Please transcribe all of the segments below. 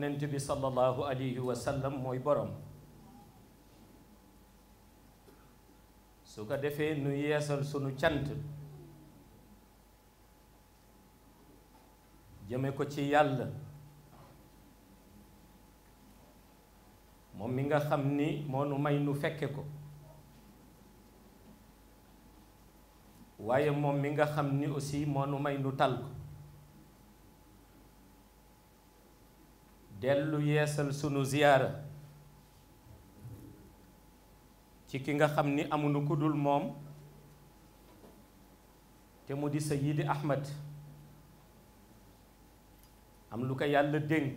yonent bi sallallahu alayhi wa mooy borom su ko defee nu yeesal sunu cant jëme ko ci yàlla moom mi nga xam ni moo nu may nu fekke ko waaye moom mi nga xam ni aussi moo nu may nu tal ko yeesal sunu ziyaara ci ki nga xam ni amuñu ku dul moom te mu di Sayyidi Ahmad am lu ko yàlla dénk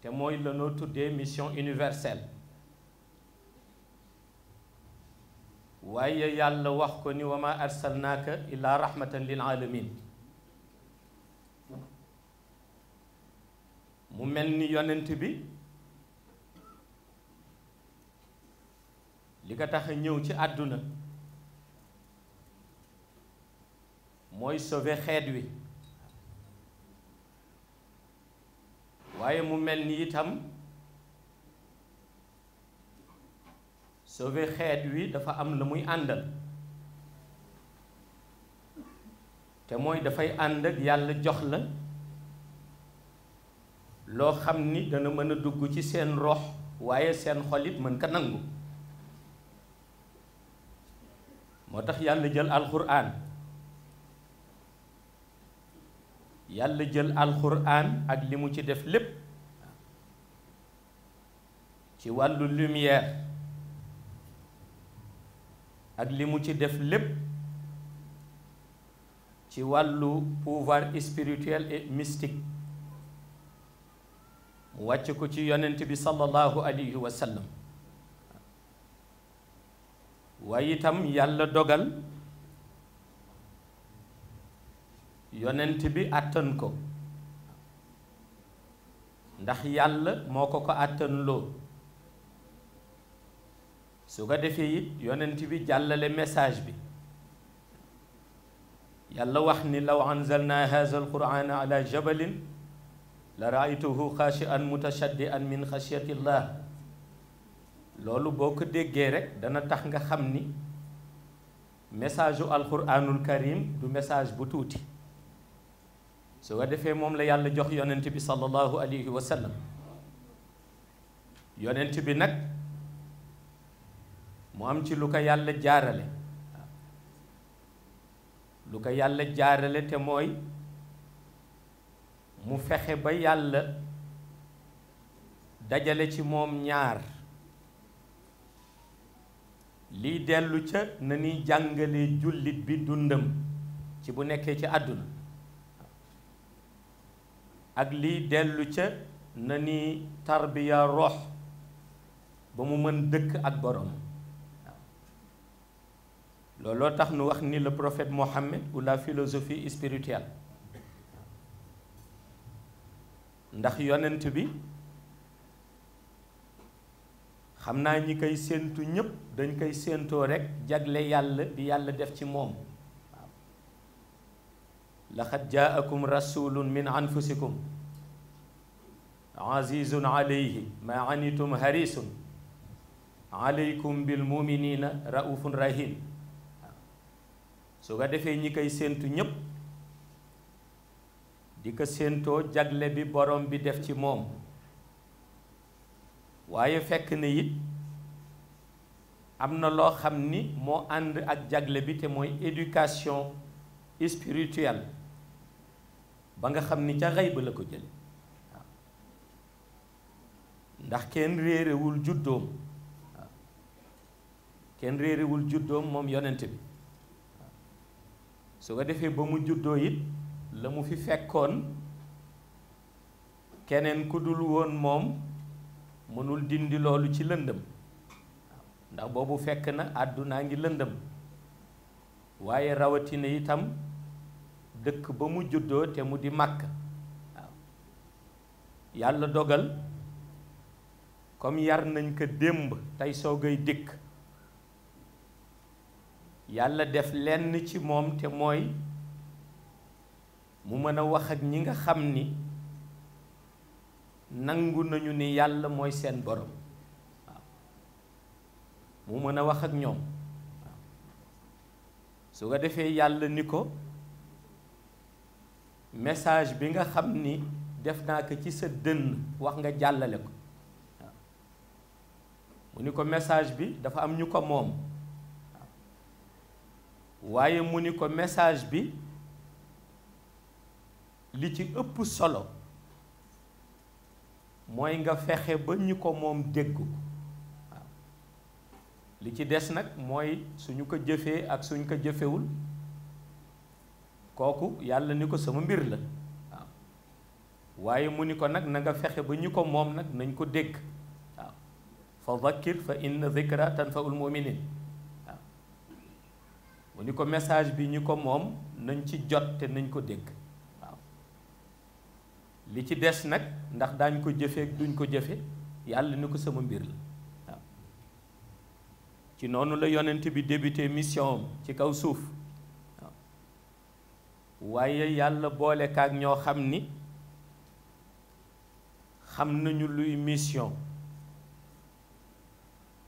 te mooy lanoo tuddee mission universelle waaye yàlla wax ko ni wa ma arsalnaaka illaa rahmatan lil alamin mel ni yonent bi li ko tax ñëw ci àdduna mooy sauver xeet wi waaye mu mel ni itam sauver xeet wi dafa am la muy àndal te mooy dafay ànd ak yàlla jox la loo xam ni dana mën a dugg ci seen rox waaye seen xol it mën ko nangu moo tax yàlla jël alxuraan yàlla jël alxuraan ak li mu ci def lépp ci wàllu lumière ak li mu ci def lépp ci wàllu pouvoir spirituel et mystique mu wàcc ko ci yonent bi sallallahu alayhi wa sallam itam yàlla dogal yonent bi àttan ko ndax yàlla moo ko ko àttanloo su ko defee it yonent bi jàllale message bi yàlla wax ni law anzalna haza alqurana ala jabalin la raaytuhu xaashian mutashaddian min xashiyatillah loolu boo ko déggee rek dana tax nga xam ni message u alquranul karim du message bu tuuti soo nga defee moom la yàlla jox yonent bi sallallahu alayhi wa sallam yonent bi nag mu am ci lu ko yàlla jaarale lu ko yàlla jaarale te mooy mu fexe ba yàlla dajale ci moom ñaar liy dellu ca na ni jàngale jullit bi dundam ci bu nekkee ci àdduna ak liy dellu ca na ni tarbiya rox ba mu mën dëkk ak borom looloo tax nu wax ni le prophète Mohammed ou la philosophie spirituelle ndax yonent bi xam naa ñi koy séentu ñépp dañ koy séentoo rekk jagle yàlla bi yàlla def ci moom waaw laqad jaakum rasulun min anfusikum azizun alayhi ma anitum harisun alaykum bil muminina raufun rahim su ko defee ñi koy séentu ñépp di ko séentoo jagle bi boroom bi def ci moom waaye fekk na it am na loo xam ni moo ànd ak jagle bi te mooy éducation spirituelle ba nga xam ni ca xëy ba la ko jël ndax kenn réerewul juddoom waaw kenn réerewul juddoom moom yonent bi su ko defee ba mu juddoo it la mu fi fekkoon keneen ku dul woon moom mënul dindi loolu ci lëndëm ndax boobu fekk na àddunaa ngi lëndëm waaye rawatina itam dëkk ba mu juddoo te mu di màkk waaw yàlla dogal comme yar nañ ko démb tey soog ay dikk yàlla def lenn ci moom te mooy mu mën a wax ak ñi nga xam ni nangu nañu ni yàlla mooy seen borom waaw mu mën a wax ak ñoom waaw su ko defee yàlla ni ko message bi nga xam ni def naa ko ci sa dënn wax nga jàllale ko waaw mu ni ko message bi dafa am ñu ko moom waaye mu ni ko message bi li ci ëpp solo mooy nga fexe ba ñu ko moom dégg ko waaw li ci des nag mooy suñu ko jëfee ak suñ ko jëfewul kooku yàlla ni ko sama mbir la waaw waaye mu ni ko nag na nga fexe ba ñu ko moom nag nañ ko dégg waaw fa zakkir fa inna zikra tanfaul muminin waaw mu ni ko message bi ñu ko moom nañ ci jot te nañ ko dégg li ci des nag ndax daañ ko jëfee duñ ko jëfe yàlla ni ko sama mbir la waaw ci noonu la yonent bi débuté mission ci kaw suuf waaw waaye yàlla boole kaak ñoo xam ni xam nañu luy mission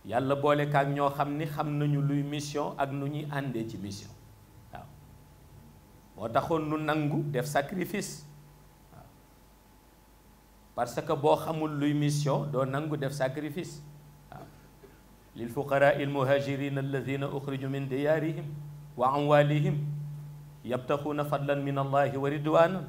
yàlla boolekaak ñoo xam ni xam nañu luy mission ak nu ñuy àndee ci mission waaw moo taxoon nu nangu def sacrifice parce que boo xamul luy mission doo nangu def sacrifice waaw ah. lil fuqara il muhajirin alladina uxriju min diyaarihim wa amwalihim yabtaxuuna fadlan min allahi wa ridwanan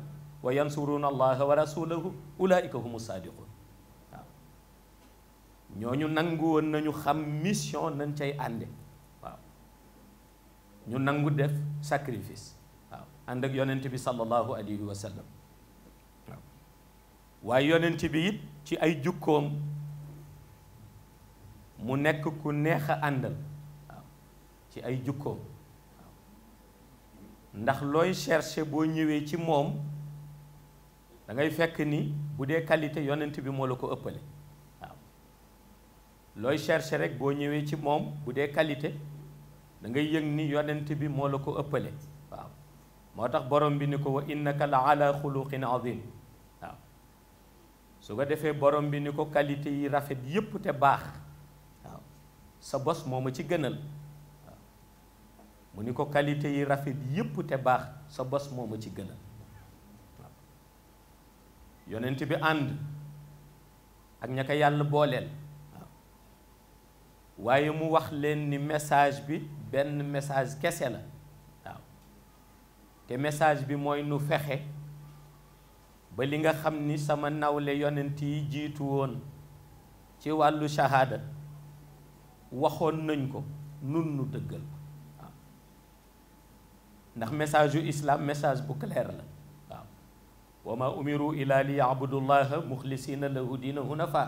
wa yansuruuna allaha wa rasulahu ulaika humu saadiqun waaw ah. ñooñu nangu woon nañu xam mission nañ cay ànde waaw nangu def sacrifice waaw ànd ak bi sallallahu alayhi wa sallam waaye yonent bi it ci ay jukkoom mu nekk ku neex a àndal waaw ci ay jukkoom ndax looy chercher boo ñëwee ci moom dangay fekk ni bu dee qualité yonent bi moo la ko ëppale waaw looy chercher rek boo ñëwee ci moom bu dee qualité dangay yëg ni yonent bi moo la ko ëppale waaw moo tax borom bi ni ko wa innaka la ala xuluqin azim su ko defee borom bi ni ko qualité yi rafet yépp te baax sa bos moo ma ci gënal mu ni ko qualité yi rafet yépp te baax sa bos moo ci gënal waaw yonent bi ànd ak ña ko yàlla booleel waaw waaye mu wax leen ni message bi benn message kese la waaw te message bi mooy nu fexe ba li nga xam ni sama nawle yonent yi jiitu woon ci wàllu shahaada waxoon nañ ko nun nu dëggal ko ndax message yu islam message bu clair la waaw wa ma umiru ila li yaabudullaha muxlisina lahu diina hunafa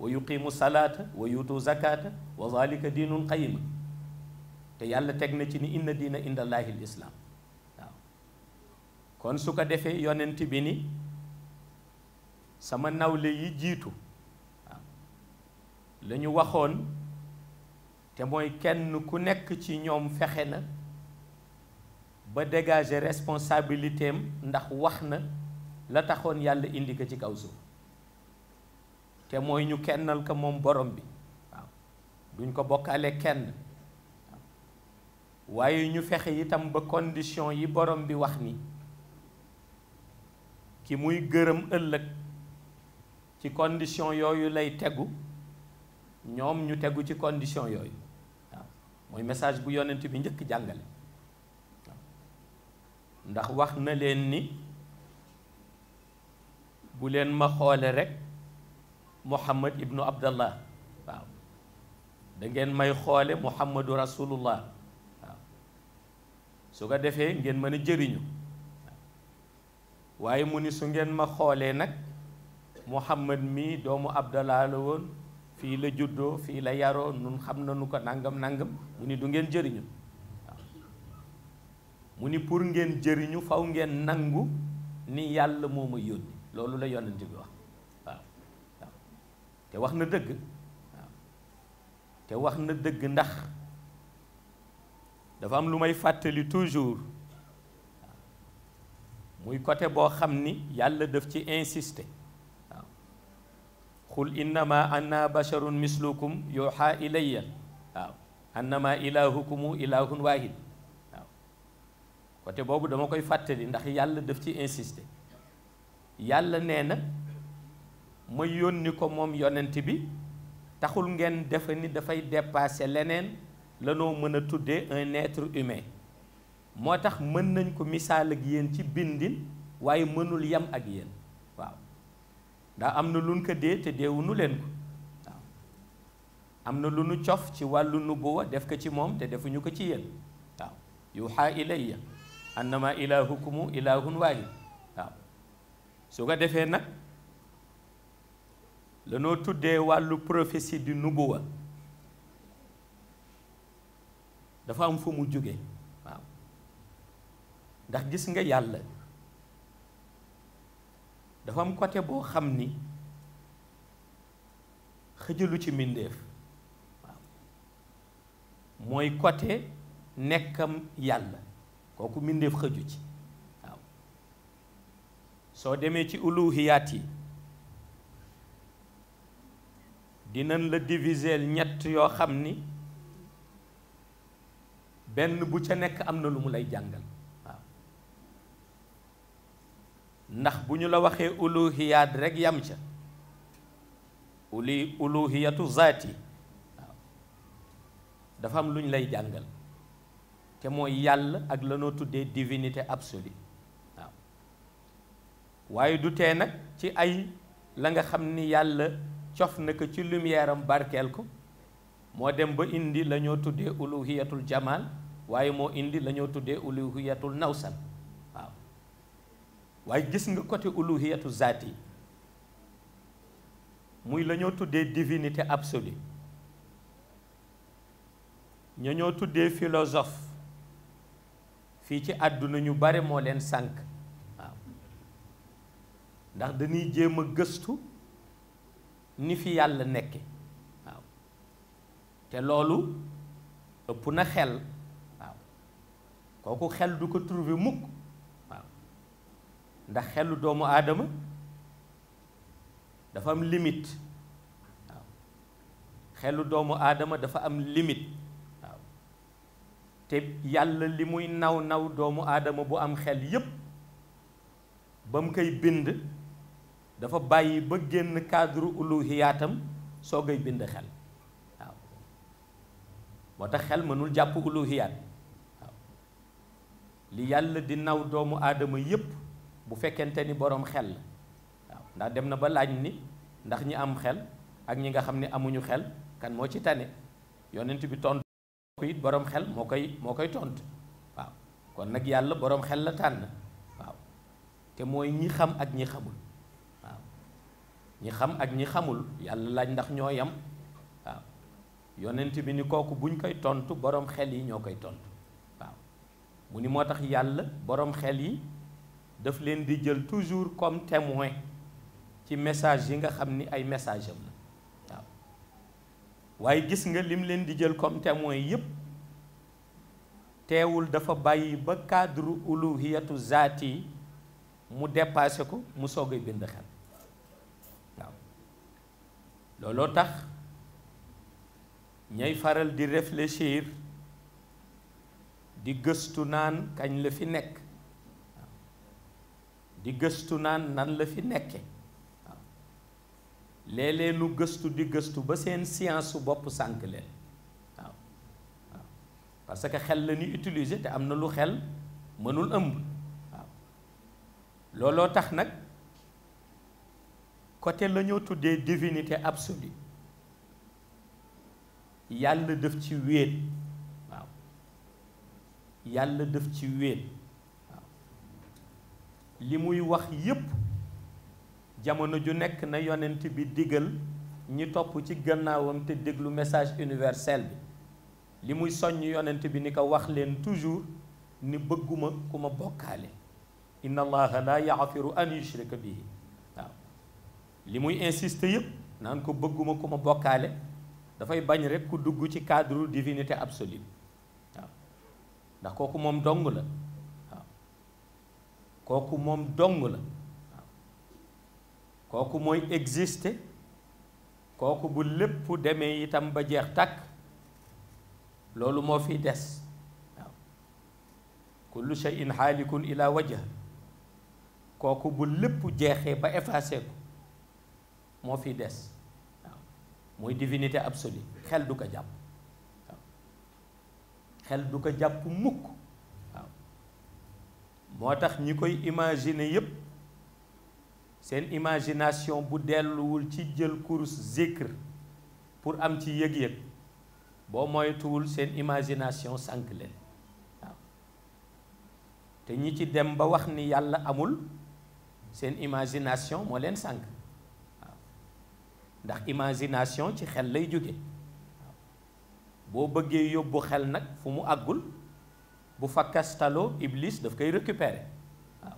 wa yuqimu salaata wa yutu zakata wa zalika diinul te yàlla teg na ci ni inna diina indallahi l kon su ko defee yonent bi ni sama nawle yi jiitu lañu waxoon te mooy kenn ku nekk ci ñoom fexe na ba dégage responsabiliteem ndax wax na la taxoon yàlla indi ko ci kaw suuf te mooy ñu kennal ko moom borom bi waaw duñ ko bokkaale kenn waaye ñu fexe itam ba condition yi borom bi wax ni ki muy gërëm ëllëg ci condition yooyu lay tegu ñoom ñu tegu ci condition yooyu waaw mooy message bu yonent bi njëkk jàngale ndax wax na leen ni bu leen ma xoole rek Muhammad ibnu Abdallah waaw da ngeen may xoole Muhammadu Rasulullah waaw su ko defee ngeen mën a jëriñu waaye mu ni su ngeen ma xoolee nag Muhammad mii doomu Abdallah la woon fii la juddoo fii la yaroo nun xam nañu ko nangam nangam mu ni du ngeen jëriñu waaw mu ni pour ngeen jëriñu faw ngeen nangu ni yàlla moo ma yónni loolu la yonent bi wax waaw waaw te wax na dëgg waaw te wax na dëgg ndax dafa am lu may fàttali toujours muy côté boo xam ni yàlla def ci insisté waaw xul innama anna basharun mislukum yuha ilayya waaw annama ilahukumu ilahun wahid waaw côté boobu dama koy fàttali ndax yàlla def ci insisté yàlla nee na ma yónni ko moom yonent bi taxul ngeen defe ni dafay dépasser leneen lanoo mën a tuddee un être humain moo tax mën nañ ko misaal ak yéen ci bindin waaye mënul yam ak yéen waaw ndax am na lu ñu ko dee te deewunu leen ko waaw am na lu nu cof ci wàllu nubuwa def ko ci moom te defuñu ko ci yéen waaw yuuxaa ilayya annama ilaahukumu ilaahun waahid waaw su ko defee nag lanoo tuddee wàllu prophétie di nubuwa dafa am fu mu jóge ndax gis nga yàlla dafa am côté boo xam ni xëjalu ci mbindeef waaw mooy côté nekkam yàlla kooku mbindeef xëju ci waaw soo demee ci uluhiyaat yi dinañ la diviser ñett yoo xam ni benn bu ca nekk am na lu mu lay jàngal ndax bu ñu la waxee uluhiyaat rek yam ca uli uluhiyatu zaati waaw dafa am lu ñu lay jàngal te mooy yàlla ak lanoo tuddee divinité absolue waaw waaye du tee nag ci ay la nga xam ni yàlla cof na ko ci lumière am barkeel ko moo dem ba indi lañoo tuddee uluhiyatul jamal waaye moo indi lañoo ñoo tuddee uluhiyatul nawsan waaye gis nga côté uluhiyatu zaati yi muy la ñoo tuddee divinité absolue ña ñoo tuddee philosophe fii ci àdduna ñu bare moo leen sànk waaw ndax dañuy jéem a gëstu ni fi yàlla nekke waaw te loolu ëpp na xel waaw kooku xel du ko trouver mukk ndax xelu doomu aadama dafa am limite waaw xelu doomu aadama dafa am limite waaw te yàlla li muy naw naw doomu aadama bu am xel yépp ba mu koy bind dafa bàyyi ba génn cadre uluhiyaatam soo koy bind xel waaw moo tax xel mënul jàpp uluhiyaat waaw li yàlla di naw doomu aadama yépp bu fekkente ni boroom xel waaw ndax dem na ba laaj ni ndax ñi am xel ak ñi nga xam ne amuñu xel kan moo ci tane yonent bi tont ko it boroom xel moo koy moo koy tontu waaw nag yàlla boroom xel la tànn waaw mooy ñi xam ak ñi xamul waaw xam ak ñi xamul yàlla laaj ndax ñoo yam waaw yonent bi ni kooku buñ koy tontu boroom xel yi ñoo koy tontu waaw mu ni moo tax yàlla boroom xel yi. daf leen di jël toujours comme témoin ci message yi nga xam ni ay message la waaw waaye gis nga lim leen di jël comme témoin yépp teewul dafa bàyyi ba cadre uluhiyatu zaati mu dépassé ko mu soog a bind xel waaw looloo tax ñay faral di réfléchir di gëstu naan kañ la fi nekk di gëstu naan nan la fi nekke waaw léeg-léeg gëstu di gëstu ba seen science su bopp sànk leen waaw waaw parce que xel la ni utiliser te am na lu xel mënul ëmb waaw looloo tax nag côté la ñoo tuddee divinité absolue yàlla def ci wéet waaw yàlla def ci wéet li muy wax yépp jamono ju nekk na yonent bi digal ñi topp ci gannaawam te déglu message universel bi li muy soññ yonent bi ni ko wax leen toujours ni bëgguma ku ma bokkaale inna allaha la yaxfiru an yushrika bihi waaw li muy insiste yépp naan ko bëgguma ku ma bokkaale dafay bañ rek ku dugg ci cadre divinité absolue waaw ndax kooku moom dong la kooku moom dong la waaw kooku mooy existe kooku bu lépp demee itam ba jeex tàkk loolu moo fi des waaw kullu shay'in xaalikun ila wajha kooku bu lépp jeexee ba effacé ko moo fi des waaw mooy divinité absolue xel du ko jàpp waaw xel du ko jàpp mukk moo tax ñi koy imaginer yépp seen imagination bu delluwul ci jël course zikr pour am ci yëg-yëg boo moytuwul seen imagination sànk leen waaw te ñi ci dem ba wax ni yàlla amul seen imagination moo leen sànk waaw ndax imagination ci xel lay jóge waaw boo bëggee yóbbu xel nag fu mu àggul bu fa kastaloo iblis daf koy récupérer waaw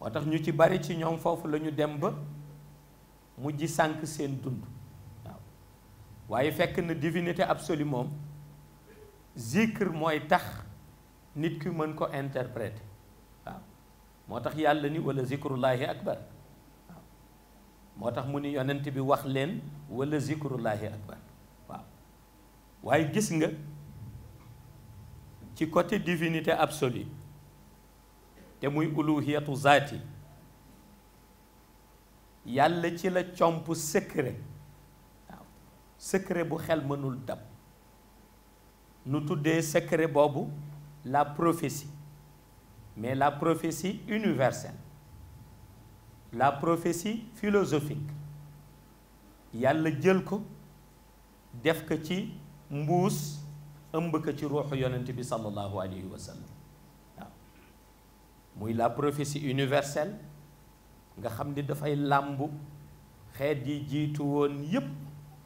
moo tax ñu ci bari ci ñoom foofu lañu dem ba mujj sànk seen dund waaw waaye fekk na divinité absolue moom zikr mooy tax nit ki mën ko interpreté waaw moo tax yàlla ni wala zikrullahi akbar moo tax mu ni yonent bi wax leen wala zikrullahi akbar waaw waaye gis nga ci côté divinité absolue te muy uluhiyatu zaati yàlla ci la comp secret waaw secret bu xel mënul dab nu tuddee secret boobu la prophétie mais la prophétie universelle la prophétie philosophique yàlla jël ko def ko ci mbuus ëmb ko ci ruuxu yonent bi sallallahu alayhi wa sallam waaw muy la prophétie universelle nga xam ni dafay làmb xeet yi jiitu woon yépp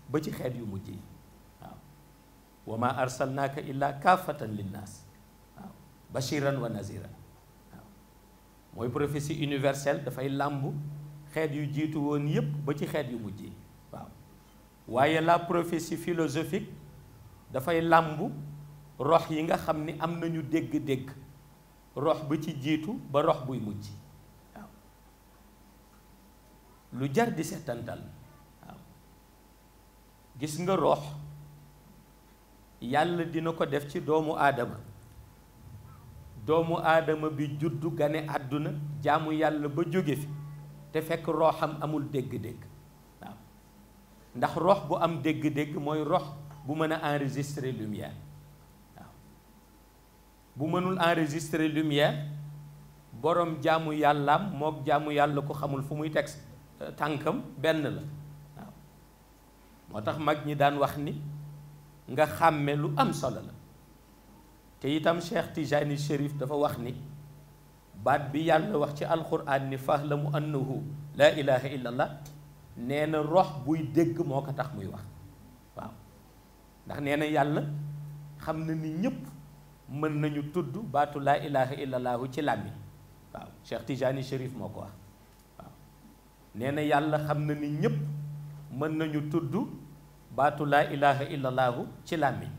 ba ci xeet yu mujj yi waaw mooy prophétie universelle dafay làmb xeet yu jiitu woon yépp ba ci xeet yu mujj yi waaw waaye la prophétie philosophique dafay làmb rox yi nga xam ni am nañu dégg-dégg rox ba ci jiitu ba rox buy mujj waaw lu jar di seetantal waaw gis nga rox yàlla dina ko def ci doomu aadama doomu aadama bi juddu gane àdduna jaamu yàlla ba jóge fi te fekk roxam amul dégg-dégg waaw ndax rox bu am dégg-dégg mooy rox bu mën a enregistrer lumière waaw bu mënul enregistrer lumière boroom jaamu yàllaam mook jaamu yàlla ko xamul fu muy teg euh, tànkam benn la waaw moo tax mag ñi daan wax ni nga xàmme lu am solo la te itam Cheikh Tijani Chérif dafa wax ni baat bi yàlla wax ci alxuraan ni fahlamu annahu laa ilaha illallah nee na rox buy dégg moo ko tax muy wax ndax nee na yàlla xam na ni ñépp mën nañu tudd baatu laa ilaha illallahu ci làmmiñ waaw Cheikh Tijani Chérif moo ko wax waaw nee na yàlla xam na ni ñépp mën nañu tudd baatu laa ilaha illallahu ci làmmiñ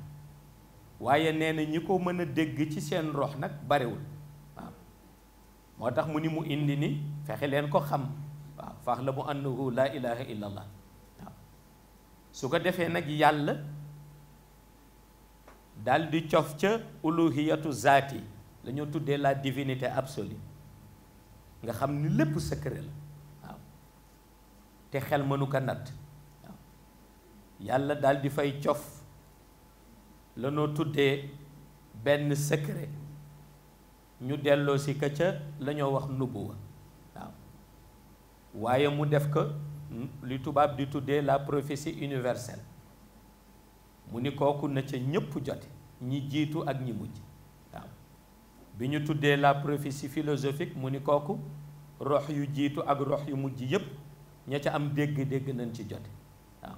waaye nee na ñi ko mën a dégg ci seen rox nag barewul waaw moo tax mu ni mu indi ni fexe leen ko xam waaw faax la mu annahu laa ilaha illallah waaw su ko defee nag yàlla daal di cof ca uluhiyatu zaati la ñoo tuddee la divinité absolue nga xam ni lépp secret la waaw te xel mënu ko natt waaw yàlla dal di fay cof la ñoo tuddee benn secret ñu delloo si ka ca lañoo ñoo wax nubuwa waaw waaye mu def ko mm, li tubaab di tuddee la prophétie universelle mu ni kooku na ca ñëpp jote ñi jiitu ak ñi mujj waaw bi ñu tuddee la prophétie philosophique mu ni kooku rox yu jiitu ak rox yu mujj yépp ña ca am dégg-dégg nañ ci jote waaw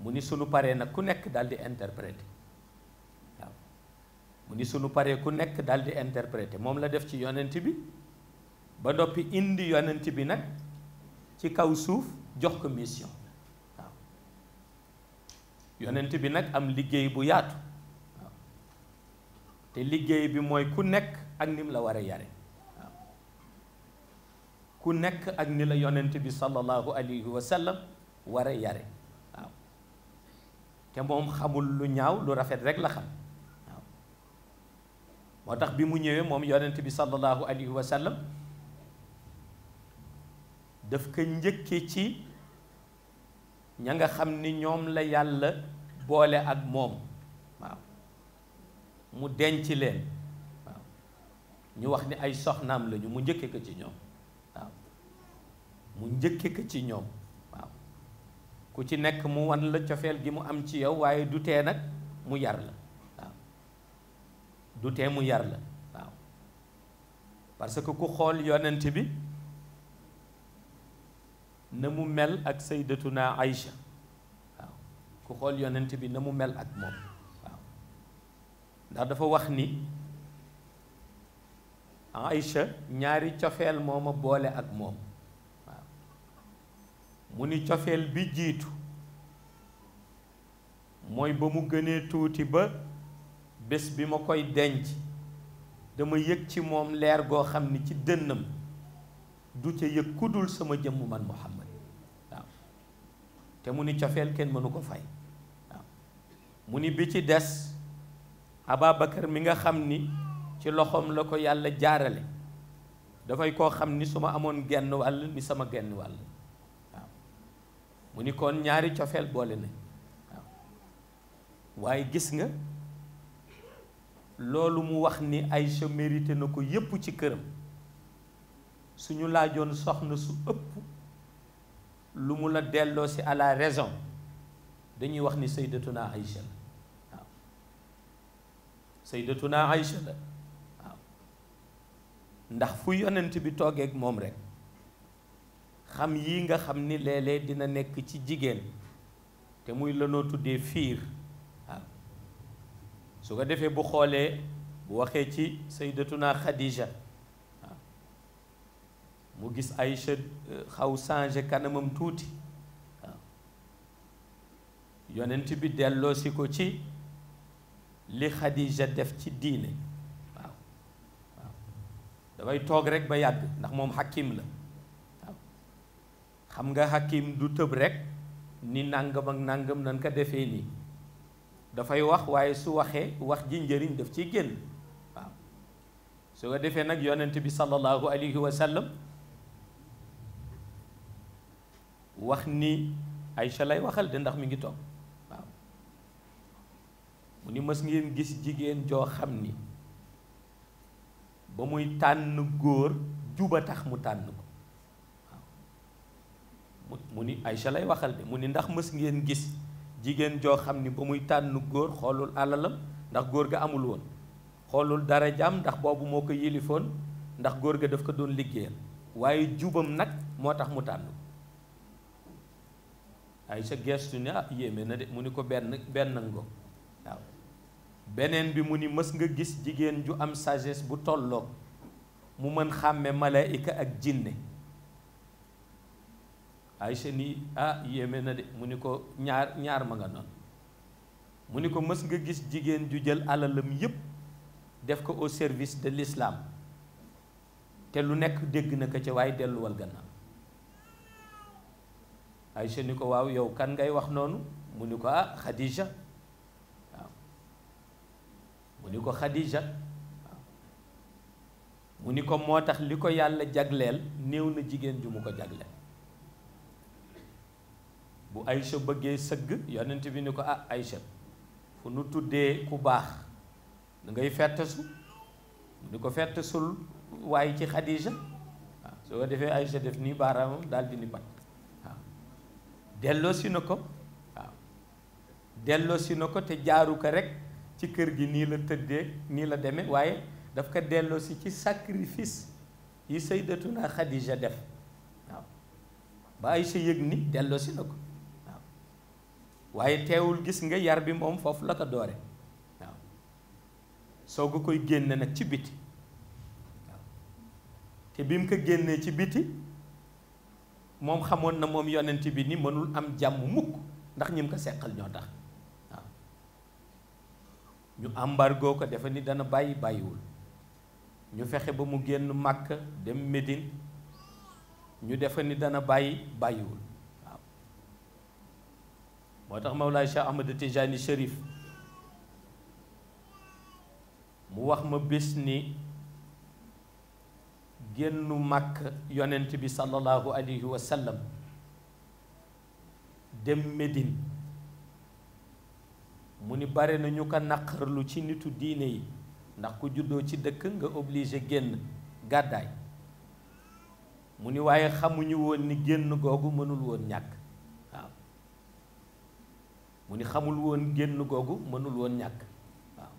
mu ni sunu paree nag ku nekk daal di interpréter waaw mu ni sunu paree ku nekk daal di interpréter moom la def ci yonent bi ba doppi indi yonent bi nag ci kaw suuf jox ko mission yonent bi nag am liggéey bu yaatu waaw te liggéey bi mooy ku nekk ak nim la war a yare waaw ku nekk ak ni la yonent bi sallallahu alayhi wa sallam war a yare waaw te moom xamul lu ñaaw lu rafet rek la xam waaw moo tax bi mu ñëwee moom yonent bi sallallahu alayhi wa sallam daf ko njëkke ci ña nga xam ni ñoom la yàlla boole ak moom waaw mu denc leen waaw ñu wax ni ay soxnaam lañu mu njëkke ko ci ñoom waaw mu njëkke ko ci ñoom waaw ku ci nekk mu won la cofeel gi mu am ci yow waaye du tee nag mu yar la waaw du tee mu yar la waaw parce que ku xool yonent bi na mu mel ak saydatuna Aïcha waaw ku xool yonent bi na mu mel ak moom waaw ndax dafa wax ni Aïcha ñaari cofeel moo ma boole ak moom waaw mu ni cofeel bi jiitu mooy ba mu gënee tuuti ba bés bi ma koy denc dama yëg ci moom leer goo xam ni ci dënnam du ca yëg ku dul sama jëmm man Muhammad te mu ni cofeel kenn mënu ko fay waaw mu ni bi ci des Ababacar mi nga xam ni ci loxoom la ko yàlla jaarale dafay koo xam ni su ma amoon genn wàll ni sama genn wàll waaw mu ni kon ñaari cofeel boole na waaw waaye gis nga loolu mu wax ni Aïcha mérité na ko yépp ci këram suñu laajoon soxna su ëpp lu mu la delloo si à la raison dañuy wax ni saydatuna Aïcha la waaw saydatuna Aïcha la waaw ndax fu yonent bi toogeeg moom rek xam yi nga xam ni léeg-léeg dina nekk ci jigéen te muy lanoo tuddee fiir waaw su ko defee bu xoolee bu waxee ci saydatuna Khadija mu gis ay Aïcha euh, xaw changé kanamam tuuti waaw yonent bi delloosi ko ci li Xadija def ci diine waaw dafay toog rek ba yàgg ndax moom xakim la waaw xam nga xakim du tëb rek ni nàngam ak nàngam nan ko defee nii dafay wax waaye su waxee wax ji njëriñ daf ci génn waaw su ko defee nag yonent bi sallallahu alayhi wa sallam wax ni Aïcha lay waxal de ndax mi ngi toog waaw mu ni mës ngeen gis jigéen joo xam ni ba muy tànn góor juba mu tànn ko waaw mu ni Aïcha waxal mu ni ndax mës ngeen gis jigéen joo xam ni ba muy tànn góor xoolul alalam ndax góor ga amul woon xoolul dara jàmm ndax boobu moo ko yilifoon ndax góor ga daf ko doon liggéeyal waaye jubam nag moo tax mu tànn Aysa gestu ne ah yéeme na de mu ni ko benn benn nga waaw beneen bi mu ni mës nga gis jigéen ju am sages bu tolloog mu mën xàmme malaayika ak jinne Aysa ni ah yéeme na de mu ni ko ñaar ñaar ma nga noonu mu ni ko mës nga gis jigéen ju jël alalam yépp def ko au service de lislaam te lu nekk dégg na ko ca waaye delluwal gannaaw Aïcha ni ko waaw yow kan ngay wax noonu mu ni ko ah Khadija waaw mu ni ko Khadija waaw mu ni ko moo tax li ko yàlla jagleel néew na jigéen ju mu ko jagleel bu Aïcha bëggee sëgg yonent bi ni ko ah Aïcha fu nu tuddee ku baax da ngay fettesu mu ni ko fettesul waaye ci Khadija waaw soo defee Aïcha def nii baaraamam daal di ni pat delloosi na ko waaw delloosi na ko te jaaru ko rekk ci kër gi nii la tëddee nii la deme waaye daf ko delloosi ci sacrifice yi Sayyidatuna Xadija def waaw ba Aysa yëg ni delloosi na ko waaw waaye teewul gis nga yar bi moom foofu la ko doore waaw soo ko koy génn nag ci biti waaw te bi mu ko génnee ci biti moom xamoon na moom yonent bi ni mënul am jàmm mukk ndax ñim ko seqal ñoo tax waaw ñu embargo ko defe ni dana bàyyi bàyyiwul ñu fexe ba mu génn Màkka dem medin ñu defe ni dana bàyyi bàyyiwul waaw moo tax Mawlaay Cheikh Ahmad Tijani Chérif mu wax ma bés ni génnu màkk yonent bi sallallahu alayhi wa sallam dem medin mu ni bare na ñu ko naqarlu ci nitu diine yi ndax ku juddoo ci dëkk nga obligé génn gàddaay mu ni waaye xamuñu woon ni génn googu mënul woon ñàkk waaw mu ni xamul woon génn googu mënul woon ñàkk waaw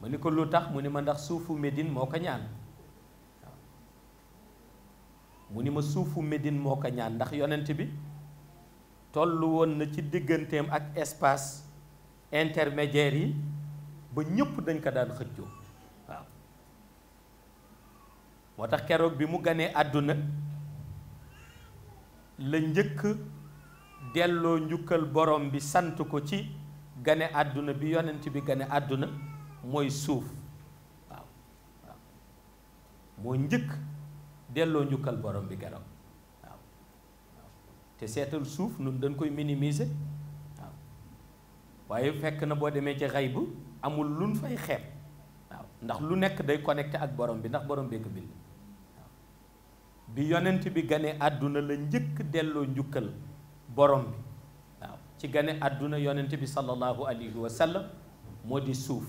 ma ni ko lu tax mu ni ma ndax suufu Medine moo ko ñaan mu ni ma suufu medin moo ko ñaan ndax yonent bi tollu woon na ci digganteem ak espace intermédiaire yi ba ñëpp dañ ko daan xëccoo waaw moo tax keroog bi mu ganee àdduna la njëkk delloo njukkal borom bi sant ko ci gane àdduna bi yonent bi gane àdduna mooy suuf waaw waaw moo njëkk delloo njukkal borom bi keroog waaw te seetal suuf nun dañ koy minimise waaw waaye fekk na boo demee ci xay bu amul luñ fay xeeb waaw ndax lu nekk day connecté ak borom bi ndax borom bee ko bind bi yonent bi gane àdduna la njëkk delloo njukkal borom bi waaw ci gane àdduna yonent bi sallallahu alayhi wa sallam moo di suuf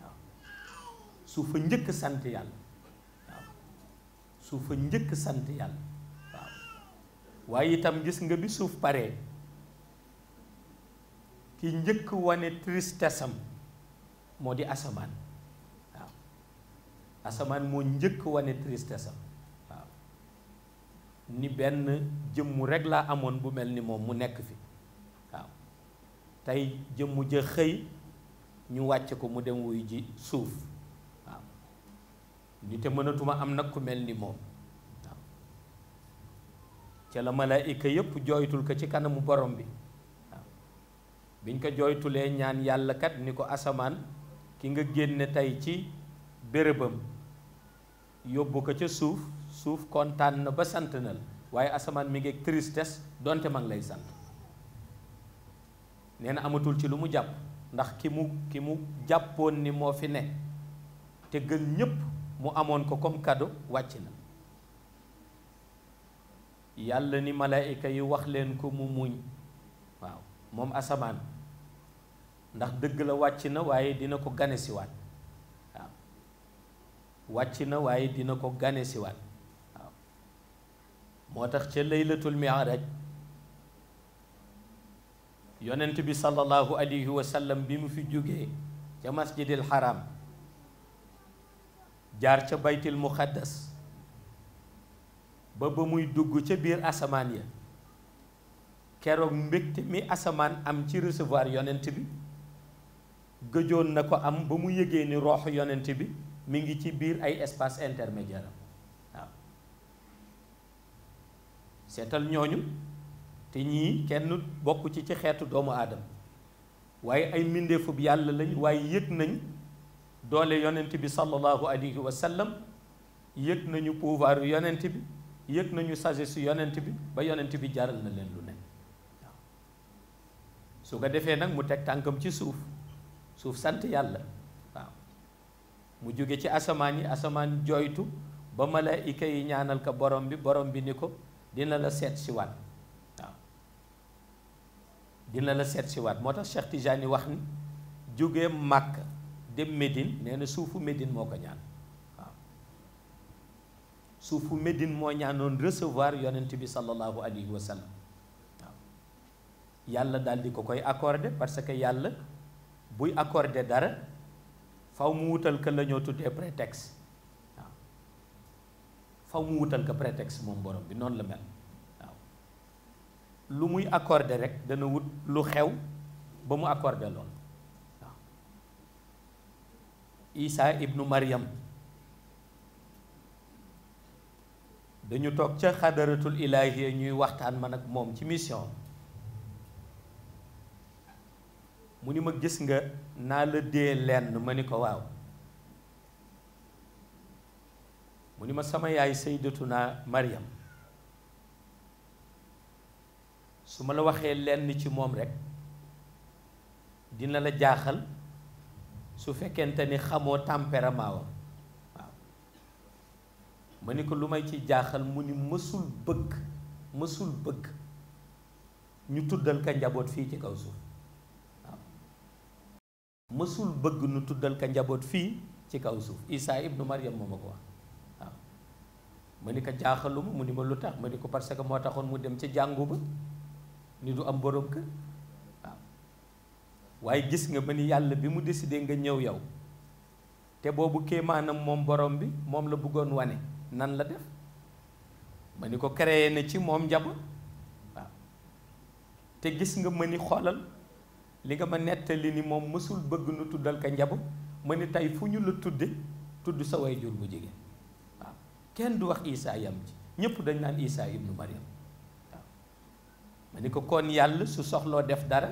waaw suufa njëkk sant yàlla suuf a njëkk sant yàlla waaw waaye itam gis nga bi suuf paree ki njëkk wane tristesse moo di asamaan waaw asamaan moo njëkk wane tristesse am waaw ni benn jëmmu rekk laa amoon bu mel ni moom mu nekk fi waaw tey jëmmu ja xëy ñu wàcce ko mu dem wuy ji suuf ni te mënatuma am nag ku mel ni moom waaw ca la malaayika yépp jooytul ko ci kanamu borom bi waaw biñ ko jooytulee ñaan yàlla kat ni ko asamaan ki nga génne tey ci bérébam yóbbu ko ca suuf suuf kontaan na ba sant na la waaye asamaan mi ngeeg tristesse donte ma ngi lay sant nee na amatul ci lu mu jàpp ndax ki mu ki mu jàppoon ni moo fi ne te gën ñépp mu amoon ko comme cadeau wàcc na yàlla ni malaayika yi wax leen ko mu muñ waaw moom asamaan ndax dëgg la wàcc na waaye dina ko gane siwaat waaw wàcc na waaye dina ko gane siwaat moo tax ca laylatul mi'raj yonent bi sallallahu alayhi wa sallam bi mu fi jógee ca masjidil haram jaar ca baytil muqaddas ba ba muy dugg ca biir asamaan ya keroog mbégte mi asamaan am ci resevoir yonent bi gëjoon na ko am ba mu yëgee ni rooxu yonent bi mu ngi ci biir ay espace intermédiaire waaw seetal ñooñu te ñii kenn bokk ci ci xeetu doomu aadama waaye ay mbindeefub yàlla lañ waaye yëg nañ doole yonent bi sallallahu alayhi wa sallam yëg nañu pouvoir yonent bi yëg nañu sagesse yonent bi ba yonent bi jaral na leen lu ne su ko defee nag mu teg tànkam ci suuf suuf sant yàlla waaw mu jóge ci asamaan yi asamaan jooytu ba malaayika yi ñaanal ko borom bi borom bi ni ko dina la seet si waat waaw dina la seet si waat moo tax Cheikh Tijani wax ni jóge Màkka dem Médine nee na suufu Médine moo ko ñaan waaw suufu Médine moo ñaanoon recevoir yonent bi sallallahu alayhi wa sallam waaw yàlla daal di ko koy accordé parce que yàlla buy accordé dara faw mu wutal ka la ñoo tuddee prétexte waaw faw mu wutal ka prétexte moom borom bi noonu la mel waaw lu muy accordé rek dana wut lu xew ba mu accordé lool isaa ibnu maryam dañu toog ca xadaratul ilaahiya ñuy waxtaan man nag moom ci mission mu ni ma gis nga naa la dee lenn ma ni ko waaw mu ni ma sama yaay sayyidatuna Maryam su ma la waxee lenn ci moom rekk dina la jaaxal su fekkente ni xamoo tempérament waaw ma ni ko lu may ci jaaxal mu ni mësul bëgg mësul bëgg ñu tuddal ka njaboot fii ci kaw suuf waaw bëgg ñu tuddal ka njaboot fii ci kaw suuf Isaa ibnu Maryam moo ma ko wax waaw ma ni ko jaaxaluma mu ni ma lu tax ma ni ko parce que moo taxoon mu dem ci jàngu ba ni du am borom kër waaye gis nga ma ni yàlla bi mu décidé nga ñëw yow te boobu kéemaanam moom borom bi moom la bëggoon wane nan la def ma ni ko créé na ci moom njaboot waaw te gis nga ma ni xoolal li nga ma nettali ni moom mësul bëgg nu tuddal ko njaboot ma ni tey fu ñu la tudde tudd sa way jur bu jigéen waaw kenn du wax isaa yam ci ñépp dañ naan isaa ibnu mariam waaw ma ni ko kon yàlla su soxloo def dara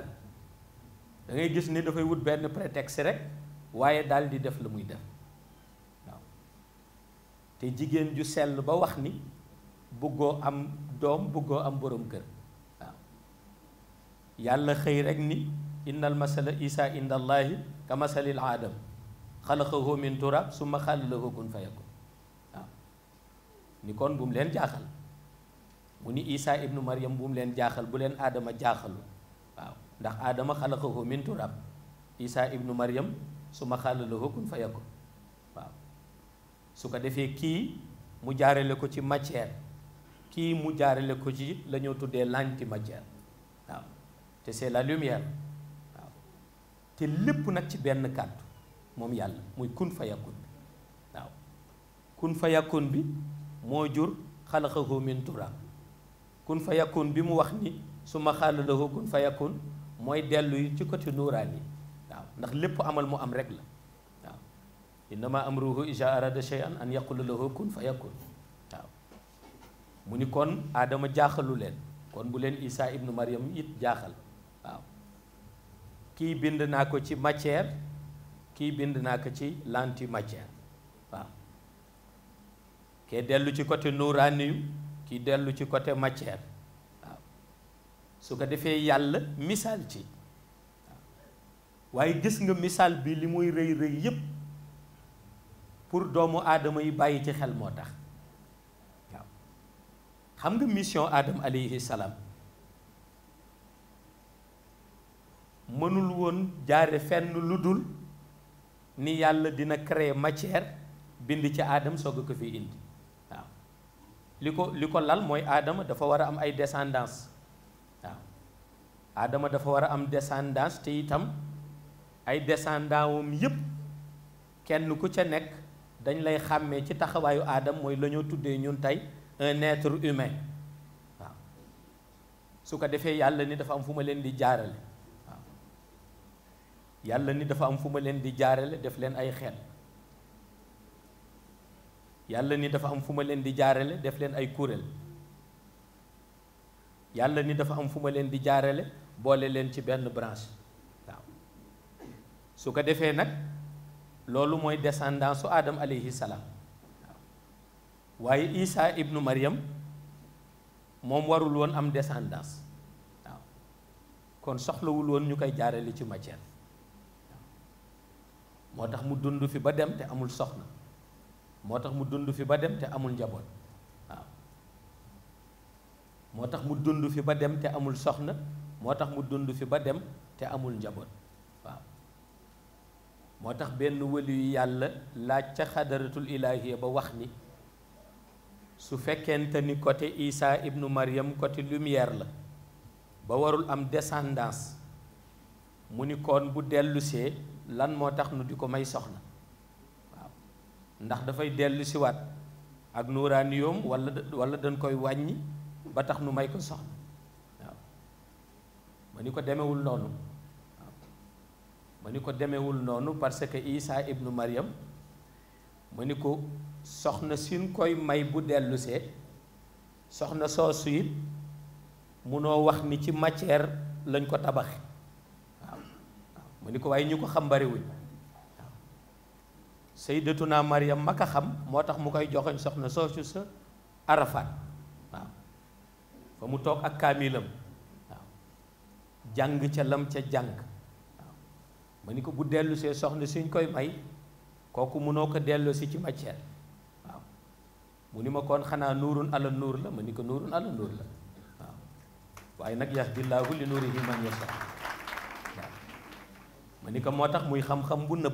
dangay gis ni dafay wut benn prétexte rek waaye dal di def la muy def waaw te jigéen ju sell ba wax ni bëggoo am doom bëggoo am boroom kër waaw yàlla xëy rek ni indal masala isa inda allahi ka masalil aadam xalaqahu min turab summa xaala lahu kun fayakun waaw ni kon bu mu leen jaaxal mu ni isa ibnu maryam bu mu leen jaaxal bu leen aadama jaaxalu ndax aadama xalaqahu min turab isa ibnu maryam su ma xàllalahu kun fa yakun waaw su ko defee kii mu jaarale ko ci matière kii mu jaarale ko ci la ñoo tuddee l'antimatière waaw te c'est la lumière waaw te lépp nag ci benn kàddu moom yàlla muy kun fa yakun bi waaw kun fa yakun bi moo jur xalaqahu min turab bi mu wax ni su ma xàllalahu kun fa yakun mooy dellu yi ci côté nuuraan yi waaw ndax lépp amal mu am rek la waaw innama amruhu ija arada shay'an an yaqula la kun fa yakun waaw mu ni kon aadama jaaxalu leen kon bu leen isaa ibnu mariam it jaaxal waaw kii bind naa ko ci matière kii bind naa ko ci lanti matière waaw kee dellu ci côté nuuraani yu kii dellu ci côté matière su ko defee yàlla misaal ci waaye gis nga misaal bi li muy rëy rëy yépp pour doomu aadama yi bàyyi ci xel moo tax waaw xam nga mission aadama alayhi mënul woon jaare fenn lu dul ni yàlla dina créer matière bind ci aadam soog ko fi indi waaw li ko li ko lal mooy aadama dafa war a am ay descendance aadama dafa war a am descendance te itam ay descendants am yépp kenn ku ca nekk dañ lay xàmmee ci taxawaayu Adam mooy lañoo tuddee ñun tey un être humain waaw su ko defee yàlla ni dafa am fu ma leen di jaarale yàlla ni dafa am fu leen di jaarale def leen ay xeet yàlla ni dafa am fu ma leen di jaarale def leen ay kuréel yàlla ni dafa am fu ma leen di jaarale boole leen ci benn branche waaw su ko defee nag loolu mooy descendance su Adam alayhi salaam waaw waaye Isa ibnu Maryam moom warul woon am descendance waaw kon soxlawul woon ñu koy jaarale ci matière moo tax mu dund fi ba dem te amul soxna moo tax mu dund fi ba dem te amul njaboot waaw moo tax mu dund fi ba dem te amul soxna moo tax mu dund fi ba dem te amul njaboot waaw moo tax benn wëliyu yàlla laaj ca xadaratul ilaahiya ba wax ni su fekkente ni côté Isa ibnu Maryam côté lumière la ba warul am descendance mu ni koon bu dellusee lan moo tax nu di ko may soxna waaw ndax dafay dellusiwaat ak nuuraaniyom wala wala dañ koy wàññi ba tax nu may ko soxna ba ni ko demewul noonu ba ni ko demewul noonu parce que Isa ibnu Maryam ma ni ko soxna suñ koy may bu dellusee soxna soosu it munoo wax ni ci matière lañ ko tabaxe waaw mu ni ko waaye ñu ko xam bariwuñ waaw sayyidatuna mariyam ma ko xam moo tax mu koy joxoñ soxna soosu sa Arafat waaw fa mu toog ak kaamilam jàng ca lam ca jàng waaw ma ni ko bu dellusee soxna suñ koy may kooku mënoo ko dellusi ci matière waaw mu ni ma kon xanaa nuurun ala nuur la ma ni ko nuurun ala nuur la waaw waaye nag yahdillaahu li nuurihi man yasha ni ko moo tax muy xam bu nëb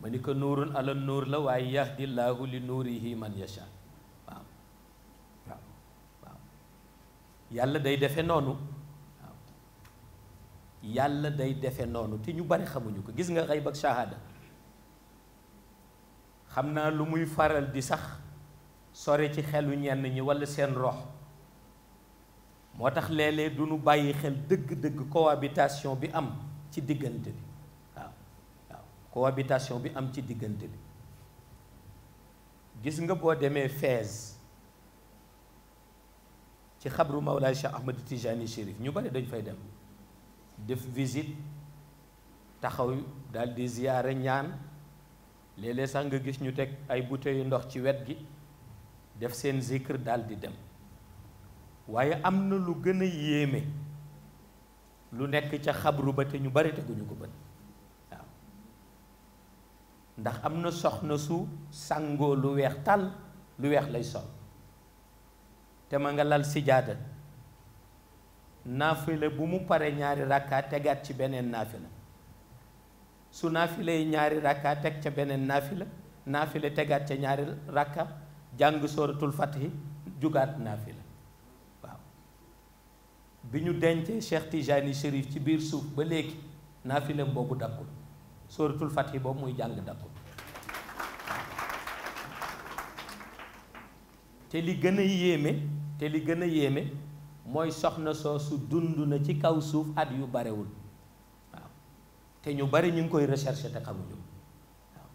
ma ni ko nuurun ala la waaye yahdillaahu li nuurihi man yasha waaw waaw waaw yàlla day defe noonu yàlla day defe noonu te ñu bari xamuñu ko gis nga xayb ak shahada xam naa lu muy faral di sax sore ci xelu ñenn ñi walla seen rox moo tax léeg-léeg du ñu bàyyi xel dëgg-dëgg cohabitation bi am ci diggante bi bi am ci diggante bi gis nga boo demee Fès ci xabru Mawlaay Cheikh Ahmad Tijani Chérif ñu bari dañ fay dem def visite taxaw daldi di ziyaare ñaan léeg-léeg sax nga gis ñu teg ay bouteilles yu ndox ci wet gi def seen zikr daldi dem waaye am na lu gën a yéeme lu nekk ca xabru ba te ñu bari teguñu ko bët waaw ndax am na soxna su sàngoo lu weex tàll lu weex lay sol te ma nga lal sijaada naafila bu mu paree ñaari rakka tegaat ci beneen naafila su naafilay ñaari rakka teg ca beneen naafila naafila tegaat ca ñaari rakka jàng sooratul fatihi jugaat naafila waaw bi ñu dencee Cheikh Tijani Chérif ci biir suuf ba léegi naafilam boobu dakkul sooratul fatihi boobu muy jàng dakkul te li gën a yéeme te li gën a yéeme mooy soxna soosu dund na ci kaw suuf at yu barewul waaw te ñu bari ñu ngi koy recherche te xamuñu waaw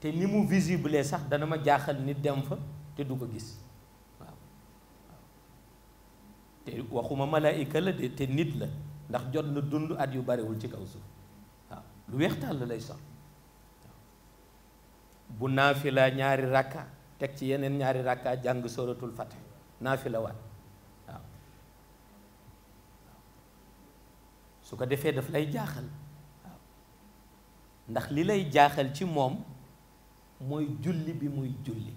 te ni mu visible sax dana ma jaaxal nit dem fa te du ko gis waaw te waxuma malaayika la de te nit la ndax jot na dund at yu barewul ci kaw suuf waaw lu weex tàll lay sox bu naafi naafila ñaari rakka teg ci yeneen ñaari ràkka jàng suratul fatih naafila waat su ko defee daf lay jaaxal waaw ndax li lay jaaxal ci moom mooy julli bi muy julli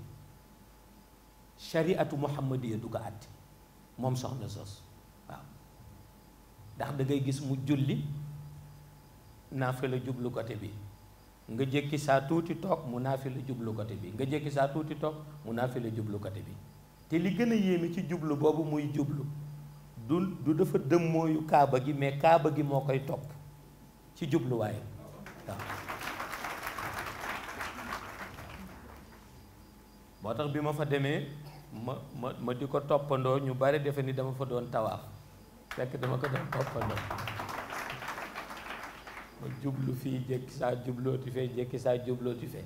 shariatu muhammadiya du ko àtte moom soxna sos waaw ndax dangay gis mu julli naafe la jublu côté bi nga jékki saa tuuti toog mu naafe la jublu côté bi nga jékki saa tuuti toog mu naafe la jublu côté bi te li gën a yéeme ci jublu boobu muy jublu du du dafa dëmmooyu kaaba gi mais kaaba gi moo koy topp ci jubluwaayam waaw moo tax bi ma fa demee ma ma di ko toppandoo ñu bari defe ni dama fa doon tawaaf fekk dama ko doon toppandoo ma jublu fii jékki saa jublooti fee jékki saa jublooti fee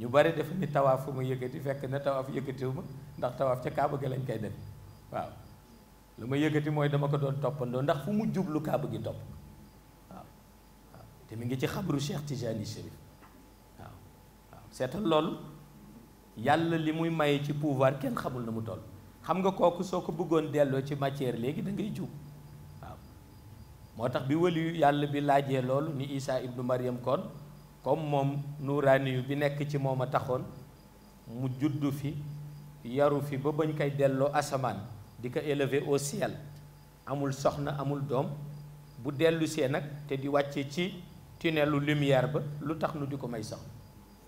ñu bari defe ni tawaaf fu ma yëkkati fekk na tawaaf yëkkatiwu ma ndax tawaaf ca kaaba gi lañ koy dem waaw lu ma yëkkati mooy dama ko doon toppandoo ndax fu mu jublu kaaba gi topp waaw waaw te mu ngi ci xabru Cheikh Tijani Chérif waaw waaw seetal loolu yàlla li muy maye ci pouvoir kenn xamul na mu toll xam nga kooku soo ko bëggoon delloo ci matière léegi da ngay jub waaw moo tax bi waliyu yàlla bi laajee loolu ni Isa ibnu Maryam kon comme moom nuuraaniyu bi nekk ci moom a taxoon mu juddu fi yaru fi ba bañ koy delloo asamaan di ko élever au ciel amul soxna amul doom bu dellusee nag te di wàcce ci tunnelu lumière ba lu tax nu di ko may soxna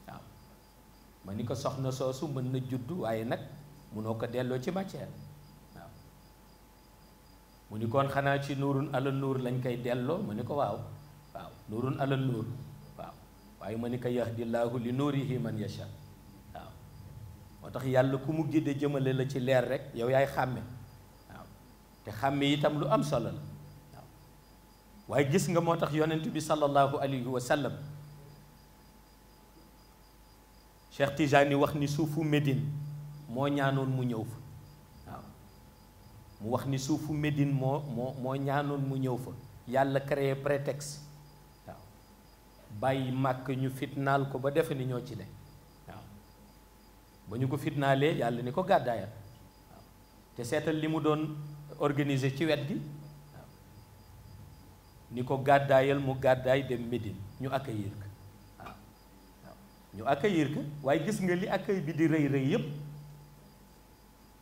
waaw ma ni ko soxna soosu mën na juddu waaye nag munoo ko delloo ci matière waaw mu ni koon xanaa ci nuurun ala nuur lañ koy delloo ma ni ko waaw waaw nuurun ala nuur waaw waaye ma ni ko di yahdillahu li nuurihi man yasha waaw moo tax yàlla ku mu gidde jëmale la ci leer rek yow yaay xàmme te xàmme itam lu am solo waaw waaye gis nga moo tax yonent bi sallallahu alayhi wa sallam Cheikh wax ni suufu Médine moo ñaanoon mu ñëw fa waaw mu wax ni suufu Médine moo moo moo ñaanoon mu ñëw fa yàlla créer prétexte waaw bàyyi màkk ñu fitnaal ko ba defe ni ñoo ci ne waaw ba ñu ko fitnaalee yàlla ni ko gàddaayal waaw te seetal li mu doon organise ci wet gi ni ko gàddaayal mu gàddaay dem Médine ñu accueillir ko waaw waaw ñu accueillir ko waaye gis nga li accueil bi di rëy rëy yépp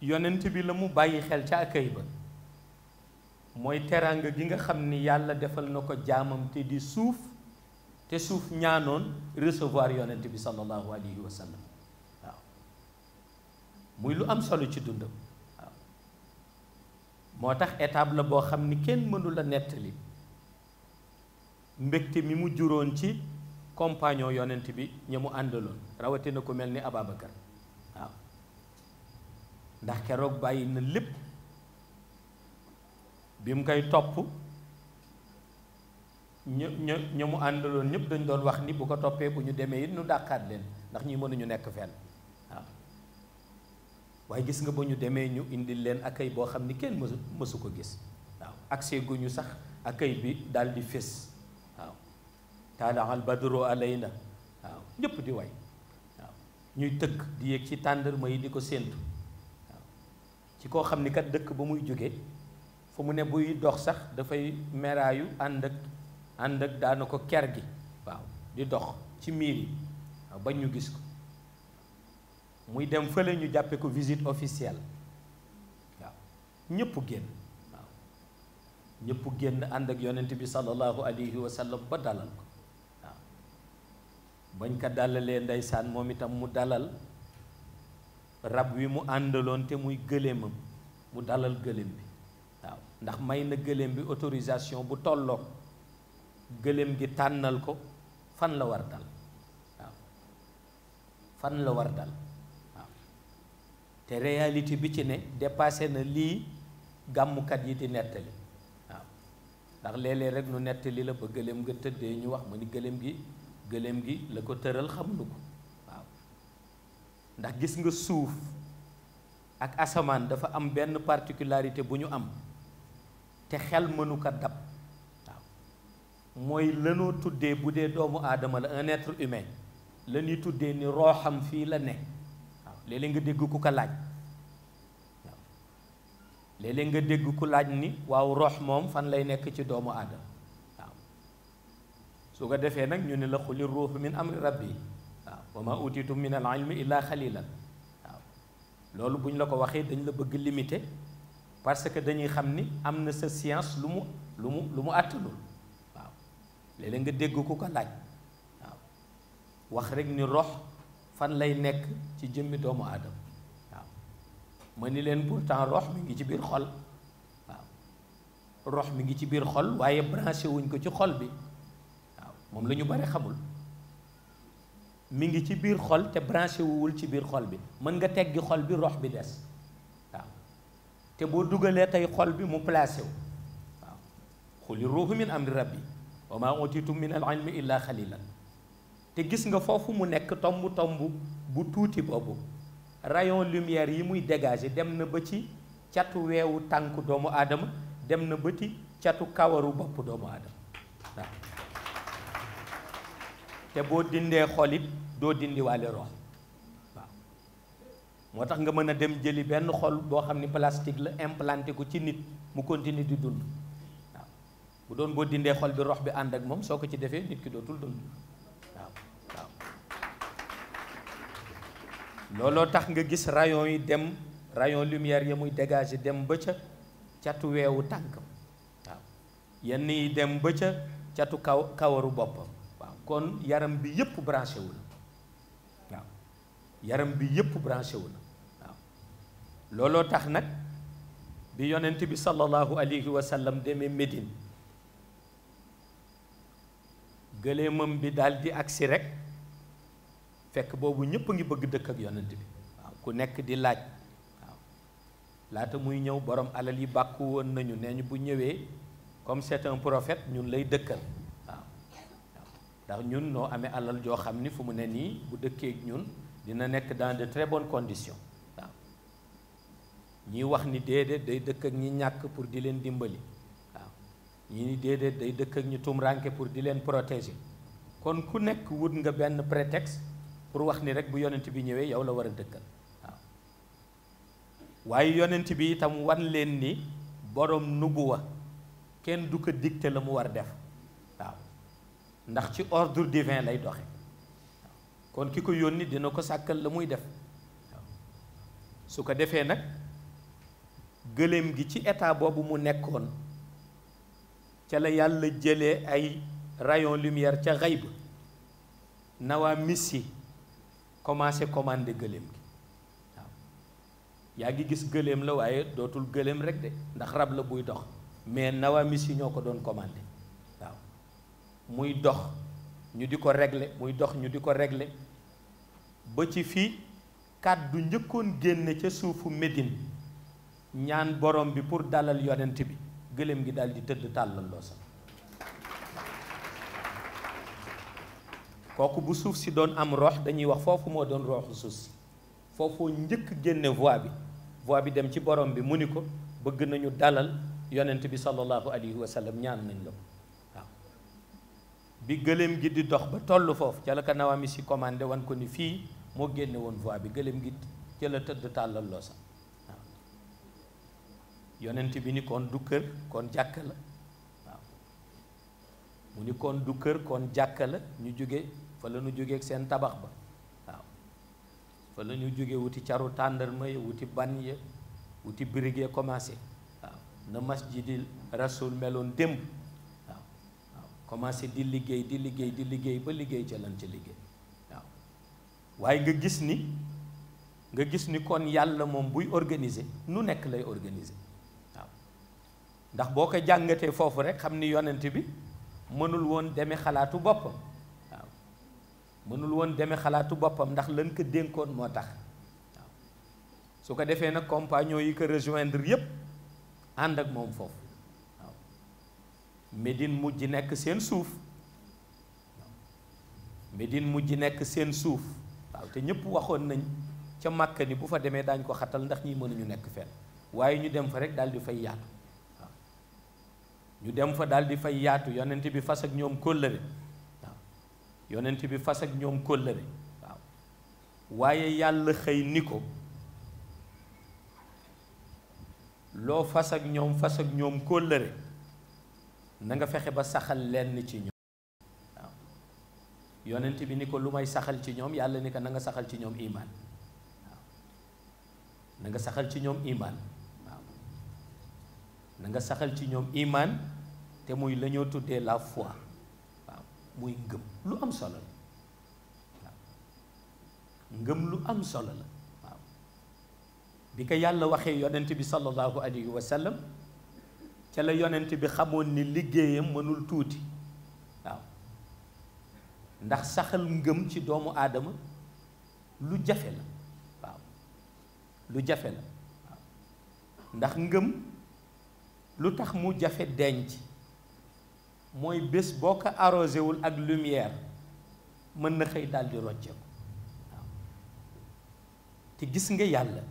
yonent bi la mu bàyyi xel ca accueil ba mooy teraanga gi nga xam ni yàlla defal na ko jaamam te di suuf te suuf ñaanoon recevoir yonent bi sallallahu alayhi wa waaw muy lu am solo ci dundam moo tax étape la boo xam ni kenn mënu la nettali mbégte mi mu juróon ci compagnon yonent bi ña mu àndaloon rawatina ko mel ni Ababacar waaw ndax keroog bàyyi na lépp bi mu koy topp ñu ña ñu mu àndaloon ñëpp dañu doon wax ni bu ko toppee bu ñu demee it ñu dàqaat leen ndax ñi mënuñu nekk fenn waaye gis nga ba ñu demee ñu indi leen akay boo xam ni kenn mësu mësu ko gis waaw accès gu sax accueil bi dal di fés waaw taala al badru alayna waaw ñëpp di way waaw ñuy tëkk di yéeg ci tàndarma yi di ko séentu waaw ci koo xam ni kat dëkk ba muy jóge fu mu ne buy dox sax dafay meraayu ànd ak ànd ak daana ko ker gi waaw di dox ci miir yi waaw bañ ñu gis ko muy dem fële ñu jàppe ko visit officielle waaw ñépp génn waaw ñëpp génn ànd ak yonent bi sallallahu alayhi wa sallam ba dalal ko waaw bañ ko dalalee ndeysaan moom itam mu dalal rab wi mu àndaloon te muy gëléemam mu dalal gëléem bi waaw ndax may na gëléem bi autorisation bu tolloog gëléem gi tànnal ko fan la war dal waaw fan la war dal te réalité bi ci ne dépassé na lii gàmmukat yi di nettali waaw ndax léeg-léeg rek nu nettali la ba gëléem nga tëddee ñu wax ma ni gëléem gi gëléem gi la ko tëral xamuñu ko waaw ndax gis nga suuf ak asamaan dafa am benn particularité bu ñu am te xel mënu ko dab waaw mooy lanoo tuddee bu dee doomu aadama la un être humain la tuddee ni rooxam fii la ne léeg-léeg nga dégg ku ko laaj waaw léeg-léeg nga dégg ko laaj ni waaw rox moom fan lay nekk ci doomu aadama waaw su ko defee nag ñu ne la xuli ruuxu min amri rabbi waaw wa ma utitum min al ilmi illa xalilan waaw loolu bu ñu la ko waxee dañ la bëgg limité parce que dañuy xam ni am na sa science lu mu lu mu lu mu àttalul waaw léeg-léeg nga dégg ko ko laaj waaw wax rek ni rox fan lay nekk ci jëmmi doomu aadama waaw ma ni leen pourtant rox mi ngi ci biir xol waaw rox mi ngi ci biir xol waaye branché wuñ ko ci xol bi waaw moom la ñu bari xamul mi ngi ci biir xol te branché wuwul ci biir xol bi mën nga teggi xol bi rox bi des waaw te boo dugalee tey xol bi mu placé wu waaw xuli ruuhu min amri rabbi wa ma utitum min al ilmi illa xalilan te gis nga foofu mu nekk tomb tomb bu tuuti boobu rayon lumière yi muy dégager dem na ba ci catu weewu tànk doomu aadama dem na ba ci catu kawaru bopp doomu aadama waaw te boo dindee xol it doo dindiwaale rox waaw moo tax nga mën a dem jëli benn xol boo xam ne plastique la implanté ko ci nit mu continue di dund waaw bu doon boo dindee xol bi rox bi ànd ak moom soo ko ci defee nit ki dootul dund looloo tax nga gis rayon yi dem rayon lumière ya muy dégager dem ba ca catu weewu tànk waaw yenn yi dem ba ca catu kaw kawaru boppam waaw kon yaram bi yëpp branché wu waaw yaram bi yépp branché wu waaw looloo tax nag bi yonent bi sallallahu alayhi wa sallam demee Médine gëleemam bi daal di agsi rekk fekk boobu ñëpp ngi bëgg dëkk ak yonent bi waaw ku nekk di laaj waaw laata muy ñëw borom alal yi bàkku woon nañu nee ñu bu ñëwee comme c'est un prophète ñun lay dëkkal waaw ndax ñun noo amee alal joo xam ni fu mu ne nii bu dëkkeek ñun dina nekk dans de très bonnes conditions waaw ñiy wax ni déedéet day dëkk ñi ñàkk pour di leen dimbali waaw ñi ni déedéet day dëkkak ak ñi tumranke pour di leen protéger kon ku nekk wut nga benn prétexte pour wax ni rek bu yonent bi ñëwee yow la war a dëkkal waaw waaye yonent bi itam wan leen ni borom nubuwa kenn du ko dicté la mu war def waaw ndax ci ordre divin lay doxe kon ki ko yónni dina ko sàkkal la muy def su ko defee nag gëléem gi ci état boobu mu nekkoon ca la yàlla jëlee ay rayon lumière ca xayb nawaa mis commencé commandé gëléem gi waaw yaa ngi gis gëléem la waaye dootul gëléem rek de ndax rab la buy dox mais nawamis yi ñoo ko doon commandé waaw muy dox ñu di ko régler muy dox ñu di ko regle ba ci fii kàddu njëkkoon génne ca suufu Médine ñaan borom bi pour dalal yonent bi gëléem gi daal di tëdd tàllal loo sax kooku bu suuf si doon am rox dañuy wax foofu moo doon roxu suuf si foofoo njëkk génne voix bi voix bi dem ci borom bi mu ni ko bëgg nañu dalal yonent bi sallallahu alayhi wa ñaan nañ la waaw bi gëléem gi di dox ba toll foofu ca la ko nawaami si commandé wan ko ni fii moo génne woon voix bi gëléem gi ca tëdd tàllal loo sax yonent bi ni kon du kër kon jàkka la waaw mu ni kon du kër kon jàkka la ñu jóge fa la ñu jógee seen tabax ba waaw fa la ñu jógee wuti caru tàndarma ya wuti ban ya wuti birigee commencé waaw na masjidi rasul meloon démb waaw waaw commencé di liggéey di liggéey di liggéey ba liggéey ca lan ca liggéey waaw waaye nga gis ni nga gis ni kon yàlla moom buy organiser nu nekk lay organiser waaw ndax boo ko jàngatee foofu rek xam ni yonent bi mënul woon demee xalaatu boppa mënul woon deme xalaatu boppam ndax lan ko dénkoon moo tax waaw su ko defee nag compagnon yi ko rejoindre yépp ànd ak moom foofu waaw Médine mujj nekk seen suuf Médine mujj nekk seen suuf waaw te ñëpp waxoon nañ ca Màkka ni bu fa demee daañ ko xatal ndax ñi mën ñu nekk fenn waaye ñu dem fa rek daal di fay yaatu waaw ñu dem fa dal di fay yaatu yonent bi fas ak ñoom kóllëre yonent bi fas ak ñoom kóllëre waaw waaye yàlla xëy ni ko loo fas ak ñoom fas ak ñoom kóllëre na fexe ba saxal lenn ci ñoom yonent bi ni ko lu may saxal ci ñoom yàlla ni ko na nga saxal ci ñoom imaan waaw na saxal ci ñoom imaan saxal ci ñoom imaan te muy lañoo ñoo tuddee la foi waaw muy ngëm lu am solo la waaw ngëm lu am solo la waaw bi ko yàlla waxee yonent bi sallallahu alayhi wa sallam ca la yonent bi xamoon ni liggéeyam mënul tuuti waaw ndax saxal ngëm ci doomu aadama lu jafe la waaw lu jafe la waaw ndax ngëm lu tax mu jafe denc mooy bés boo ko arrosé wul ak lumière mën na xëy daal di rocceeku waaw te gis nga yàlla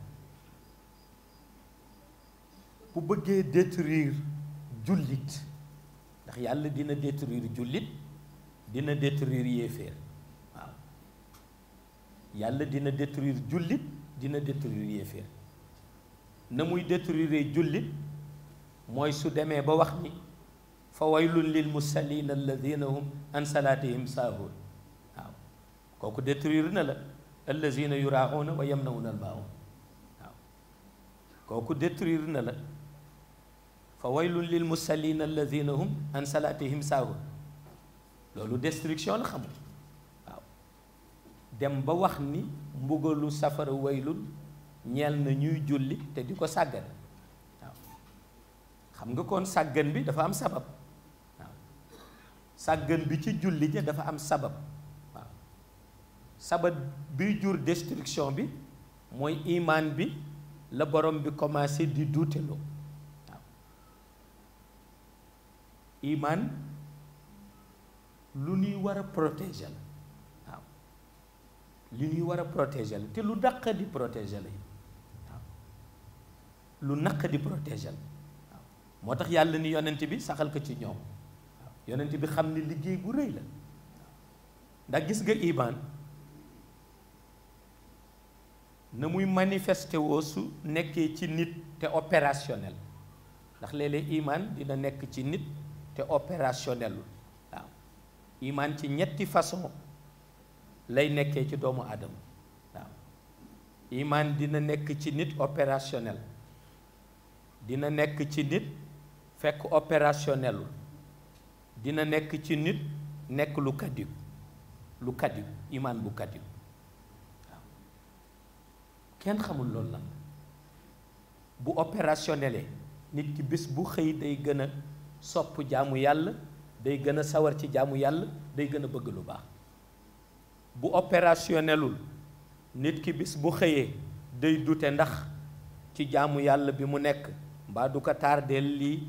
bu bëggee détruire jullit ndax yàlla dina détruire jullit dina détruire yéeféer waaw yàlla dina détruire jullit dina détruire yéeféer na muy détruire jullit mooy su demee ba wax ni fa waylun lil musallin alladina hum an salaatihim saahuun waaw kooku détruire na la alladina yuraahuuna wa yamnawuna almaahun waaw kooku détruire na la fa waylun lil musallin alladina hum an salaatihim saahuun loolu destruction la xamul waaw dem ba wax ni mbugalu safara waylun ñel na ñuy julli te di ko sàggan waaw xam nga kon sàggan bi dafa am sabab sàggan bi ci julli ja dafa am sabab waaw sabab biy jur destruction bi mooy imaan bi la borom bi commencé di duuteloo waaw imaan lu ñuy war a protéger la waaw lu nuy war a protéger la te lu dàq di protéger la waaw lu naq di protéger la waaw moo tax yàlla ni yonent bi saxal ko ci ñoom yonent bi xam ne liggéey bu rëy la ndax gis nga iman na muy manifesté nekkee ci nit te opérationnel ndax léeg-léeg iman dina nekk ci nit te opérationnel waaw iman ci ñetti façon lay nekkee ci doomu aadama waaw iman dina nekk ci nit opérationnel dina nekk ci nit fekk opérationnel dina nekk ci nit nekk lu kadib lu kadib imaan bu kadib waaw kenn xamul loolu lan bu opérationnel nit ki bés bu xëy day gën a sopp jaamu yàlla day gën a sawar ci jaamu yàlla day gën a bëgg lu baax bu opérationnelul nit ki bis bu xëyee day dute ndax ci jaamu yàlla bi mu nekk mbaa du ko tardeel lii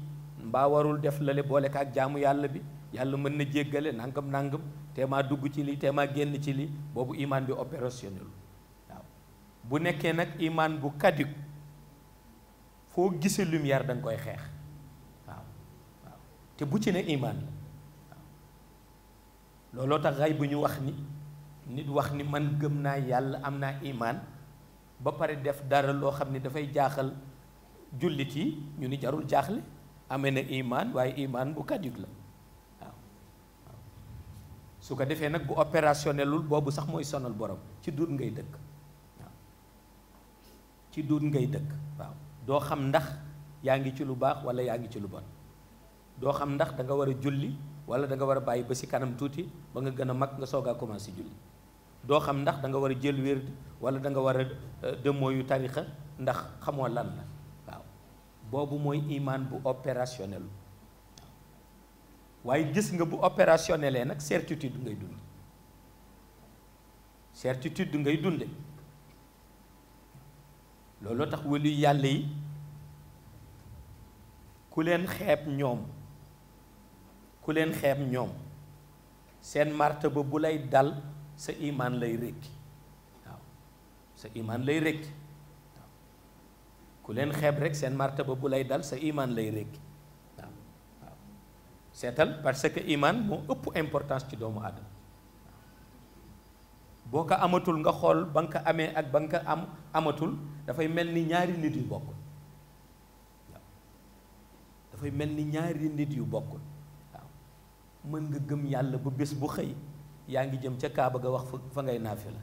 mbaa warul def lale boole ko ak jaamu yàlla bi yàlla mën na jéggale nangam nangam teemaa dugg ci lii teemaa génn ci lii boobu imaan bi opérationnel waaw bu nekkee nag imaan bu caduc foo gisee lumière da nga koy xeex waaw waaw te bu ci ne imaan looloo tax xay bu ñu wax ni nit wax ni man gëm naa yàlla am naa imaan ba pare def dara loo xam ne dafay jaaxal jullit yi ñu ni jarul jaaxle amee na imaan waaye imaan bu kàddu la waaw su ko defee nag bu opérationnelul boobu sax mooy sonal borom ci duut ngay dëkk waaw ci duut ngay dëkk waaw doo xam ndax yaa ngi ci lu baax wala yaa ngi ci lu bon doo xam ndax danga war a julli wala da nga war a bàyyi ba si kanam tuuti ba nga gën a mag nga soog a commencé julli doo xam ndax danga war a jël wér wala da nga war a euh, demoo yu tarixa ndax xamoo lan la boobu mooy imaan bu opérationnel waaye gis nga bu opérationnel nag certitude ngay dund certitude ngay dunde looloo tax wëlu yàlla yi ku leen xeeb ñoom ku leen xeeb ñoom seen martaba bu lay dal sa imaan lay rekki waaw sa imaan lay rekki ku leen xeeb rek seen martaba bu lay dal sa imaan lay rékki waaw seetal parce que imaan moo ëpp importance ci doomu aadama boo ko amatul nga xool ba nga ko amee ak ba nga ko am amatul dafay mel ni ñaari nit yu bokkul waaw mel ni ñaari nit yu bokkul mën nga gëm yàlla bu bés bu xëy yaa ngi jëm ca kaaba ga wax fa ngay naafi la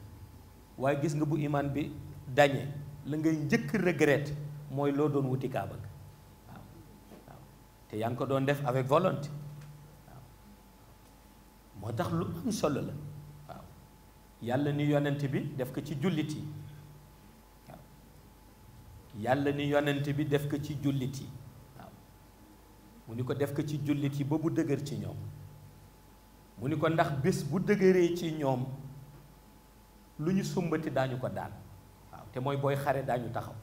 waaye gis nga bu imaan bi dañee la ngay njëkk regret mooy loo doon wuti kaa bëgg waaw waaw te yaa ngi ko doon def avec volonté waaw moo tax lu am solo la waaw yàlla ni yonent bi def ko ci jullit yi waaw yàlla ni yonent bi def ko ci jullit yi waaw mu ni ko def ko ci jullit yi ba bu dëgër ci ñoom mu ni ko ndax bés bu dëgëree ci ñoom lu ñu sumbati daañu ko daan waaw te mooy booy xare daañu taxaw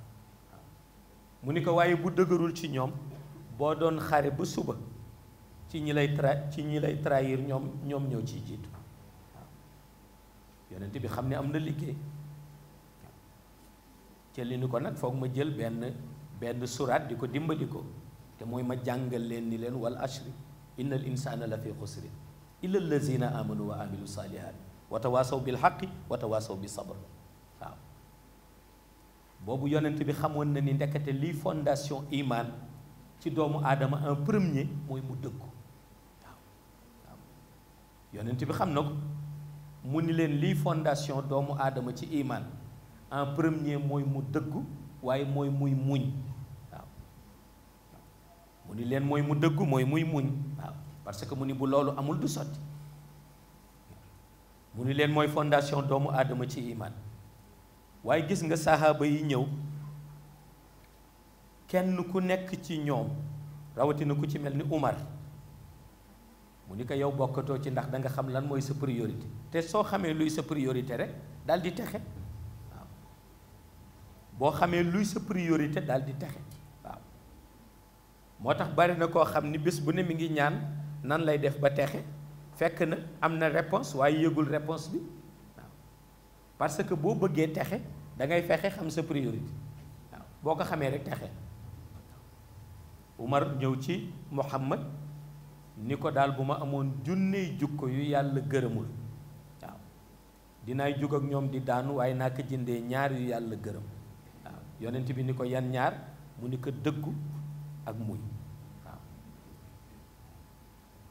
mu ni ko waaye bu dëgërul ci ñoom boo doon xare ba suba ci ñi lay tra ci ñi lay trahir ñoom ñoom ñëw ci jiitu waaw yonent bi xam ne am na liggéey ca li ni ko nag foog ma jël benn benn suraat di ko dimbali ko te mooy ma jàngal leen ni leen wal ashri inna al insana la fi xusrin illa allazina wa amilu salihat wa tawasaw bil xaqi wa bi sabr boobu yonent bi xamoon na ni ndekete liy fondation imaan ci doomu aadama en premier mooy mu dëggu waaw yonent bi xam na ko mu ni leen liy fondation doomu aadama ci imaan en premier mooy mu dëggu waaye mooy muy muñ waaw mu ni leen mooy mu dëggu mooy muy muñ waaw parce que mu ni bu loolu amul du sotti mu ni leen mooy fondation doomu aadama ci imaan waaye gis nga saxaaba yi ñëw kenn ku nekk ci ñoom rawatina ku ci mel ni Umar mu ni ko yow bokkatoo ci ndax danga xam lan mooy sa priorité te soo xamee luy sa priorité rek daal di texe waaw boo xamee luy sa priorité daal di texe waaw moo tax bari na koo xam ni bés bu ne mi ngi ñaan nan lay def ba texe fekk na am na réponse waaye yëgul réponse bi parce que boo bëggee texe dangay fexe xam sa priorité waaw boo ko xamee rek texe Umar ñëw ci Muhammad ni ko daal bu ma amoon junney jukko yu yàlla gërëmul waaw dinaay jug ak ñoom di daanu waaye naa ko jëndee ñaar yu yàlla gërëm waaw yonent bi ni ko yan ñaar mu ni ko dëggu ak muñ waaw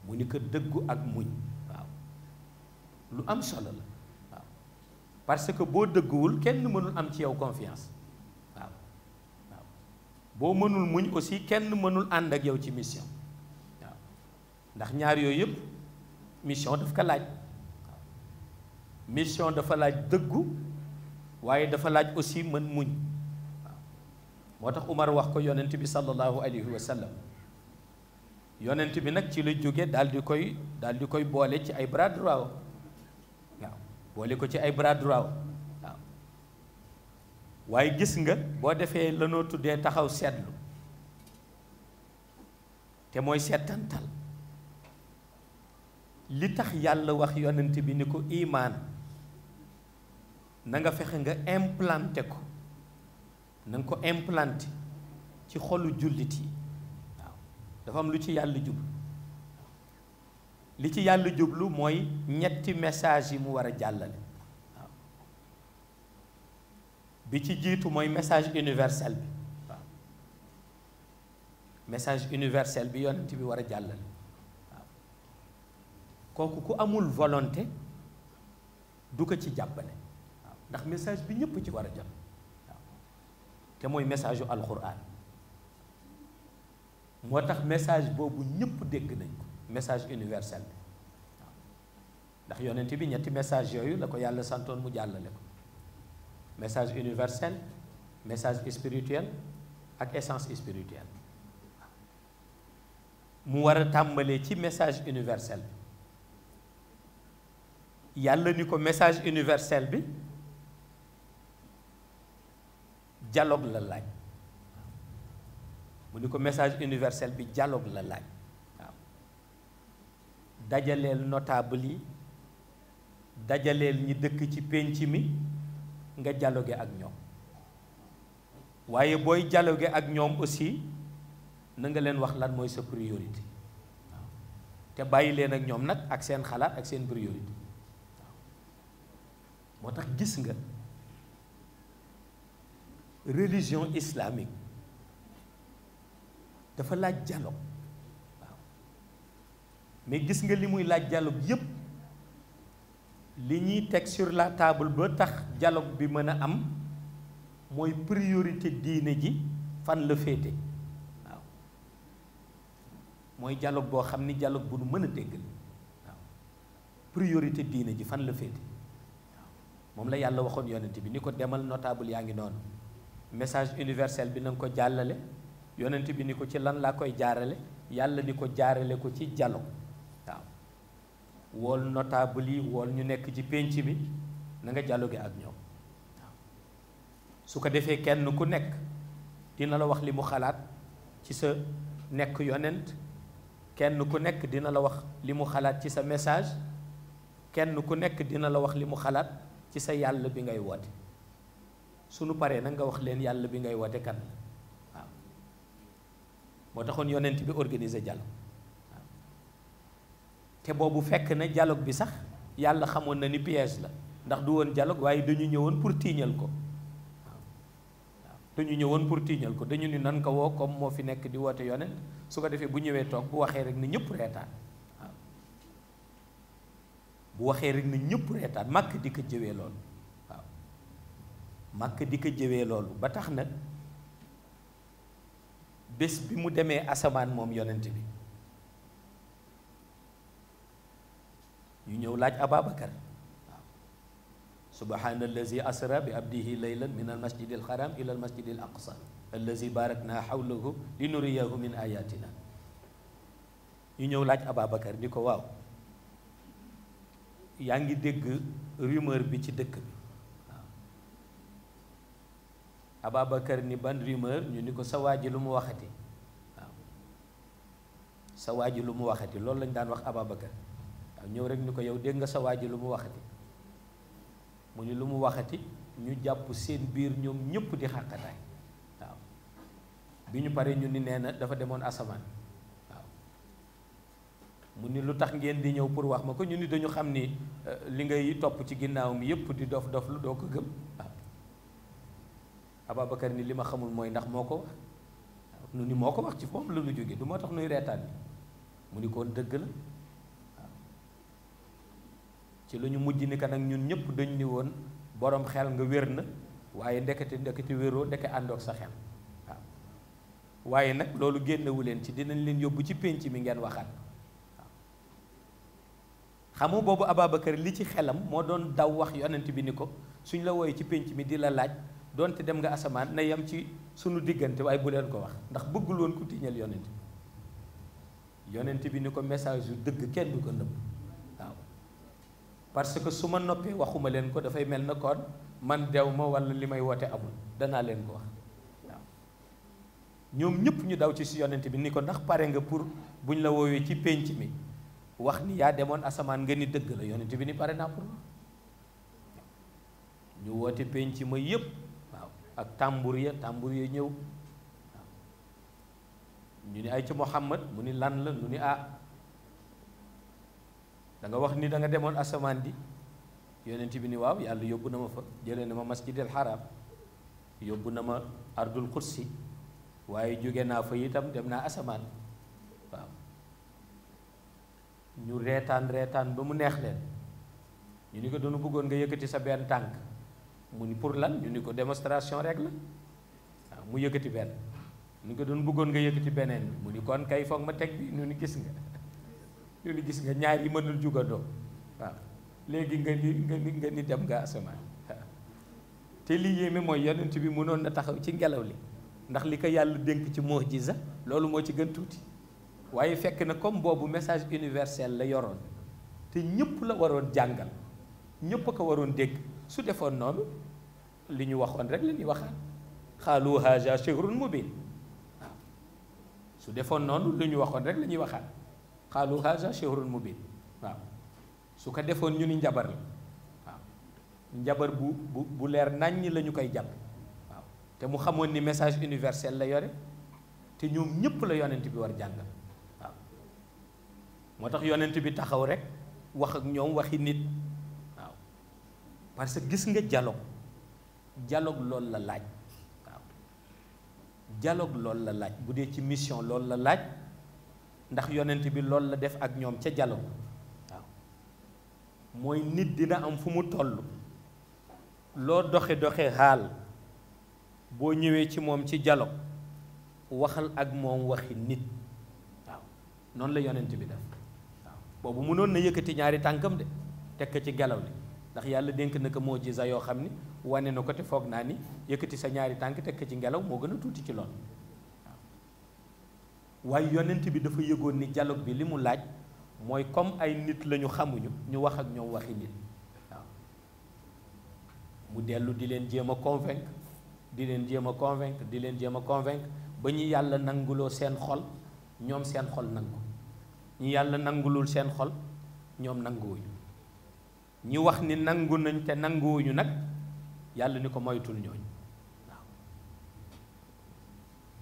mu ni ko dëggu ak muñ waaw lu am solo la parce que boo dëgguwul kenn mënul am ci yow confiance waaw waaw boo mënul muñ aussi kenn mënul ànd ak yow ci mission waaw ndax ñaar yooyu yëpp mission daf ko laaj waaw mission dafa laaj dëggu waaye dafa laaj aussi mën muñ waaw moo tax Umar wax ko yonent bi sallallahu alayhi wa sallam yonent bi nag ci la jóge daal di koy daal di koy boole ci ay bras droit boole ko ci ay bras waaw waaye gis nga boo defee lanoo tuddee taxaw seetlu te mooy seetantal li tax yàlla wax yonent bi ni ko imaan na nga fexe nga implanté ko na ko implanté ci xolu jullit yi waaw dafa am lu ci yàlla jub li ci yàlla jublu mooy ñetti message yi mu war a jàllale waaw bi ci jiitu mooy message universel bi waaw message universel bi yonent bi war a jàllale waaw kooku ku amul volonté du ko ci jàppale waaw ndax message bi ñëpp ci war a jot waaw te mooy message yu alxuraan moo tax message boobu ñëpp dégg nañ message universel bi waaw ndax yonent bi ñetti message yooyu la ko yàlla santoon mu jàllale ko message universel message spirituel ak essence spirituelle mu war a tàmbalee ci message universel bi yàlla ni ko message universel bi dialogue la laaj mu ni ko message universel bi dialogue la laaj dajaleel notable yi dajaleel ñi dëkk ci pénc mi nga dialogué ak ñoom waaye booy dialogué ak ñoom aussi na nga leen wax lan mooy sa priorité te bàyyi leen ak ñoom nag ak seen xalaat ak seen priorité moo tax gis nga religion islamique dafa laaj jaloo mais gis nga li muy laaj dialogue yépp li ñuy teg sur la table ba tax dialogue bi mën a am mooy priorité diine ji fan la féete waaw mooy dialogue boo xam ni dialogue bu nu mën a dégg waaw priorité diine ji fan la féete waaw moom la yàlla waxoon yonent bi ni ko demal notable yaa ngi noonu message universel bi na ko jàllale yonent bi ni ko ci lan laa koy jaarale yàlla ni ko jaarale ko ci dialogue wool notable yi wool ñu nekk ci pénc bi nanga nga dialogué ak ñoom su ko defee kenn ku nekk dina la wax li mu xalaat ci sa nekk yonent kenn ku nekk dina la wax li mu xalaat ci sa message kenn ku nekk dina la wax li mu xalaat ci sa yàlla bi ngay woote sunu paree nag nga wax leen yàlla bi ngay woote kan la waaw moo taxoon yonent bi organiser dialogue te boobu fekk na dialogue bi sax yàlla xamoon na ni piège la ndax du woon dialogue waaye dañu ñëwoon pour tiiñal ko dañu ñëwoon pour tiiñal ko dañu ni nan ko woo comme moo fi nekk di woote yonent su ko defee bu ñëwee toog bu waxee rek na ñëpp reetaan waaw bu waxee rek na ñëpp reetaan màkk di ko jëwee loolu waaw màkk di ko jëwee loolu ba tax nag bés bi mu demee asamaan moom yonent bi ñu ñëw laaj Ababacar waaw subhaana allazi asra bi abdihi laylan min al masjid al haram ila al masjid al aqsa allazi barakna hawlahu li nuriyahu min ayatina ñu ñëw laaj Ababacar ni ko waaw yaa ngi dégg rumeur bi ci dëkk bi waaw ni ban rumeur ñu ni ko sa waa ji lu mu waxati waaw sa waa ji lu mu waxati loolu lañ daan wax Ababacar ñëw rek ni ko yow dégg nga sa waa lu mu waxati mu ni lu mu waxati ñu jàpp seen biir ñoom ñëpp di xàqataay waaw bi ñu paree ñu ni nee na dafa demoon asamaan waaw mu ni lu tax ngeen di ñëw pour wax ma ko ñu ni dañu xam ni euh, li ngay topp ci ginnaawam yépp di dof dof lu doo ko gëm waaw Ababacar ni li ma xamul mooy ndax moo ko wax nu ni moo ko wax ci moom la lu jóge du moo tax nuy reetaan bi mu ni koon dëgg la ci lu ñu mujj ni ka nag ñun ñëpp dañ ni woon boroom xel nga wér na waaye ndekete ndekete wéroo ndeke àndoog sa xel waaw waaye nag loolu génnewu leen ci dinañ leen yóbbu ci pénc mi ngeen waxaat waaw xamu boobu Ababacar li ci xelam moo doon daw wax yonent bi ni ko suñ la wooyee ci pénc mi di la laaj donte dem nga asamaan na yam ci sunu diggante waaye bu leen ko wax ndax bëggul woon ku tiñal yonent bi yonent bi ni ko message yu dëgg kenn du ko nëbb parce que su ma noppee waxuma leen ko dafay mel na kon man dew ma walla li may woote amul danaa leen ko wax waaw ñoom ñëpp ñu daw ci si yonent bi ni ko ndax pare nga pour buñ la woowee ci pénc mi wax ni yaa demoon asamaan nga ni dëgg la yonent bi ni pare naa pour ñu woote pénc ma yépp waaw ak tàmbur ya tàmbur ya ñëw waaw ñu ni ay ci Muhammad mu ni lan la ñu ni ah danga wax ni da nga demoon asamaan di yonent bi ni waaw yàlla yóbbu na ma fa jëlee na ma masjidil haram yóbbu na ma ardul kursi waaye jóge naa fa itam dem naa asamaan waaw ñu reetaan reetaan ba mu neex leen ñu ni ko doonu bëggoon nga yëkkati sa benn tànk mu ni pour lan ñu ni ko démonstration rek la waaw mu yëkkati benn ñu ko doon bëggoon nga yëkkati beneen bi mu ni kon kay foog ma teg bi ñu ni gis nga ñu gis nga ñaar yi mënul jugandoo waaw léegi nga ni nga ni nga ni dem nga asamaan te li yéeme mooy yonent bi mënoon na taxaw ci ngelaw li ndax li ko yàlla dénk ci mujiza loolu moo ci gën tuuti waaye fekk na comme boobu message universel la yoroon te ñëpp la waroon jàngal ñépp a ko waroon dégg su defoon noonu li ñu waxoon rek la ñuy waxaat xaalu haja shahrun mubin waaw su defoon noonu lu ñu waxoon rek la ñuy waxaat xaalu haza chehrun mubin waaw su ko defoon ñu ni njabar la waaw njabar bu bu bu leer nàññ la ñu koy jàpp waaw te mu xamoon ni message universel la yore te ñoom ñëpp la yonent bi war jàngal waaw moo tax yonent bi taxaw rek wax ak ñoom waxi nit waaw parce que gis nga dialogue dialogue lool la laaj waaw dialogue loolu la laaj bu dee ci mission loolu la laaj ndax yonent bi loolu la def ak ñoom ca dialogue waaw mooy nit dina am fu mu toll loo doxe doxe xaal boo ñëwee ci moom ci dialogue waxal ak moom waxi nit waaw noonu la yonent bi def waaw boobu mënoon na yëkkati ñaari tànkam de teg ko ci ngelaw li ndax yàlla dénk na ko moo jiza yoo xam ni wane na ko te foog naa ni yëkkati sa ñaari tànk teg ko ci ngelaw moo gën a tuuti ci lool waaye yonent bi dafa yëgoon ni dialogue bi li mu laaj mooy comme ay nit lañu xamuñu ñu wax ak ñoom waxi nit waaw mu dellu di leen jéem a convaincre di leen jéem a convaincre di leen jéem a convaincre ba ñu yàlla nanguloo seen xol ñoom seen xol nangu ñi yàlla nangulul seen xol ñoom nanguwuñu ñi wax ni nangu nañ te nanguwuñu nag yàlla ni ko moytul ñooñu waaw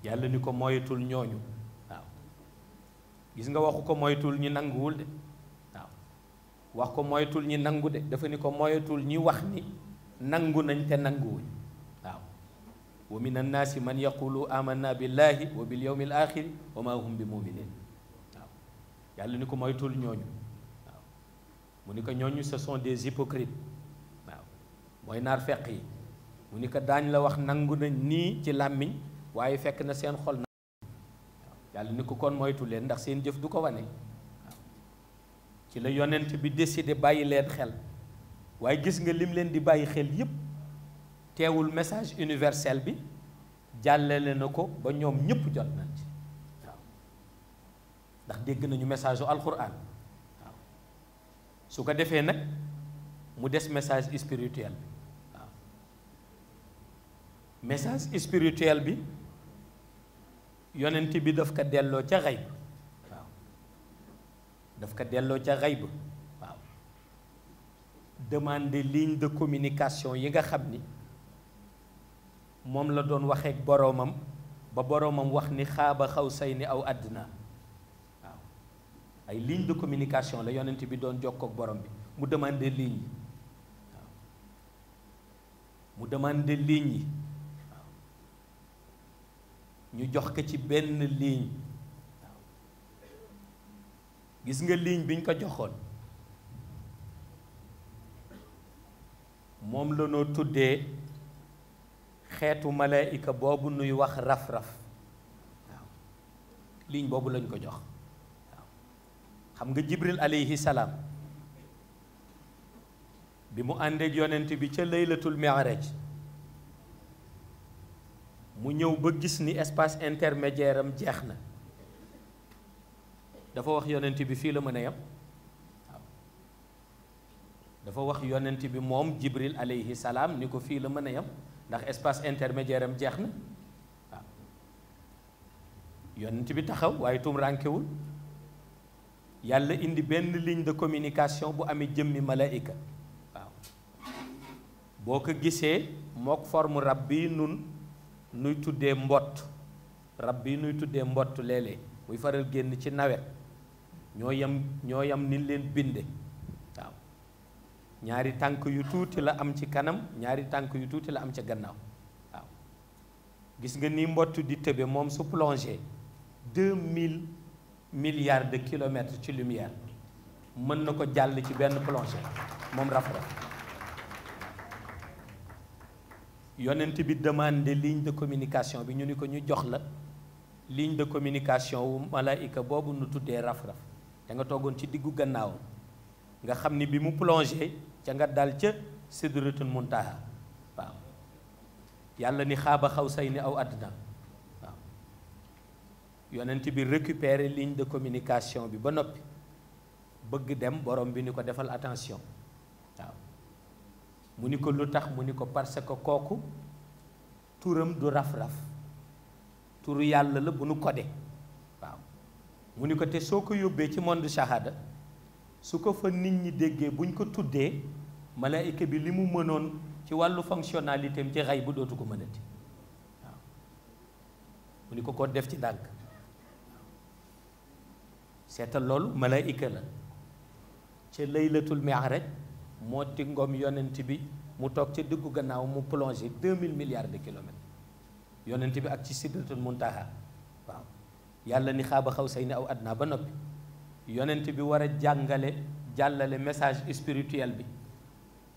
yàlla ni ko moytul ñooñu gis nga waxu ko moytul ñi nanguwul de waaw wax ko moytul ñi nangu de dafa ni ko moytul ñi wax ni nangu nañ te nanguwuñ waaw wa min annaasi man yaqulu amanna billahi wa bil yawmi al axiri wa bi muminin waaw yàlla ni ko moytul ñooñu waaw mu ni ko ñooñu ce sont des hypocrites waaw mooy naar feq yi mu ni ko daañ la wax nangu nañ nii ci làmmiñ waaye fekk na seen xol yàlla ni ko kon moytu leen ndax seen jëf du ko wane ci la yonent bi décidé bàyyi leen xel waaye gis nga lim leen di bàyyi xel yépp teewul message universel bi jàllale na ko ba ñoom ñëpp jot nañ ci waaw ndax dégg nañu message u alxuraan waaw su ko defee nag mu des message spirituel bi waaw message spirituel bi yonent bi daf ko delloo ca xayb waaw daf ko delloo ca xayb waaw demander ligne de communication yi nga xam ni moom la doon waxee ak boroomam ba boroomam wax ni xaaba xaw say ni aw àddina waaw ay ligne de communication la yonent bi doon jokkook boroom bi mu demander ligne yi mu demander ligne yi ñu jox ko ci benn liiñ gis nga ligne biñ ko joxoon moom la noo tuddee xeetu malaayika boobu nuy wax raf-raf waaw boobu lañ ko jox xam nga jibril aleyhi bi mu àndeek yonent bi ca laylatul mi'raj mu ñëw ba gis ni espace intermédiaire am jeex na dafa wax yonent bi fii la mën a yem waaw dafa wax yonent bi moom Jibril aleyhi salaam ni ko fii la mën a yem ndax espace intermédiaire am jeex na waaw yonent bi taxaw waaye tum yàlla indi benn ligne de communication bu amee jëmmi malaika waaw boo ko gisee mook forme rab bi nun nuy tuddee mbott rab bi nuy tuddee mbott léeg-léeg muy faral génn ci nawet ñoo yam ñoo yam ni leen binde waaw ñaari tànk yu tuuti la am ci kanam ñaari tànk yu tuuti la am ca gannaaw waaw gis nga ni mbott di tëbe moom su plongé deux mille milliards de kilomètres ci lumière mën na ko jàll ci benn plongée moom raf yonent bi demande ligne de communication bi ñu ni ko ñu jox la ligne de communication wu malaika boobu nu tuddee raf-raf nga toogoon ci diggu gannaawam nga xam ni bi mu plongé ca nga dal ca sidratul muntaha waaw yàlla ni xaaba xaw say ni aw àddina waaw yonent bi récupéré ligne de communication bi ba noppi bëgg dem borom bi ni ko defal attention mu ni ko lu tax mu ni ko parce que kooku turam du rafraf raf yàlla la bu nu kodee waaw mu ni ko te soo ko yóbbee ci monde shahada su ko fa nit ñi déggee buñ ko tuddee malaayika bi li mu mënoon ci wàllu fonctionnalité am ci xay bu dootu ko mënati waaw mu ni ko ko def ci ndànk seetal loolu malaayika la ca laylatul mi'raj moo ngoom yonent bi mu toog ca diggu gannaaw mu plongé deux mille milliards de kilomètres yonent bi ak ci sidratul muntaha waaw yàlla ni xaaba xaw say ni aw adnaa ba noppi yonent bi war a jàngale jàllale message spirituel bi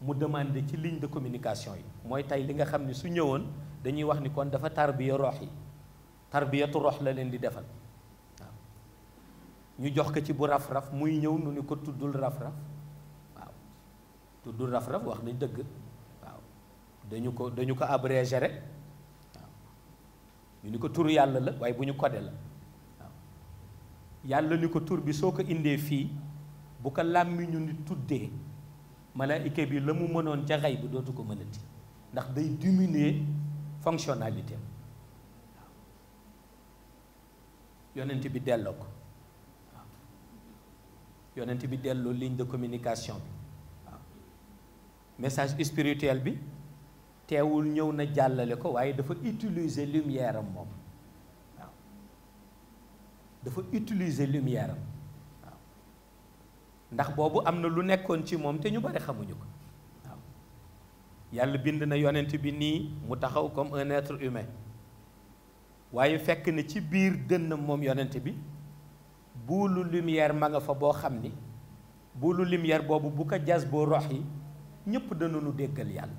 mu demande ci ligne de communication yi mooy tey li nga xam ne su ñëwoon dañuy wax ni kon dafa tarbiya rox yi tarbiyatu rox la leen di defal waaw ñu jox ko ci bu raf-raf muy ñëw nu ni ko tuddul raf-raf tudd raf-raf wax nañ dëgg waaw dañu ko dañu ko abrégé rek waaw ñu ni ko tur yàlla la waaye bu ñu codé la waaw yàlla ni ko tur bi soo ko indee fii bu ko làmmiñu ni tuddee malaayika bi la mu mënoon ca xay bi dootu ko mënati ndax day diminuer fonctionnalité am yonent bi delloo ko waaw yonent bi delloo ligne de communication bi message spirituel bi teewul ñëw na jàllale ko waaye dafa utiliser lumière am moom waaw dafa utiliser lumière waaw ndax boobu am na lu nekkoon ci moom te ñu bari xamuñu ko waaw yàlla bind na yonent bi nii mu taxaw comme un être humain waaye fekk na ci biir dënn moom yonent bi buulu lumière ma nga fa boo xam ni buulu lumière boobu bu ko jas boo rox yi ñépp danañu déggal yàlla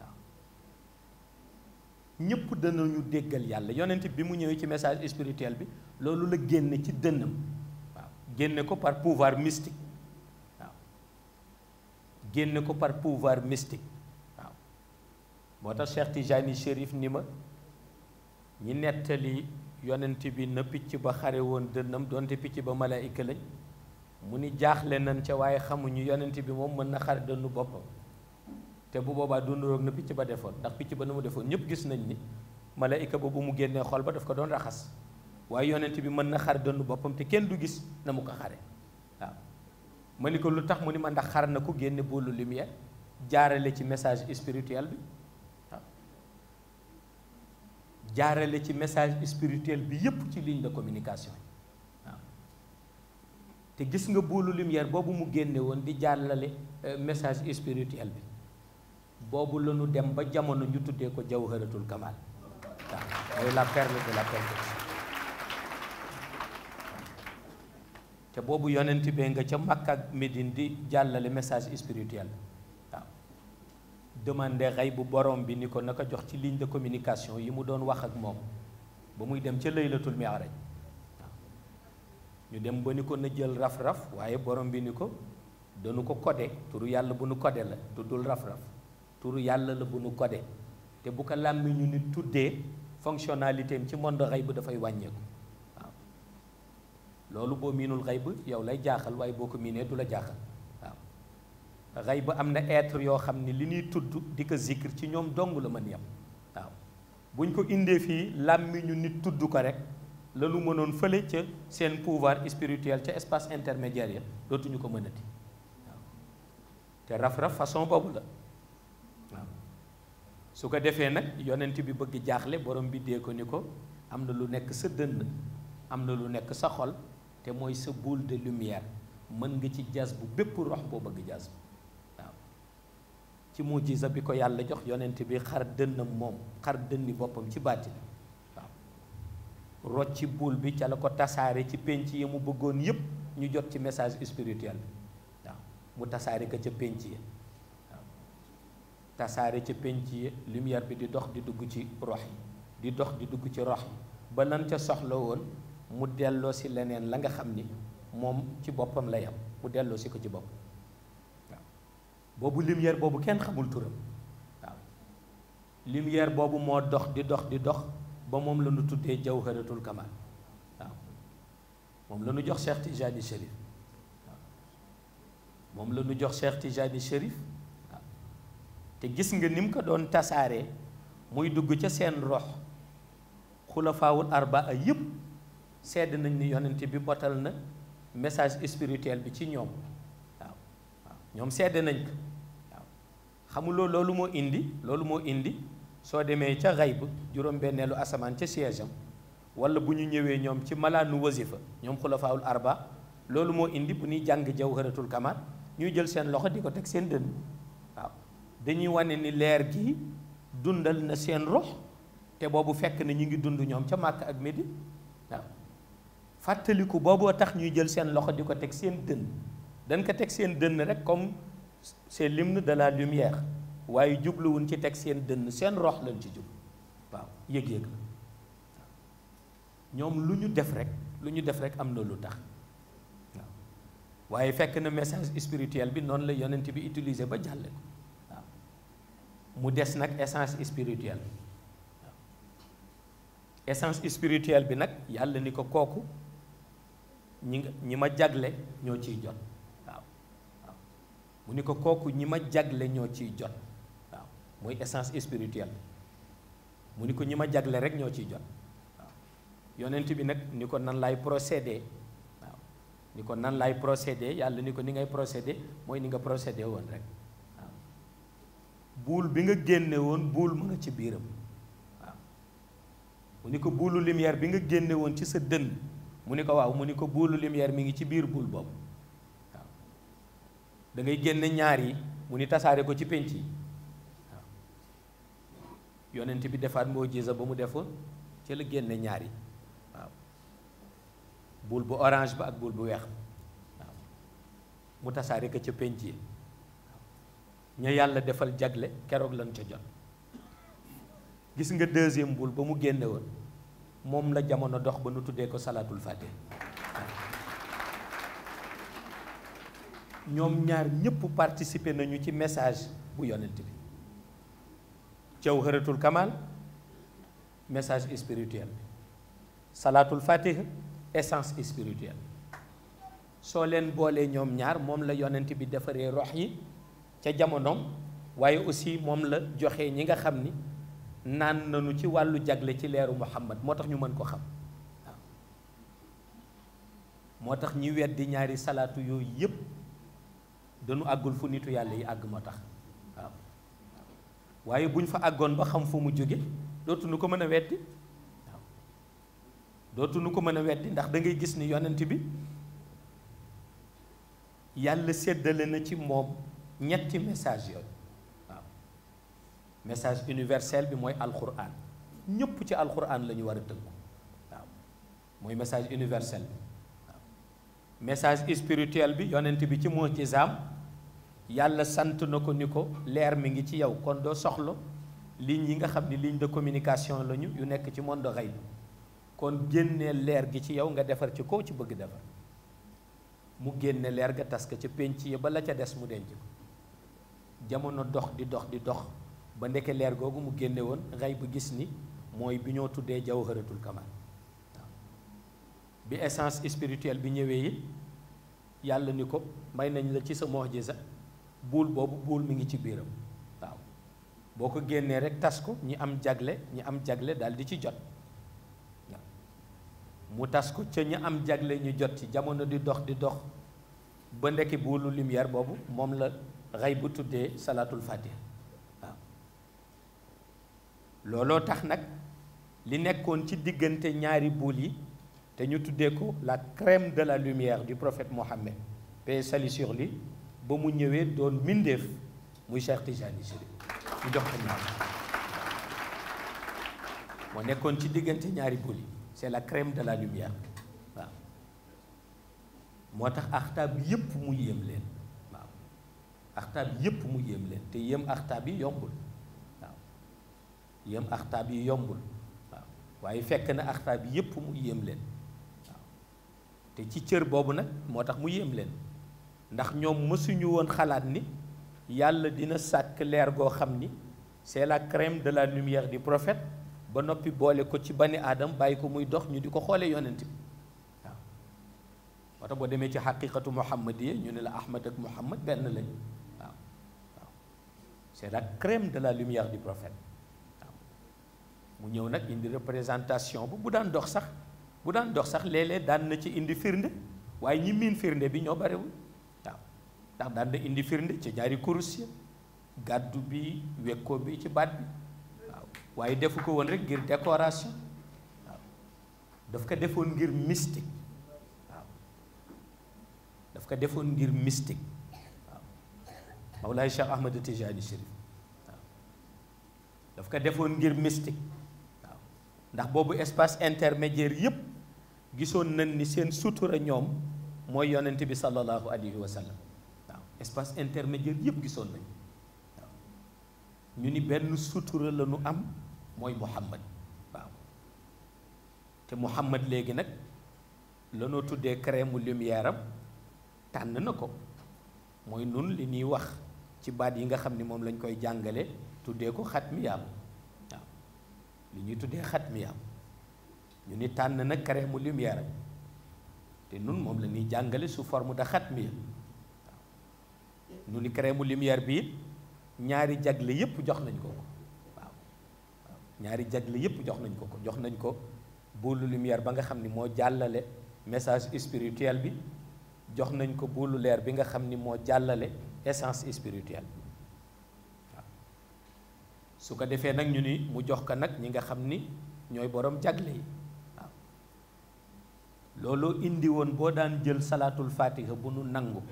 waaw ñëpp danañu déggal yàlla yonent bi mu ñëwee ci message spirituel bi loolu la génne ci dënnam waaw génne ko par pouvoir mystique waaw génne ko par pouvoir mystique waaw moo tax Cheikh Tijani Chérif ni ma ñi nettali yonent bi na picc ba xare woon dënnam donte picc ba malaayika lañ mu ni jaaxle nañ ca waaye xamuñu yonent bi moom mën na xar dënnu boppam te bu boobaa dunduroog na picc ba defoon ndax picc ba na mu defoon ñëpp gis nañ ni malaayika ba bu mu génnee xol ba daf ko doon raxas waaye yonent bi mën na xar dënnu boppam te kenn du gis na mu ko xare waaw ma ni ko lu tax mu ni ma ndax xar na ko génne boolu lumière jaarale ci message spirituel bi waaw jaarale ci message spirituel bi yépp ci ligne de communication te gis nga buulu lumière boobu mu génne woon di jàllale euh, message spirituel bi boobu la ñu dem ba jamono ñu tuddee ko jawharatul kamal la perle de te boobu yonent bee nga ca Makka ak Médine di jàllale message spirituel demande demandé bu borom bi ni ko naka jox ci ligne de communication yi mu doon wax ak moom ba muy dem ca laylatul mi'raj ñu dem ba ni ko na jël raf-raf waaye borom bi ni ko danu ko kode turu yàlla bu nu kode la tuddul raf-raf turu yàlla la bu nu kode te bu ko làmmi ñu ni tuddee fonctionnalité am ci monde xay bu dafay wàññeeku waaw loolu boo miinul xay bu yow lay jaaxal waaye boo ko miinee du la jaaxal waaw xay bu am na être yoo xam ne li nuy tudd di ko zikr ci ñoom dong la mën yam waaw buñ ko indee fii làmmi ñu nit tudd ko rek la mënoon fële ca seen pouvoir spirituel ca espace intermédiaire ya dootuñu ko mënati waaw te raf-raf façon boobu la waaw su ko defee nag yonent bi bëgg jaaxle borom bi dee ko ni ko am na lu nekk sa dënn am na lu nekk sa xol te mooy sa boule de lumière mën nga ci jas bu bépp rox boo bëgg jas bu waaw ci mujjiza bi ko yàlla jox yonent bi xar dënnam moom xar dënni boppam ci bàtti rocc ci buul bi ca la ko tasaare ci pénc yi mu bëggoon yépp ñu jot ci message spirituel bi waaw mu tasaare ko ca pénc yi waaw tasaare ca pénc yi lumière bi di dox di dugg ci rox yi di dox di dugg ci rox yi ba ca soxla woon mu delloo si leneen la nga xam ni moom ci boppam la yam mu delloo si ko ci bopp waaw boobu lumière boobu kenn xamul turam waaw lumière boobu moo dox di dox di dox ba moom la ñu tuddee jawharatul kamal waaw moom la ñu jox Cheikh Tijani Chérif waaw moom la ñu jox Cheikh Tijani Chérif waaw te gis nga ni mu ko doon tasaare muy dugg ca seen rox xulafaawul arbaa yépp sedd nañ ni yonante bi botal na message spirituel bi ci ñoom waaw waaw ñoom sedd nañ ko waaw xamuloo loolu moo indi loolu moo indi soo demee ca xayb juróom-benneelu asamaan ca siège am wala bu ñu ñëwee ñoom ci malaanu wasifa ñoom xulafaawul arba loolu moo indi bu nuy jàng jawharatul kamal ñuy jël seen loxo di ko teg seen dënn waaw dañuy wane ni leer gi dundal na seen rox te boobu fekk na ñu ngi dund ñoom ca màkk ak médi fàttaliku booboo tax ñuy jël seen loxo di ko teg seen dënn dañ ko teg seen dënn rek comme c'est l'hymne de la lumière waaye jubluwuñ ci teg seen dënn seen rox lañ ci jublu waaw yëg-yëg la ñoom lu ñu def rek lu ñu def rek am na lu tax waaw waaye fekk na message spirituel bi noonu la yonent bi utilisé ba jàlle ko waaw mu des nag essence spirituelle waaw essence bi nag yàlla ni ko kooku ñi nga ñi ma jagle ñoo ciy jot waaw waaw mu ni ko kooku ñi ma jagle ñoo ciy jot mooy essence spirituelle mu ni ko ñi ma jagle rek ñoo ciy jot waaw yonent bi nag ni ko nan laay procédé waaw ni ko nan laay procédé yàlla ni ko ni ngay procédé mooy ni nga procédé woon rek waaw buul bi nga génne woon buul mu nga ci biiram waaw mu ni ko buulu lumière bi nga génne woon ci sa dënn mu ni ko waaw mu ni ko buulu lumière mi ngi ci biir buul boobu waaw da génne ñaar yi mu ni tasaare ko ci pénc yi yonent bi defaat moo mujjiza ba mu defoon ca la génne ñaar yi waaw bul bu orange ba ak bul bu weex waaw mu tasaare ko ca pénc yi ña yàlla defal jagle keroog lañ ca jot gis nga deuxième bul ba mu génne woon moom la jamono dox ba nu tuddee ko salaatul fàtte ñoom ñaar ñëpp participer nañu ci message bu yonent bi jawharatul kamal message spirituel salaatul fatiha essence spirituelle soo leen boolee ñoom ñaar moom la yonent bi defaree rox yi ca jamonoom waaye aussi moom la joxe ñi nga xam ni naan nañu ci wàllu jagle ci leeru Muhammad moo tax ñu mën ko xam moo tax ñi weddi ñaari salaatu yooyu yépp dañu àggul fu nitu yàlla yi àgg moo tax waaye buñ fa àggoon ba xam fu mu jóge dootu nu ko mën a weddi waaw dootu nu ko mën a weddi ndax dangay gis ni yonent bi yàlla séddale na ci moom ñetti message yooyu waaw message universel bi mooy alquran ñëpp ci alquran la ñu war a tënku waaw mooy message universel bi waaw message spirituel bi yonent bi ci moo ci zaam yàlla sant na ko ni ko leer mi ngi ci yow kon doo soxla ligne yi nga xam ni ligne de communication lañu yu nekk ci monde xëy kon génne leer gi ci yow nga defar ci kaw ci bëgg defar mu génne leer ga tas ka ca pénc yi ba la ca des mu denc ko jamono dox di dox di dox ba ndeke leer googu mu génne woon xëy bu gis ni mooy bi ñoo tuddee jawharatul kamal bi essence spirituelle bi ñëwee it yàlla ni ko may nañ la ci sa mu'jiza buul boobu buul mu ngi ci biiram waaw boo ko génnee rek tas ko ñi am jagle ñi am jagle daal di ci jot waaw mu tas ko ca ñi am jagle ñu jot ci jamono di dox di dox ba ndekki buulu lumière boobu moom la xëy bu tuddee salaatul fatih waaw looloo tax nag li nekkoon ci diggante ñaari buul yi te ñu tuddee ko la crème de la lumière du profet Mohammed paix salut sur ba mu ñëwee doon mbindeef muy Cheikh Tijani Chérif ñu jox ko ñaar moo nekkoon ci diggante ñaari buli c'est la crème de la lumière waaw moo tax axtaab yépp mu yéem leen waaw axtaab yépp mu yéem leen te yem axtaab yi yombul waaw yéem axtaab yi yombul waaw waaye fekk na axtaab yépp mu yéem leen waaw te ci cër boobu nag moo tax mu yéem leen ndax ñoom mësuñu woon xalaat ni yàlla dina sàkk leer goo xam ni c'est la crème de la lumière du prophète ba noppi boole ko ci bani aadam bàyyi ko muy dox ñu di ko xoolee yonent bi waaw boo demee ci xaqiqatu muhammadiya ñu ne la ahmad ak muhammad benn lañu waaw waaw c'est la crème de la lumière du prophète waaw mu ñëw nag indi représentation bu bu daan dox sax bu daan dox sax léeg-léeg daan na ci indi firnde waaye ñi miin firnde bi ñoo bariwul ndax daan na indi firnde ci ñaari kurus yi gàddu bi wekkoo bi ci baat bi waaw waaye defu ko woon rek ngir décoration waaw daf ko defoon ngir mystique waaw ko defoon ngir mystique waaw Mawlaay Cheikh Ahmad Tijaani Chérif waaw daf ko defoon ngir mystique waaw ndax boobu espace intermédiaire yépp gisoon nañ ni seen sutura ñoom mooy yonent bi sallallahu alayhi wa espace intermédiaire yëpp gisoon nañ waaw ñu ni benn sutura la ñu am mooy Muhammad waaw te Muhammad léegi nag lanoo tuddee crème lumière am tànn na ko mooy nun li ñuy wax ci baat yi nga xam ni moom lañ koy jàngale tuddee ko xatmiyaam waaw li ñuy tuddee xatmiyaam ñu ni tànn na crème lumière am te nun moom la ñuy jàngale sous forme de xatmiya nu ni crème lumière bi ñaari jagle yépp jox nañ ko ko waaw ñaari jagle yépp jox nañ ko ko jox nañ ko boolu lumière ba nga xam ni moo jàllale message spirituel bi jox nañ ko boolu leer bi nga xam ni moo jàllale essence spirituelle waaw su ko defee nag ñu ni mu jox ko nag ñi nga xam ni ñooy boroom jagle yi waaw loolu indi woon boo daan jël salaatul fatiha bu nu nangu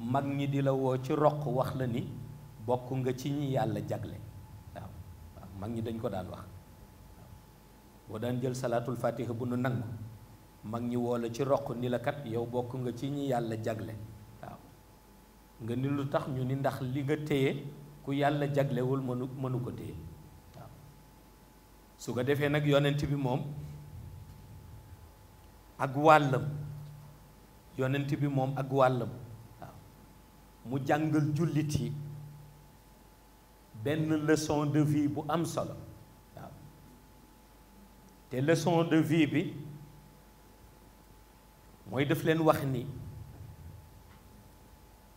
mag ñi di la woo ci roq wax la ni bokk nga ci ñi yàlla jagle waaw waaw mag ñi dañ ko daan wax boo daan jël salaatul fatiha bu nu nangu mag ñi woo la ci roq ni la kat yow bokk nga ci ñi yàlla jagle waaw nga ni lu tax ñu ni ndax li nga téye ku yàlla jaglewul mënu mënu ko téye waaw su ko defee nag yonent bi moom ak wàllam yonent bi moom ak wàllam mu jàngal jullit yi benn leçon de vie bu am solo waaw te leson de vie bi mooy def leen wax ni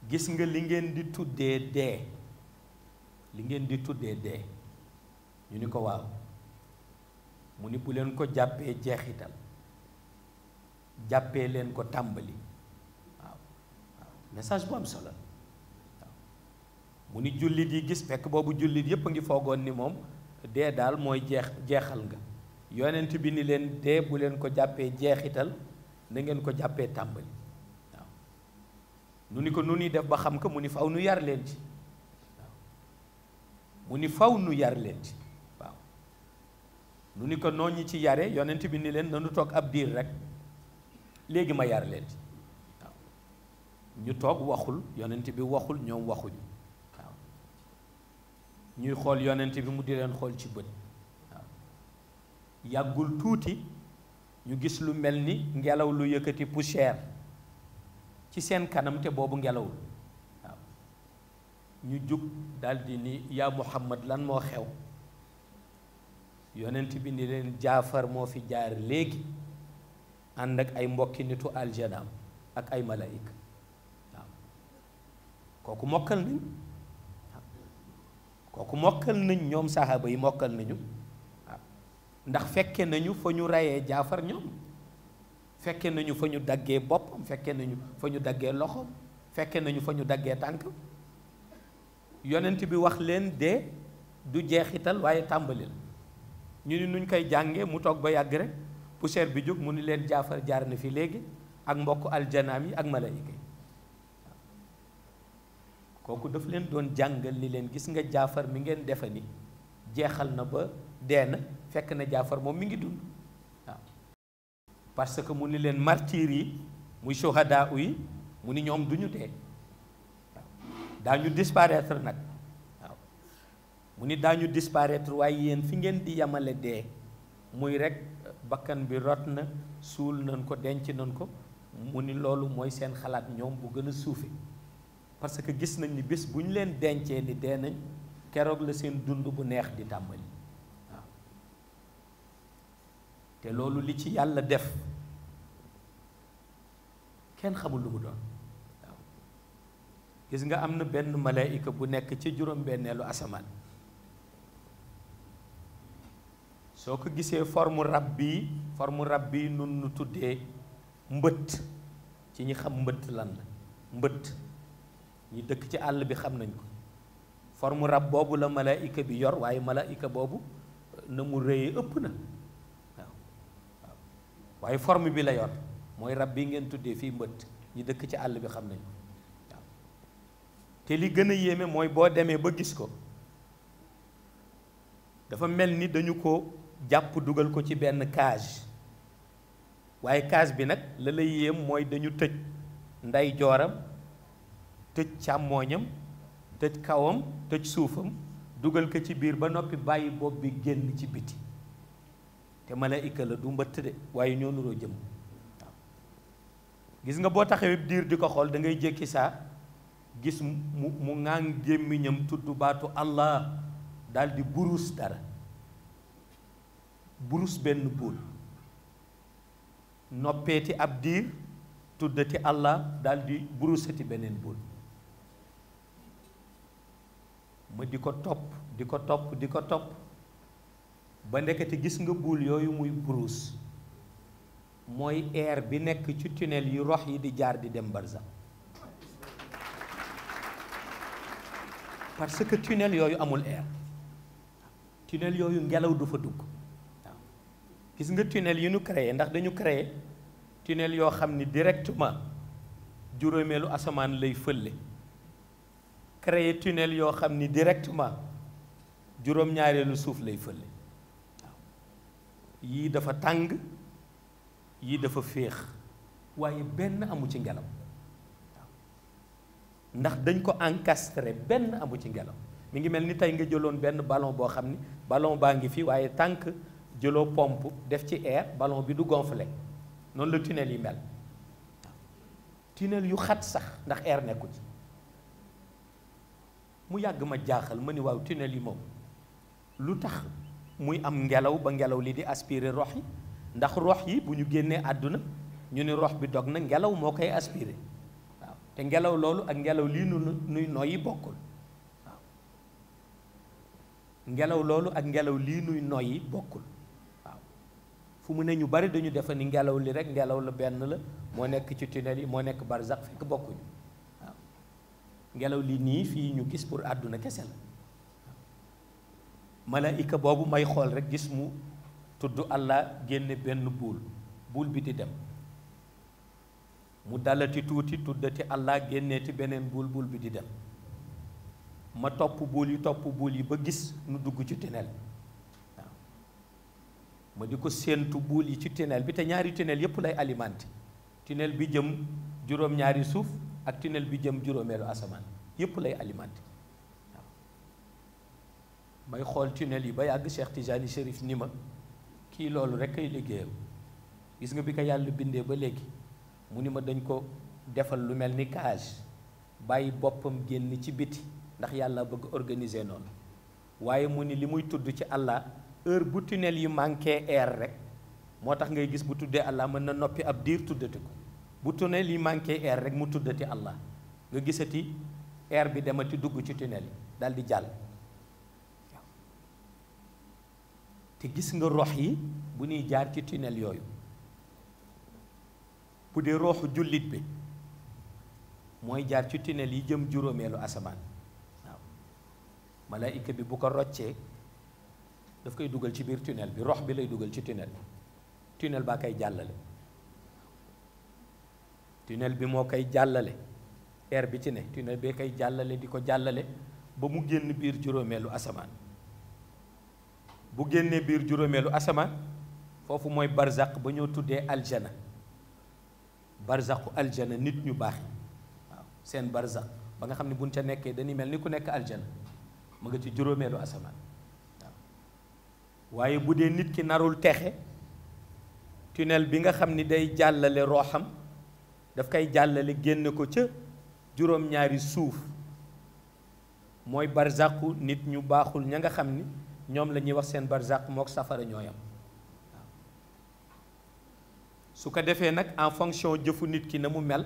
gis nga li ngeen di tuddee dee li ngeen di tuddee dee ñu ni ko waaw mu ni bu leen ko jàppee jeexital jàppee leen ko tàmbali waaw waaw message bu am solo mu ni jullit yi gis fekk boobu jullit yépp a ngi foogoon ni moom dee daal mooy jeex jeexal nga yonent bi ni leen dee bu leen ko jàppee jeexital na ngeen ko jàppee tàmbali waaw nu ni ko nu ñuy def ba xam ko mu ni faw nu yar leen ci waaw mu ni faw nu yar leen ci waaw nu ni ko noo ci yare yonent bi ni leen nanu toog ab diir rek léegi ma yar leen ci waaw ñu toog waxul yonent bi waxul ñoom waxuñu ñuy xool yonent bi mu di leen xool ci bët waaw yàggul tuuti ñu gis lu mel ni ngelaw lu yëkkati poussière ci seen kanam te boobu ngelawul waaw ñu jug daldi ni yaa Muhammad lan moo xew yonent bi ni leen jaafar moo fi jaar léegi ànd ak ay mbokki nitu aljanaam ak ay malaayika waaw kooku mokkal nañ kooku mokkal nañ ñoom saxaaba yi mokkal nañu ah. ndax fekke nañu fa ñu reyee jaafar ñoom fekke nañu fa ñu daggee boppam fekke nañu fa ñu daggee loxo fekke nañu fa ñu daggee tànk yonent bi wax leen de du jeexital waaye tàmbali la ñu ni nuñ koy jànge mu toog ba yàgg rek poussière bi jóg mu ni leen jaafar jaar na fi léegi ak mbokk aljanaam yi ak malayika yi kooku daf leen doon jàngal ni leen gis nga jaafar mi ngeen defe ni jeexal na ba dee na fekk na jaafar moom mi ngi dund waaw parce que mu ni leen martyr yi muy shuhada yi mu ni ñoom du ñu dee daañu disparaître nag waaw mu ni daañu disparaître waaye yéen fi ngeen di yamale dee muy rekk bakkan bi rot na suul nañ ko denc nañ ko mu ni loolu mooy seen xalaat ñoom bu gën a suufe parce que gis nañ ni bés bu ñu leen dencee ni dee nañ keroog la seen dund bu neex di tàmbali waaw te loolu li ci yàlla def kenn xamul lu mu doon waaw gis nga am na benn malaayika bu nekk ci juróom-benneelu asamaan soo ko gisee forme rab bii forme rab bii nun nu tuddee mbëtt ci ñi xam mbëtt lan la mbëtt ñi dëkk ci àll bi xam nañ ko form rab boobu la malaayika bi yor waaye malaayika boobu na mu rëyee ëpp na waaw waaye forme bi la yor mooy rab bi ngeen tuddee fii mbëtt ñu dëkk ci àll bi xam nañ ko waaw te li gën a yéeme mooy boo demee ba gis ko dafa mel ni dañu ko jàpp dugal ko ci benn kaase waaye cage bi nag lala lay yéem mooy dañu tëj nday jooram tëj càmmooñam tëj kawam tëj suufam dugal ko ci biir ba noppi bàyyi bopp bi génn ci biti te malaayika la du mbëtt de waaye ñoo nuroo jëm waaw gis nga boo taxawee diir di ko xool dangay ngay jékki saa gis mu mu ŋaan gémmiñam tudd baatu allah daldi di burus dara burus benn buul noppeeti ab diir tuddati allah daal burusati beneen buul di ko topp di ko topp di ko topp ba ndekete gis nga buul yooyu muy brousse mooy air bi nekk ci tunnel yu rox yi di jaar di dem barza parce que tunnel yooyu amul air tunnel yooyu ngelaw du fa dugg gis nga tunnel yi ñu créé ndax dañu créé tunnel yoo xam ni directement juróomeelu asamaan lay fële créer tunnel yoo xam ni directement juróom-ñaareelu suuf lay fële yii dafa tàng yii dafa féex waaye benn amu ci ngelaw ndax dañ ko encastré benn amu ci ngelaw mi ngi mel ni tey nga jëloon benn ballon boo xam ni ballon baa ngi fi waaye tànk jëloo pompe def ci air ballon bi du gonflé noonu la tunnel yi mel tunnel yu xat sax ndax air nekku ci mu yàgg ma jaaxal ma ni waaw tunnel yi moom lu tax muy am ngelaw ba ngelaw li di aspirer rox yi ndax rox yi bu ñu génnee àdduna ñu ni rox bi dog na ngelaw moo koy aspire waaw te ngelaw loolu ak ngelaw lii nu nuy noyyi bokkul waaw ngelaw loolu ak ngelaw lii nuy noyyi bokkul waaw fu mu ne ñu bari dañu defe ni ngelaw li rek ngelaw la benn la moo nekk ci tunnel yi moo nekk barzak fekk bokkuñu ngelaw li nii fii ñu gis pour àdduna kese la malaayika boobu may xool rekk gis mu tudd allah génne benn buul buul bi di dem mu dalati tuuti tuddati allah génneeti beneen buul buul bi di dem ma topp buul yi topp buul yi ba gis nu dugg ci tunnel waaw ma di ko séentu buul yi ci tunnel bi te ñaari tunel yépp lay alimenté tunnel bi jëm juróom-ñaari suuf ak tunnel bi jëm juróomeelu asamaan yépp lay alimenté waaw may xool tunnel yi ba yàgg Cheikh Tijani Chérif ni ma kii loolu rek ay liggéeyam gis nga bi ko yàlla bindee ba léegi mu ni ma dañ ko defal lu mel ni cage bàyyi boppam génn ci biti ndax yàlla bëgg organiser noonu waaye mu ni li muy tudd ci Allah heure bu tunel yi manqué air rek moo tax ngay gis bu tuddee Allah mën na noppi ab diir tuddati ko bu tunnel yi manqué air rek mu tuddati Allah nga gisati air bi demati dugg ci tunnel yi daal di jàll te gis nga rox yi bu ñuy jaar ci tunnel yooyu bu dee roxu jullit bi mooy jaar ci tunnel yi jëm juróomeelu asamaan waaw malaayika bi bu ko roccee daf koy dugal ci biir tunnel bi rox bi lay dugal ci tunnel bi tunnel baa koy jàllale tunnel bi moo koy jàllale air bi ci ne tunnel bee koy jàllale di ko jàllale ba mu génn biir juróomeelu asamaan bu génnee biir juróomeelu asamaan foofu mooy barzaq ba ñoo tuddee aljana barzaqu aljana nit ñu baax waaw seen barzaq ba nga xam ne buñ ca nekkee dañuy mel ni ku nekk aljana mu nga ci juróomeelu asamaan waaw waaye bu dee nit ki narul texe tunnel bi nga xam ni day jàllale rooxam daf koy jàllale génn ko ca juróom-ñaari suuf mooy barzaqu nit ñu baaxul ña nga xam ni ñoom la ñuy wax seen barzaq mook safara ñooyam waaw su ko defee nag en fonction jëfu nit ki na mu mel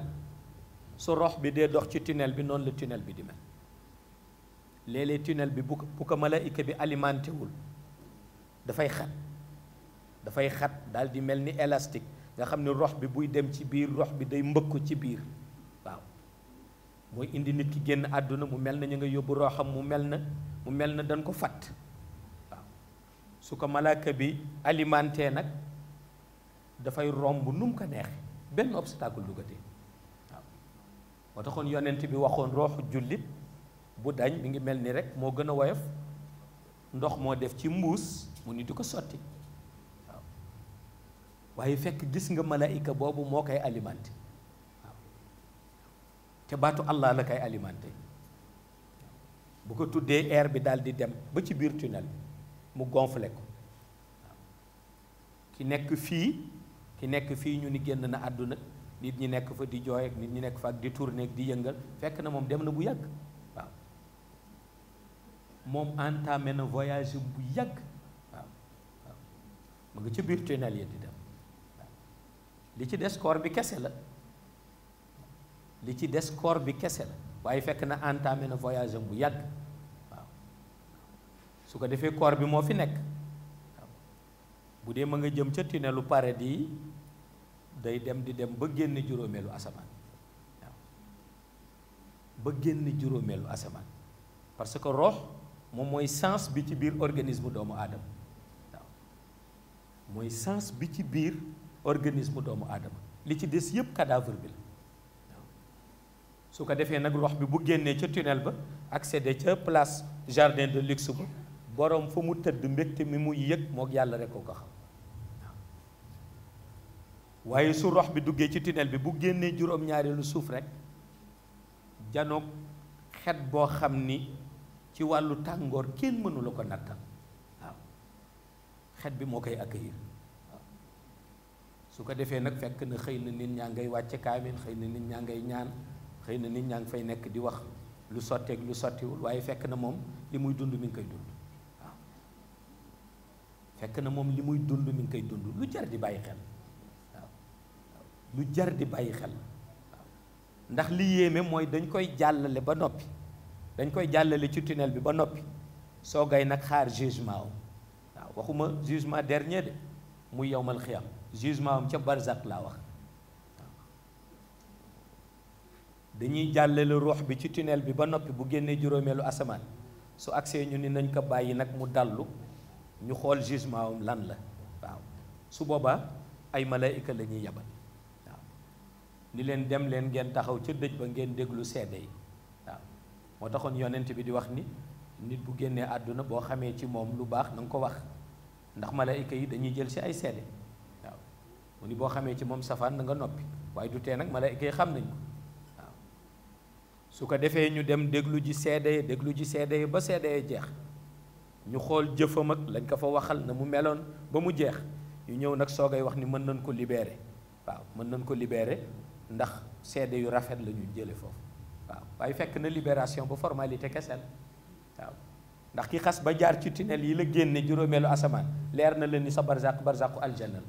su rox bi dee dox ci tunnel bi noonu la tunnel bi di mel léeg-léeg tunnel bi bu ko bu bi alimenté wul dafay xat dafay xat daal di mel ni élastique nga xam ne rox bi buy dem ci biir rox bi day mbëkk ci biir waaw mooy indi nit ki génn àdduna mu mel na ñu nga yóbbu roxam mu mel na mu mel na dañ ko fatt waaw su ko malaaka bi alimenté nag dafay romb nu mu ko neex benn obstacle dugatee waaw moo taxoon yonent bi waxoon roxu jullit bu dañ mi ngi mel ni rek moo gën a woyof ndox moo def ci mbuus mu ni di ko sotti waaye fekk gis nga malaayika boobu moo koy alimente waaw te baatu allah la koy alimenté bu ko tuddee air bi daal di dem ba ci biir tunnel bi mu gonfle ko waaw ki nekk fii ki nekk fii ñu ni génn na àdduna nit ñi nekk fa di jooy ak nit ñi nekk fa ak di tourné ak di yëngal fekk na moom dem na bu yàgg waaw moom entamé na voyage bu yàgg waaw waaw mu ngi ci biir tunnel yi di dem li ci des koor bi kese la li ci des koor bi kese la waaye fekk na entamé na voyage bu yàgg waaw su ko defee koor bi moo fi nekk bu dee ma nga jëm ca tunnelu paradis di day dem di dem ba génn juróomeelu asamaan waaw ba génn juróomeelu asamaan parce que rox moom mooy sens bi ci biir organisme doomu aadam waaw mooy sens bi ci biir organisme doomu aadama li ci des yëpp cadavre bi la su ko defee nag rox bi bu génnee ca tunnel ba accédé ca place jardin de luxe ba borom fa mu tëdd mbégte mi mu yëg mook yàlla rek ko ko xam waaye su rox bi duggee ci tunnel bi bu génnee juróom-ñaareelu suuf rek janoog xet boo xam ni ci wàllu tàngoor kenn mënu ko nattal waaw xet bi moo koy accueillir su ko defee nag fekk na xëy na nit ñaa ngay wàcce kaamil xëy na nit ñaa ngay ñaan xëy na nit ñaa ngi fay nekk di wax lu sotteeg lu sottiwul waaye fekk na moom li muy dund mi ngi koy dund fekk na moom li muy dund mi ngi koy dund lu jar di bàyyi xel waaw lu jar di bàyyi xel waaw ndax li yéeme mooy dañ koy jàllale ba noppi dañ koy jàllale ci tunnel bi ba noppi soo gay nag xaar jugement waaw waxuma jugement dernier de muy yowmal xiyam jugement am ca barzak laa wax dañuy jàllale ruux bi ci tunnel bi ba noppi bu génnee juróomeelu asamaan su agsee ñu ni nañ ko bàyyi nag mu dallu ñu xool jugement am lan la waaw su boobaa ay malaayika la ñuy yabal waaw ni leen dem leen ngeen taxaw ca dëj ba ngeen déglu seede yi waaw moo taxoon yonent bi di wax ni nit bu génnee àdduna boo xamee ci moom lu baax na ko wax ndax malaayika yi dañuy jël si ay seede mu ni boo xamee ci moom safaan na nga noppi waaye du tee nag malaayka yi xam nañ ko waaw su ko defee ñu dem déglu ji seede déglu ji seede ba seede jeex ñu xool jëfam ak lañ ko fa waxal na mu meloon ba mu jeex ñu ñëw nag ay wax ni mën nañ ko libéré waaw mën nañ ko libere ndax seede yu rafet la ñu jële foofu waaw waaye fekk na libération ba formalité kese waaw ndax ki xas ba jaar ci tunnel yi la génne juróomeelu asamaan leer na leen ni sa barzaq barzaqu aljanna la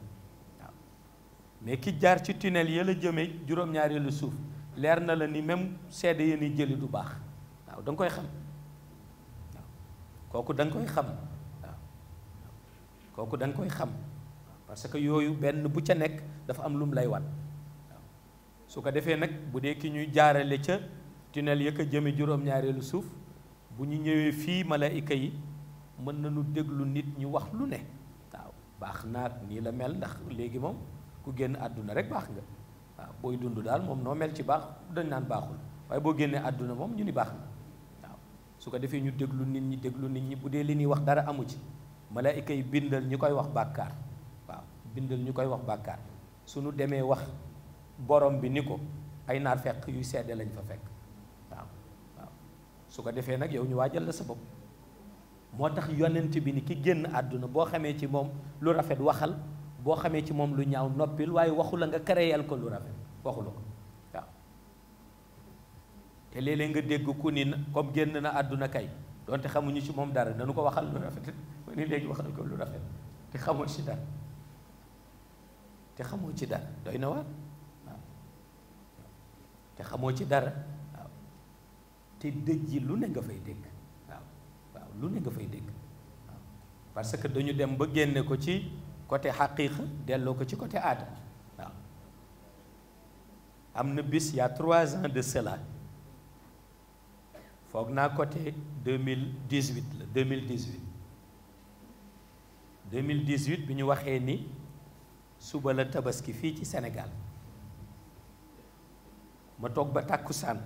mais ki jaar ci tunnel ya la jëme juróom-ñaari suuf leer na la ni même seede yéen a jëli du baax waaw da koy xam waaw kooku da koy xam waaw kooku da koy xam parce que yooyu benn bu ca nekk dafa am lum lay wan su ko defee nag bu dee ki ñuy jaarale ca tunnel ya ko jëme juróom-ñaareelu suuf bu ñu ñëwee fii malaayika yi mën nañu déglu nit ñu wax lu ne waaw baax naat nii la mel ndax léegi moom ku génn àdduna rek baax nga waaw booy dund daal moom noo mel ci baax dañ naan baaxul waaye boo génnee àdduna moom ñu ni baax na waaw su ko defee ñu déglu nit ñi déglu nit ñi bu dee li ñuy wax dara amu ci malaayika yi bindal ñi koy wax bàkkaar waaw bindal ñi koy wax bàkkaar suñu demee wax borom bi ni ay naar fekk yuy sedde lañ fa fekk waaw su ko defee nag yow ñu waajal la sa bopp moo tax yonent bi ni ki génn àdduna boo xamee ci moom lu rafet waxal boo xamee ci moom lu ñaaw noppil waaye waxu la nga créer ko lu rafet waxu la ko waaw te léeg-léeg nga dégg ku ni comme génn na àdduna kay donte xamuñu ci moom dara danu ko waxal lu rafet ma ni léegi waxal ko lu rafet te xamoo ci dara te xamoo ci dara doy na waar te xamoo ci dara waaw te dëj yi lu ne nga fay dégg waaw waaw lu ne nga fay dégg waaw parce que dañu dem ba génne ko ci côté xaqiiqa delloo ko ci côté aada waaw am na bis y trois ans de cela foog naa côté deux mille dix huit la deux mille dix huit deux mille dix huit bi ñu waxee ni suba la tabaski fii ci senegal ma toog ba moom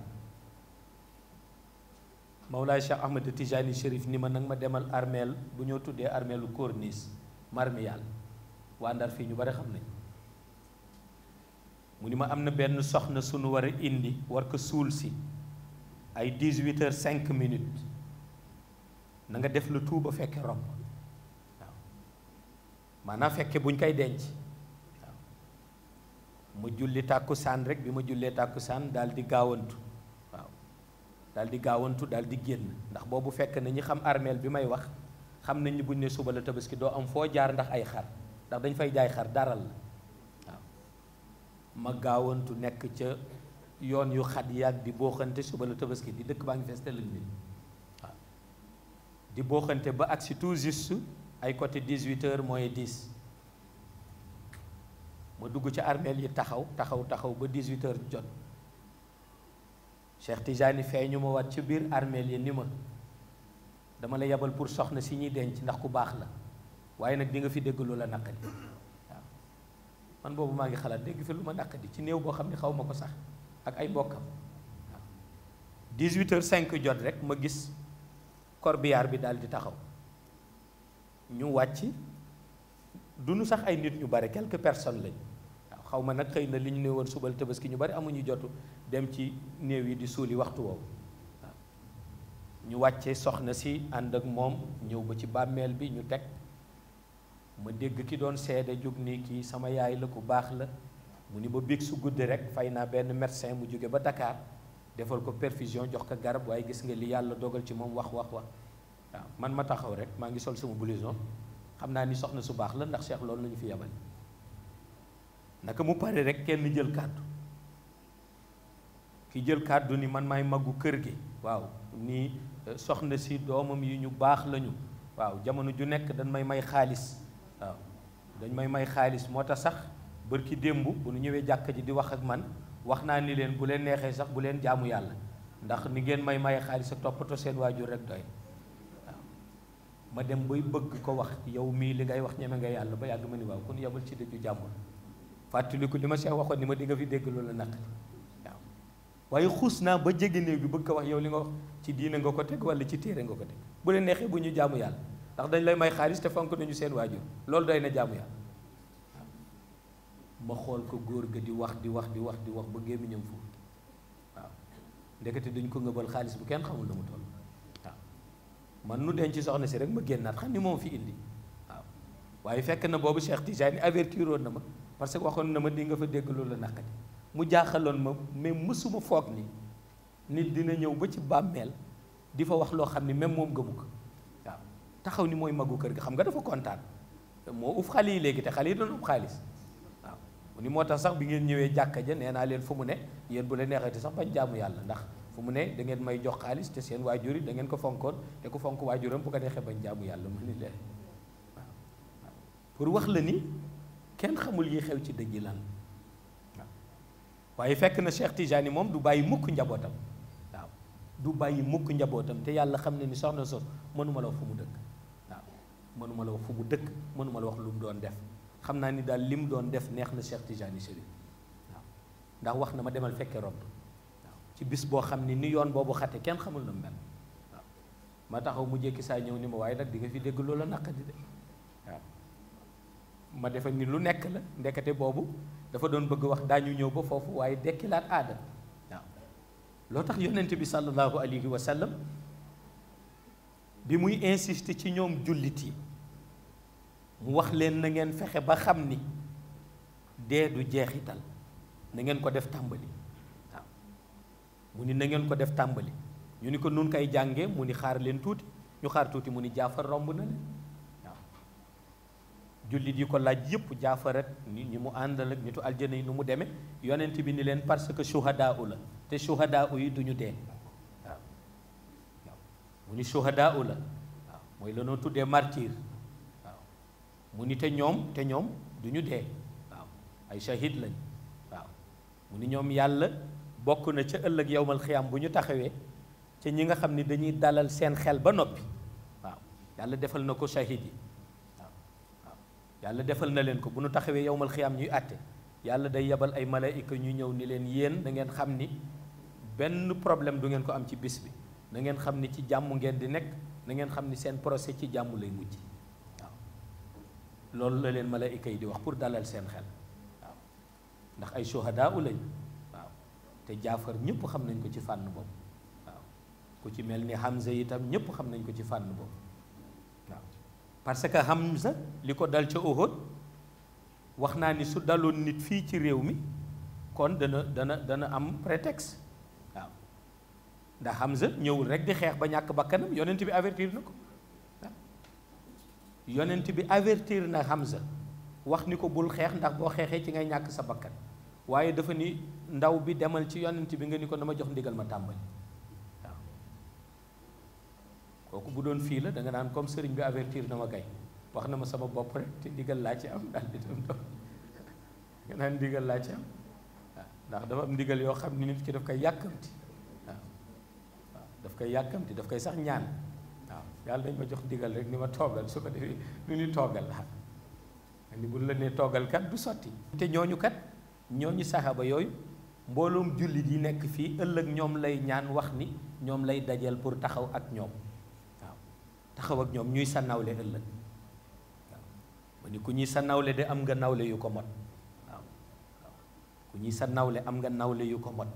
Mawlaay Cheikh Ahmed Tijani Chérif ni ma nag ma demal armeel bu ñoo tuddee armeelu Corniche marmiyal waa Ndar fii ñu bari xam nañ mu ni ma am na benn soxna suñu war a indi war ko suul si ay dix-huit cinq minutes na nga def le tout ba fekke romb waaw maanaam fekke buñ koy denc ma julli tàkkusaan rek bi ma jullee tàkkusaan daal di gaawantu waaw daal di gaawantu daal di génn ndax boobu fekk na ñi xam armeel bi may wax xam nañ ni buñ ne suba la tabaski doo am foo jaar ndax ay xar ndax dañ fay jaay xar daral la waaw ma gaawantu nekk ca yoon yu xat yaag di booxante suba la tabaski di dëkk baa ngi fees telal nit waaw di booxante ba agsi tout juste ay côté 18 heures mooy 10 ma dugg ci armeel yi taxaw taxaw taxaw ba 18 heures jot Cheikh Tidiane fee ñu ma wat ci biir armeel yi ni ma dama la yebal pour soxna si ñuy denc ndax ku baax la waaye nag di nga fi dégg lu la naqadi waaw man boobu maa ngi xalaat dégg fi lu ma naqadi ci néew boo xam ne xaw ma ko sax ak ay mbokkam waaw 18 heures 5 jot rek ma gis corbillard bi daal di taxaw ñu wàcc du nu sax ay nit ñu bare quelques personne lañ waaw xaw ma nag xëy na li ñu ne woon subal tabaski ñu bari amuñu jotu dem ci néew yi di suuli waxtu woowu ñu wàccee soxna si ànd ak moom ñëw ba ci bàmmeel bi ñu teg. ma dégg ki doon seede jóg ni kii sama yaay la ku baax la mu ni ba biig su guddi rek fay naa benn médecin mu jóge ba Dakar defal ko perfusion jox ko garab waaye gis nga li yàlla dogal ci moom wax wax wax waaw man ma taxaw rek maa ngi sol sama blouson xam naa ni soxna su baax la ndax Cheikh loolu la ñu fi yabal naka mu pare rek kenn jël kàddu ki jël kàddu ni man maay màggu kër gi waaw nii eh, soxna si doomam yi ñu baax lañu waaw jamono ju nekk dañ may may xaalis waaw dañ may may xaalis moo tax sax bërki démb bu nu ñëwee jàkk ji di wax ak man wax naa ni leen bu leen neexee sax bu leen jaamu yàlla ndax ni ngeen may may xaalis ak toppatoo seen waajur rek doy waaw ma dem bay bëgg ko wax yow mii li ngay wax ñeme nga yàlla ba yàgg ma ni waaw kon yebal ci dëju jàmbur fàttaliku li ma see waxoon ni ma di nga fi dégg loolu naq waaw waaye xuus naa ba jege néeg bi bëgg ko wax yow li nga wax ci diina nga ko teg wala ci téere nga ko teg bu ñu jaamu yàlla ndax dañ lay may xaalis te fonk nañu seen waajur loolu doy na jaamu yàlla ma xool ko góor ga di wax di wax di wax di wax ba gémmiñam foofu waaw ndekete dañ ko ngëbal xaalis bu kenn xamul lu mu toll waaw man nu ci soxna si rek ma génnaat xam ni moom fi indi waaw waaye fekk na boobu Cheikh Tijani avertir woon na ma parce que waxoon na ma di nga fa dégg loolu la naqari mu jàqaloon ma mais mësuma foog nii nit dina ñëw ba ci bàmmeel di fa wax loo xam ni même moom gëmu ko taxaw ni mooy magu kër gi xam nga dafa kontaan moo uf xale yi léegi te xale yi doon ub xaalis waaw mu ni moo tax sax bi ngeen ñëwee jàkka ja nee naa leen fu mu ne yéen bu la neexati sax bañ jaamu yàlla ndax fu mu ne da ngeen may jox xaalis te seen waajur yi da ngeen ko fonkoon te ku fonk waajuram bu ko neexee bañ jaamu yàlla ma ni leen waaw pour wax la ni kenn xamul yi xew ci dëj yi lan waaye fekk na Cheikh Tijani moom du bàyyi mukk njabootam waaw du bàyyi mukk njabootam te yàlla xam ne ni soxna sos mënuma la fu mu dëkk mënuma la wax fu mu dëkk mënuma la wax lu mu doon def xam naa ni daal li mu doon def neex na Cheikh Tidiane Chérif waaw ndax wax na ma demal fekke rob waaw ci bis boo xam ne ni yoon boobu xate kenn xamul na mu mel waaw ma taxaw mu jékki saa ñëw ni ma waaye nag di nga fi dégg loola naqadi de waaw ma defe ni lu nekk la ndekete boobu dafa doon bëgg wax daañu ñëw ba foofu waaye dekkilaat aada waaw loo tax yonent bi sallallahu alayhi wa sallam bi muy insister ci ñoom jullit yi mu wax leen na ngeen fexe ba xam ni dee du jeexital na ngeen ko def tàmbali waaw mu ni na ko def tàmbali ñu ni ko nun koy jànge mu ni xaar leen tuuti ñu xaar tuuti mu ni jaafar romb na leen waaw jullit yi ko laaj yëpp jaafar rek ni ñi mu àndal ak nitu aljana yi nu mu demee yonent bi ni leen parce que shuhadaa u la te shuhadaa u yi du ñu dee mu ni shuhadaa la waaw mooy lanoo tuddee martyr waaw mu ni te ñoom te ñoom du ñu dee waaw ay shahid lañ waaw mu ni ñoom yàlla bokk na ca ëllëg yowmal xiyaam bu ñu taxawee ca ñi nga xam ni dañuy dalal seen xel ba noppi waaw yàlla defal na ko shahid yi waaw waaw yàlla defal na leen ko bu ñu taxawee yowmal xiyaam ñuy àtte yàlla day yebal ay malaayika ñu ñëw ni leen yéen da ngeen xam ni benn problème du ngeen ko am ci bis bi na ngeen xam ni ci jàmm ngeen di nekk nangeen xam ni seen procès ci jàmm lay mujj waaw loolu la leen malaayika yi di wax pour dalal seen xel waaw ndax ay shuhadaa lañ waaw te jaafar ñépp xam nañ ko ci fànn boobu waaw ku ci mel ni Hamza itam ñëpp xam nañ ko ci fànn boobu waaw parce que Hamza li ko dal ca Uhud wax naa ni su daloon nit fii ci réew mi kon dana dana dana am prétexte. ndax Hamza ñëwul rek di xeex ba ñàkk bakkanam yonent bi avertir na ko yonent bi avertir na Hamza wax ni ko bul xeex ndax boo xeexee ci ngay ñàkk sa bakkan waaye dafa ni ndaw bi demal ci yonent bi nga ni ko ma jox ndigal ma tàmbali waaw kooku bu doon fii la danga nga naan comme sëriñ bi avertir na ma gay wax na ma sama bopp rek te ndigal laa ci am daal di dem doom nga naan ndigal laa ci am waaw ndax dafa am ndigal yoo xam ni nit ci daf koy yàkkamti daf koy yàkkamti daf koy sax ñaan waaw yàlla dañ ma jox digal rek ni ma toogal su ko defee lu ñu toogal la ni bu la nee toogal kat du sotti te ñooñu kat ñooñu saxaaba yooyu mbooloom jullit yi nekk fii ëllëg ñoom lay ñaan wax ni ñoom lay dajal pour taxaw ak ñoom waaw ñoom ñuy sa nawle ëllëg waaw ma ni ku ñuy sa nawle de am nga nawle yu ko mot waaw ku ñuy sa nawle am nga nawle yu ko mot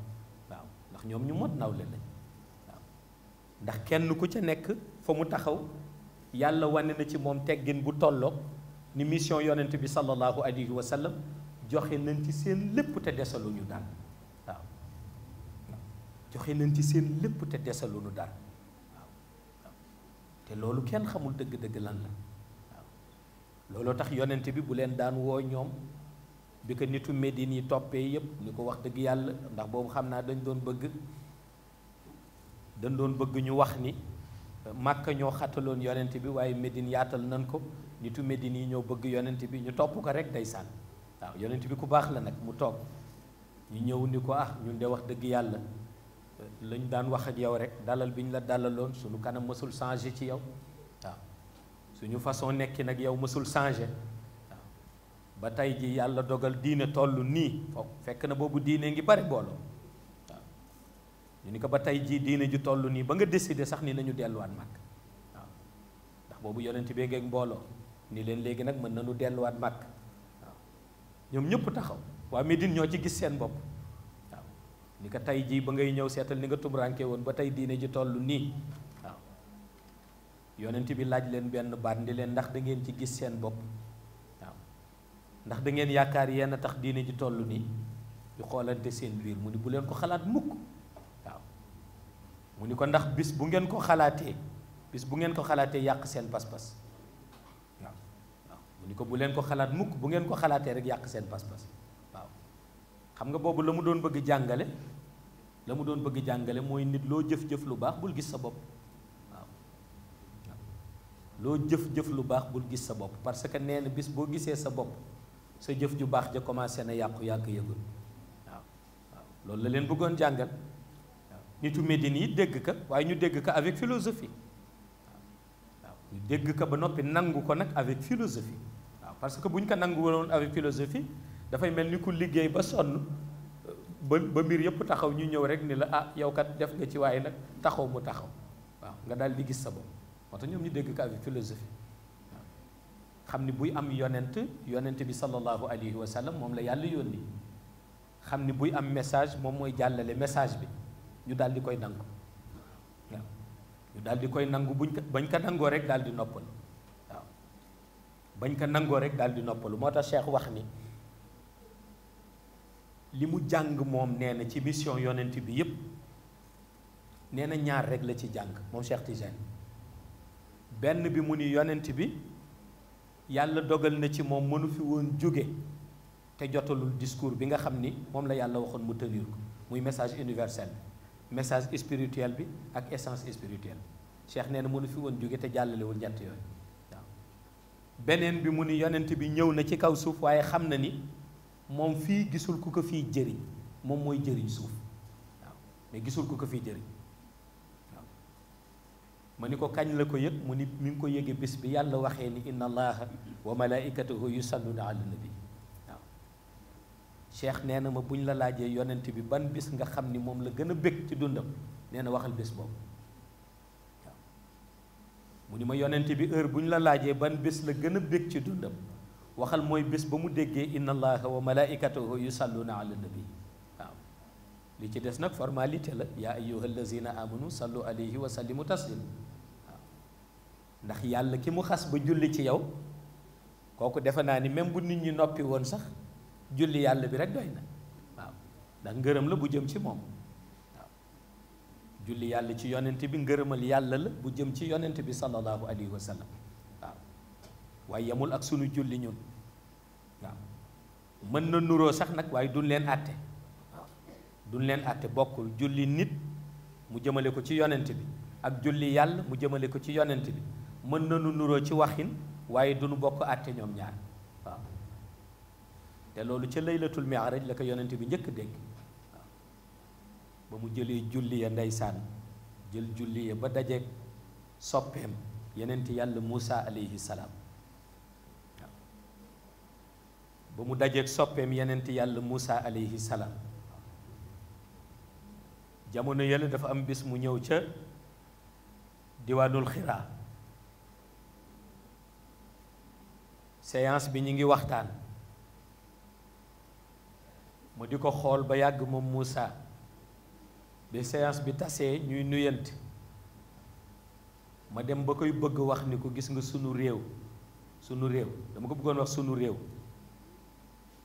waaw ndax ñoom ñu mot nawle lañ ndax kenn ku ca nekk fa mu taxaw yàlla wane na ci moom teggin bu tollook ni mission yonent bi sallallahu alayhi wa sallam joxe nañ ci seen lépp te desaluñu dara waaw joxe nañ ci seen lépp te desaluñu dara waaw te loolu kenn xamul dëgg-dëgg lan la waaw looloo tax yonent bi bu leen daan woo ñoom bi ko nitu Médine yi toppee yépp ni ko wax dëgg yàlla ndax boobu xam naa dañ doon bëgg dañ doon bëgg ñu wax ni euh, màkka ñoo xataloon yonent bi waaye Medine yaatal nan ko nitu Medine yi ñoo bëgg yonent bi ñu topp ko rek ndeysaan waaw yonent bi ku baax la nag mu toog ñu ñëw ni ko ah ñun de wax dëgg yàlla euh, lañ daan wax ak yow rek dalal bi ñu la dalaloon suñu kanam mësul changé ci yow waaw suñu façon nekki nag yow mësul changé waaw ba tey ji yàlla dogal diine toll nii foofu fekk na boobu diine ngi bari booloo ñu ni ko ba tey jii diine ju tollu nii ba nga décidé sax ni nañu delluwaat mag waaw ndax boobu yonent bee ngeeg mbooloo ni leen léegi nag mën nañu delluwaat màkk waaw ñoom ñépp taxaw waa Médine ñoo ci gis seen bopp waaw ni ko tey jii ba ngay ñëw seetal ni nga tubranke woon ba tey diine ji toll nii waaw yonent bi laaj leen benn baat ni leen ndax da ngeen ci gis seen bopp ndax da ngeen yaakaar yenn tax diine ji toll nii ñu xoolante seen biir mu ni bu leen ko xalaat mukk mu ni ko ndax bis bu ngeen ko xalaatee bis bu ngeen ko xalaatee yàq seen pas-pas waaw waaw mu ni ko bu leen ko xalaat mukk bu ngeen ko xalaatee rek yàq seen pas-pas waaw xam nga boobu la mu doon bëgg jàngale la mu doon bëgg jàngale mooy nit loo jëf-jëf lu baax bul gis sa bopp loo jëf-jëf lu baax bul gis sa bopp parce que nee na bis boo gisee sa bopp sa jëf ju baax ja commencé na yàqu yàgg yëgul waaw waaw loolu la leen bëggoon jàngal nitu Médine yi dégg ka waaye ñu dégg ka avec philosophie waaw dégg ka ba noppi nangu ko nag avec philosophie waaw parce que bu ñu ko nangu woon avec philosophie dafay mel ni ku liggéey ba sonn ba ba mbir yëpp taxaw ñu ñëw rek ni la ah yow kat def nga ci waaye nag taxaw mu taxaw waaw nga daal di gis sa bopp moo ñoom ñu dégg ko avec philosophie waaw xam ni buy am yonent yonent bi sallallahu alayhi wa sallam moom la yàlla yónni xam ni buy am message moom mooy jàllale message bi. ñu daal di koy nangu waaw di koy nangu buñ ko bañ ko nangoo rek daal di noppal waaw bañ ko nangoo rek daal di noppalu moo tax Cheikh wax ni li mu jàng moom nee na ci mission yonent bi yépp nee na ñaar rek la ci jàng moom Cheikh Tijani benn bi mu ni yonent bi yàlla dogal na ci moom mënu fi woon jóge te jotalul discours bi nga xam ni moom la yàlla waxoon mu tenir ko muy message universel message spirituel bi ak essence spirituelle Cheikh nee na mënu fi woon jóge te jàllalewul ñett yooyu waaw beneen bi mu ni yonent bi ñëw na ci kaw suuf waaye xam na ni moom fii gisul ku ko fii jëriñ moom mooy jëriñ suuf waaw mais gisul ku ko fii jëriñ ma ni ko kañ la ko yëg mu ni mi ngi ko yëge bis bi yàlla waxee ni inna allaha wa malaikatahu yusalluna ala bi cheikh nee na ma buñ la laajee yonent bi ban bis nga xam ni moom la gën a bëgg ci dundam nee na waxal bés boobu waaw mu ni ma yonent bi heure buñ la laajee ban bés la gën a bëgg ci dundam waxal mooy bés ba mu déggee inna allaha wa malaikatahu na ala nabi waaw li ci des nag formalité la yaa ayyuha allazina amanu sallu alayhi wa sallimu taslim waaw ndax yàlla ki mu xas ba julli ci yow kooku defe naa ni même bu nit ñi noppi woon sax julli yàlla bi rek doy na waaw ndax ngërëm la bu jëm ci moom waaw julli yàlla ci yonent bi ngërëmal yàlla la bu jëm ci yonent bi sallallahu alayhi wa sallam waaw waaye yemul ak sunu julli ñun waaw mën na nuroo sax nag waaye duñ leen àtte waaw duñ leen àtte bokkul julli nit mu jëmale ko ci yonent bi ak julli yàlla mu jëmale ko ci yonent bi mën na nañu nuroo ci waxin waaye duñu bokk àtte ñoom ñaar te loolu ca laylatul mi'raj la ko yonent bi njëkk dégg ba mu jëlee julli ya ndeysaan jël julli ya ba dajeeg soppeem yenent yàlla Moussa alayhi salaam waaw ba mu dajeeg soppeem yenent yàlla Moussa alayhi salaam jamono yële dafa am bis mu ñëw ca diwaanul xiraa séance bi ñu ngi waxtaan mu di ko xool ba yàgg moom Moussa bi séance bi tasee ñuy nuyant ma dem ba koy bëgg wax ni ko gis nga sunu réew sunu réew dama ko bëggoon wax sunu réew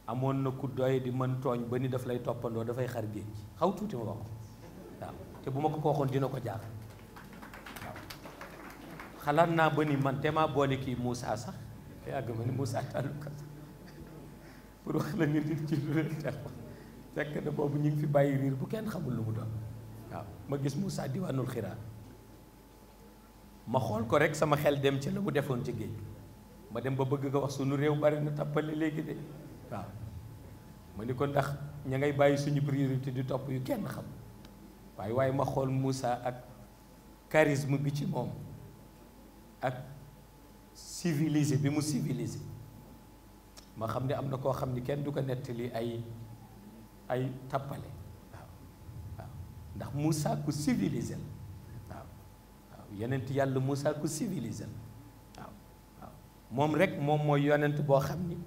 amoon na ku doy di mën tooñ ba ni daf lay toppandoo dafay xar géej xaw tuuti ma wax ko waaw te bu ma ko ko dina ko jaar waaw xalaat naa ba ni man te maa boole kii Moussa sax te yàgg ma ni Moussa tàlluka pour wax la nga ci lu leen xel fekk na boobu ñu ngi fi bàyyi riir bu kenn xamul lu mu doon waaw ma gis Moussa diwaanul xiraa ma xool ko rek sama xel dem ci la mu defoon ci géej ma dem ba bëgg ko wax suñu réew bari na tàppale léegi de waaw ma ni ko ndax ña ngay bàyyi suñu priorité di topp yu kenn xam waaye waaye ma xool Moussa ak charisme bi ci moom ak civilisé bi mu civilisé ma xam ne am na koo xam ni kenn du ko nettali ay ay tappale waaw waaw ndax Moussa ku civilisé la waaw waaw yàlla Moussa ku civilisé la waaw moom rek moom mooy yonent boo xam ni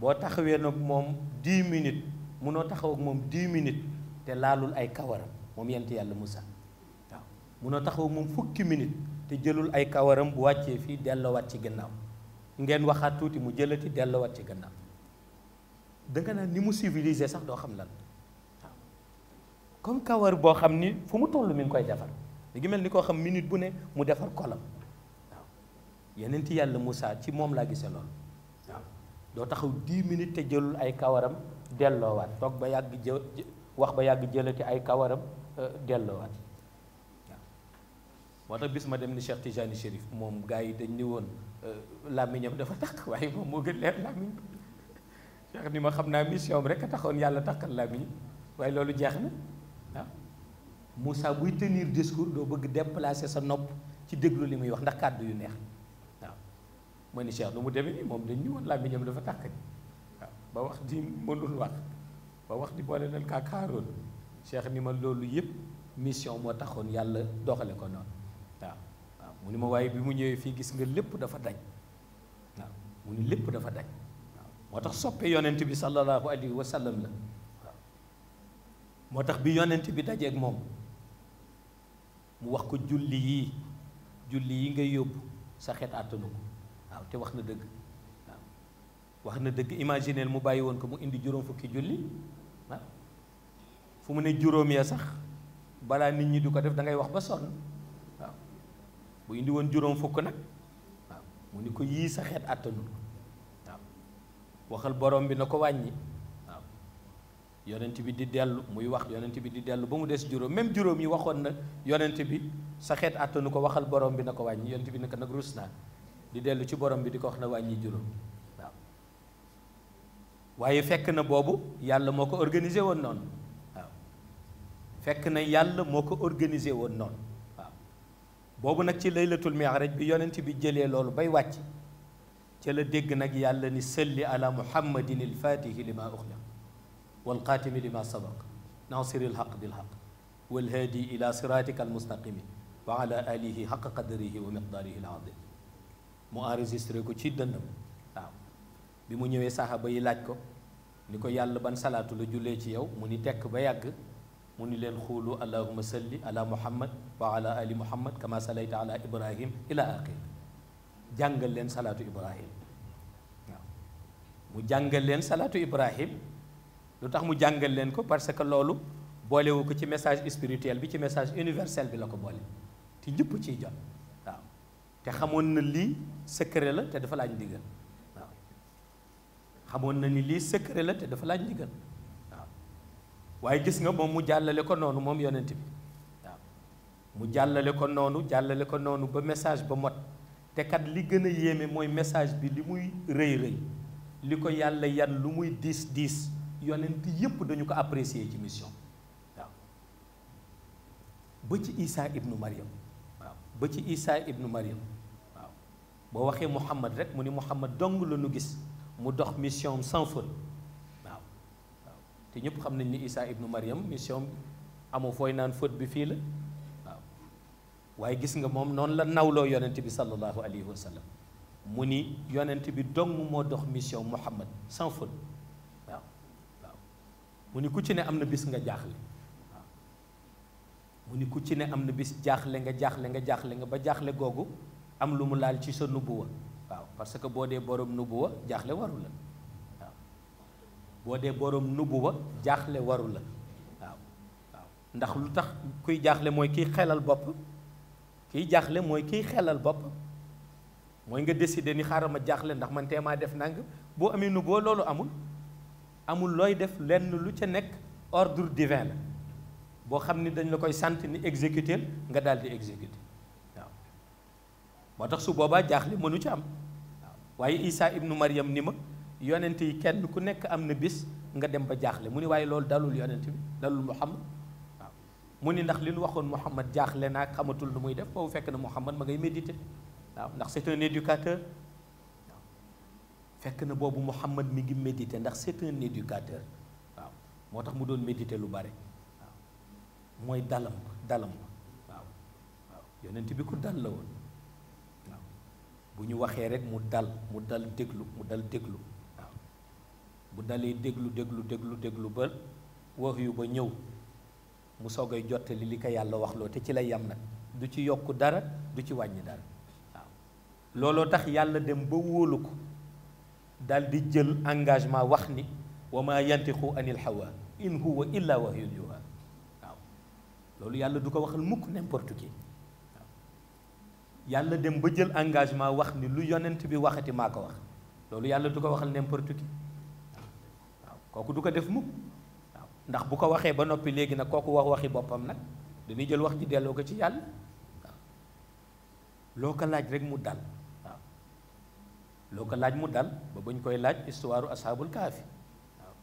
boo taxawee nag moom dix minute munoo taxaw moom dix minutes te laalul ay kawaram moom yent yàlla Moussa waaw munoo taxaw ak moom fukki minutes te jëlul ay kawaram bu wàccee fii delloowaat ci gannaaw. ngeen waxaat tuuti mu jëlati delluwaat ci gannaaw danga naan ni mu civilisé sax doo xam lan waaw comme kawar boo xam ni fu mu tollu mi ngi koy defar li ngi mel ni koo xam minute bu ne mu defar kolam waaw yeneen ti yàlla Moussa ci moom laa gisee loolu waaw doo taxaw 10 minutes te jëlul ay kawaram delloowaat toog ba yàgg jë wax ba yàgg jëlati ay kawaram euh, delloowaat waaw moo tax bis ma dem ni Cheikh Tijani Chérif moom gars yi dañ ni woon. Euh, làmmiñam dafa takk waaye moom moo gën leer làmmiñ Cheikh ni ma xam naa mission rek a taxoon yàlla takkal làmmiñ waaye loolu jeex na waaw Moussa buy tenir discours doo bëgg déplacer sa nopp ci déglu li muy wax ndax kàddu yu neex waaw ma ni Cheikh lu mu demee nii moom dañ ñu woon làmmiñam dafa takk waaw ba wax di mënul wax ba wax di boole leen kaa kaaroon Cheikh ni ma loolu yépp mission moo taxoon yàlla doxale ko noonu mu ni ma waaye bi mu ñëwee fii gis nga lépp dafa dañ waaw mu ni lépp dafa dañ moo tax soppe yonent bi sallallahu alayhi wa la moo tax bi yonent bi dajeeg moom mu wax ko julli yii julli yi ngay yóbbu sa xet àttanu ko waaw te wax na dëgg waaw wax na dëgg imagineel mu bàyyi woon ko mu indi juróom fukki julli waaw fu mu ne juróom ya sax balaa nit ñi du ko def dangay wax ba sonn bu indi woon juróom fukk nag waaw mu ni ko yii sa xeet àttanul waaw waxal borom bi na ko wàññi waaw yonent bi di dellu muy wax yonent bi di dellu ba mu des juróom même juróom yi waxoon na yonent bi sa xeet àttanu ko waxal borom bi na ko wàññi yonent bi naka nag rus naa di dellu ci borom bi di ko wax na wàññi juróom waaw waaye fekk na boobu yàlla moo ko organisé woon noonu waaw fekk na yàlla moo ko organisé woon noonu boobu nag ci laylatul mi'raj bi yonent bi jëlee loolu bay wàcc ca la dégg nag yàlla ni salli ala muhammadin alfaatihi li ma uxliq walxaatimi li ma sabaq naasiri bi bilxaq walhaadi ila siratika almustaqimi wa ala alihi xaq qadrihi wa miqdaarihi aladim mu enregistré ko ci dëndam waaw bi mu ñëwee saxaaba yi laaj ko ni ko yàlla ban salaatu la jullee ci yow mu ni tekk ba yàgg mu ni leen xuulu allahuma salli ala muhammad wa ala ali muhammad kama salayta ala ibrahim ila aqir jàngal leen salaatu ibrahim waaw mu jàngal leen salaatu ibrahim lu tax mu jàngal leen ko parce que loolu boolewu ko ci message spirituel bi ci message universel bi la ko boole te ñëpp ci jot waaw te xamoon na lii secret la te dafa laaj ndigal waaw xamoon na ni lii secret la te dafa laaj ndigal waaye gis nga moom mu jàllale ko noonu moom yonent bi waaw mu jàllale ko noonu jàllale ko noonu ba message ba mot te kat li gën a yéeme mooy message bi li muy rëy rëy li ko yàlla yan lu muy diis diis yonent yépp dañu ko apprécier ci mission waaw ba ci Isaa ibnu Maryam waaw ba ci Isaa ibnu Maryam waaw boo waxee Muhammad rek mu ni Muhammad dong la nu gis mu dox mission sans faute te ñëpp xam nañ ni Isa ibnu Mariam mission amoo fooy naan fët bi fii la waaw waaye gis nga moom noonu la nawloo yonent bi sallallahu alayhi wa sallam mu ni yonent bi dong moo dox mission Muhammad sans ku ci ne am na bis nga jaaxle waaw mu ni ku ci ne am na bis jaaxle nga jaaxle nga jaaxle nga ba jaaxle googu am lu mu laal ci sa nubuwa waaw parce que boo dee borom nubuwa jaaxle waru la boo dee borom nubuwa jaaxle waru la waaw waaw ndax lu tax kuy jaaxle mooy kiy xelal bopp kiy jaaxle mooy kiy xelal bopp mooy nga décider ni xaaral ma jaaxle ndax man teemaa def nang boo amee nubuwa loolu amul amul looy def lenn lu ca nekk ordre divin la boo xam ni dañ la koy sant ni exécuter nga daal di exécuter waaw moo tax su boobaa jaaxle mënu ci am waaye Isaa ibnu Maryam ni ma yonent yi kenn ku nekk am na bis nga dem ba jaaxle mu ni waaye loolu dalul yonent bi dalul muhammad waaw mu ni ndax li nu waxoon muhammad jaaxle naa xamatul nu muy def boobu fekk na muhammad ma ngay méditer waaw ndax c'est un éducateur waaw fekk na boobu muhammad mi ngi méditer ndax c'est un éducateur waaw moo tax mu doon méditer lu bare waaw mooy dalam dalam waaw waaw yonent bi ku dal la woon waaw bu ñu waxee rek mu dal mu dal déglu mu dal déglu bu dalee déglu déglu déglu déglu ba wax yu ba ñëw mu soogay jottali li ko yàlla waxloo te ci lay yam nag du ci yokk dara du ci wàññi dara waaw looloo tax yàlla dem ba wóolu ko dal di jël engagement wax ni wa ma yantiqu anil hawa in huwa waaw loolu yàlla du ko waxal mukk n'importe qui waaw yàlla dem ba jël engagement wax ni lu yonent bi waxati maa ko wax loolu yàlla du ko waxal n'importe kooku du ko def mukk waaw ndax bu ko waxee ba noppi léegi nag kooku wax waxi boppam nag dañuy jël wax ji delloo ko ci yàlla waaw loo ko laaj rek mu dal waaw loo ko laaj mu dal ba buñ koy laaj histoire asaabul kaafi waaw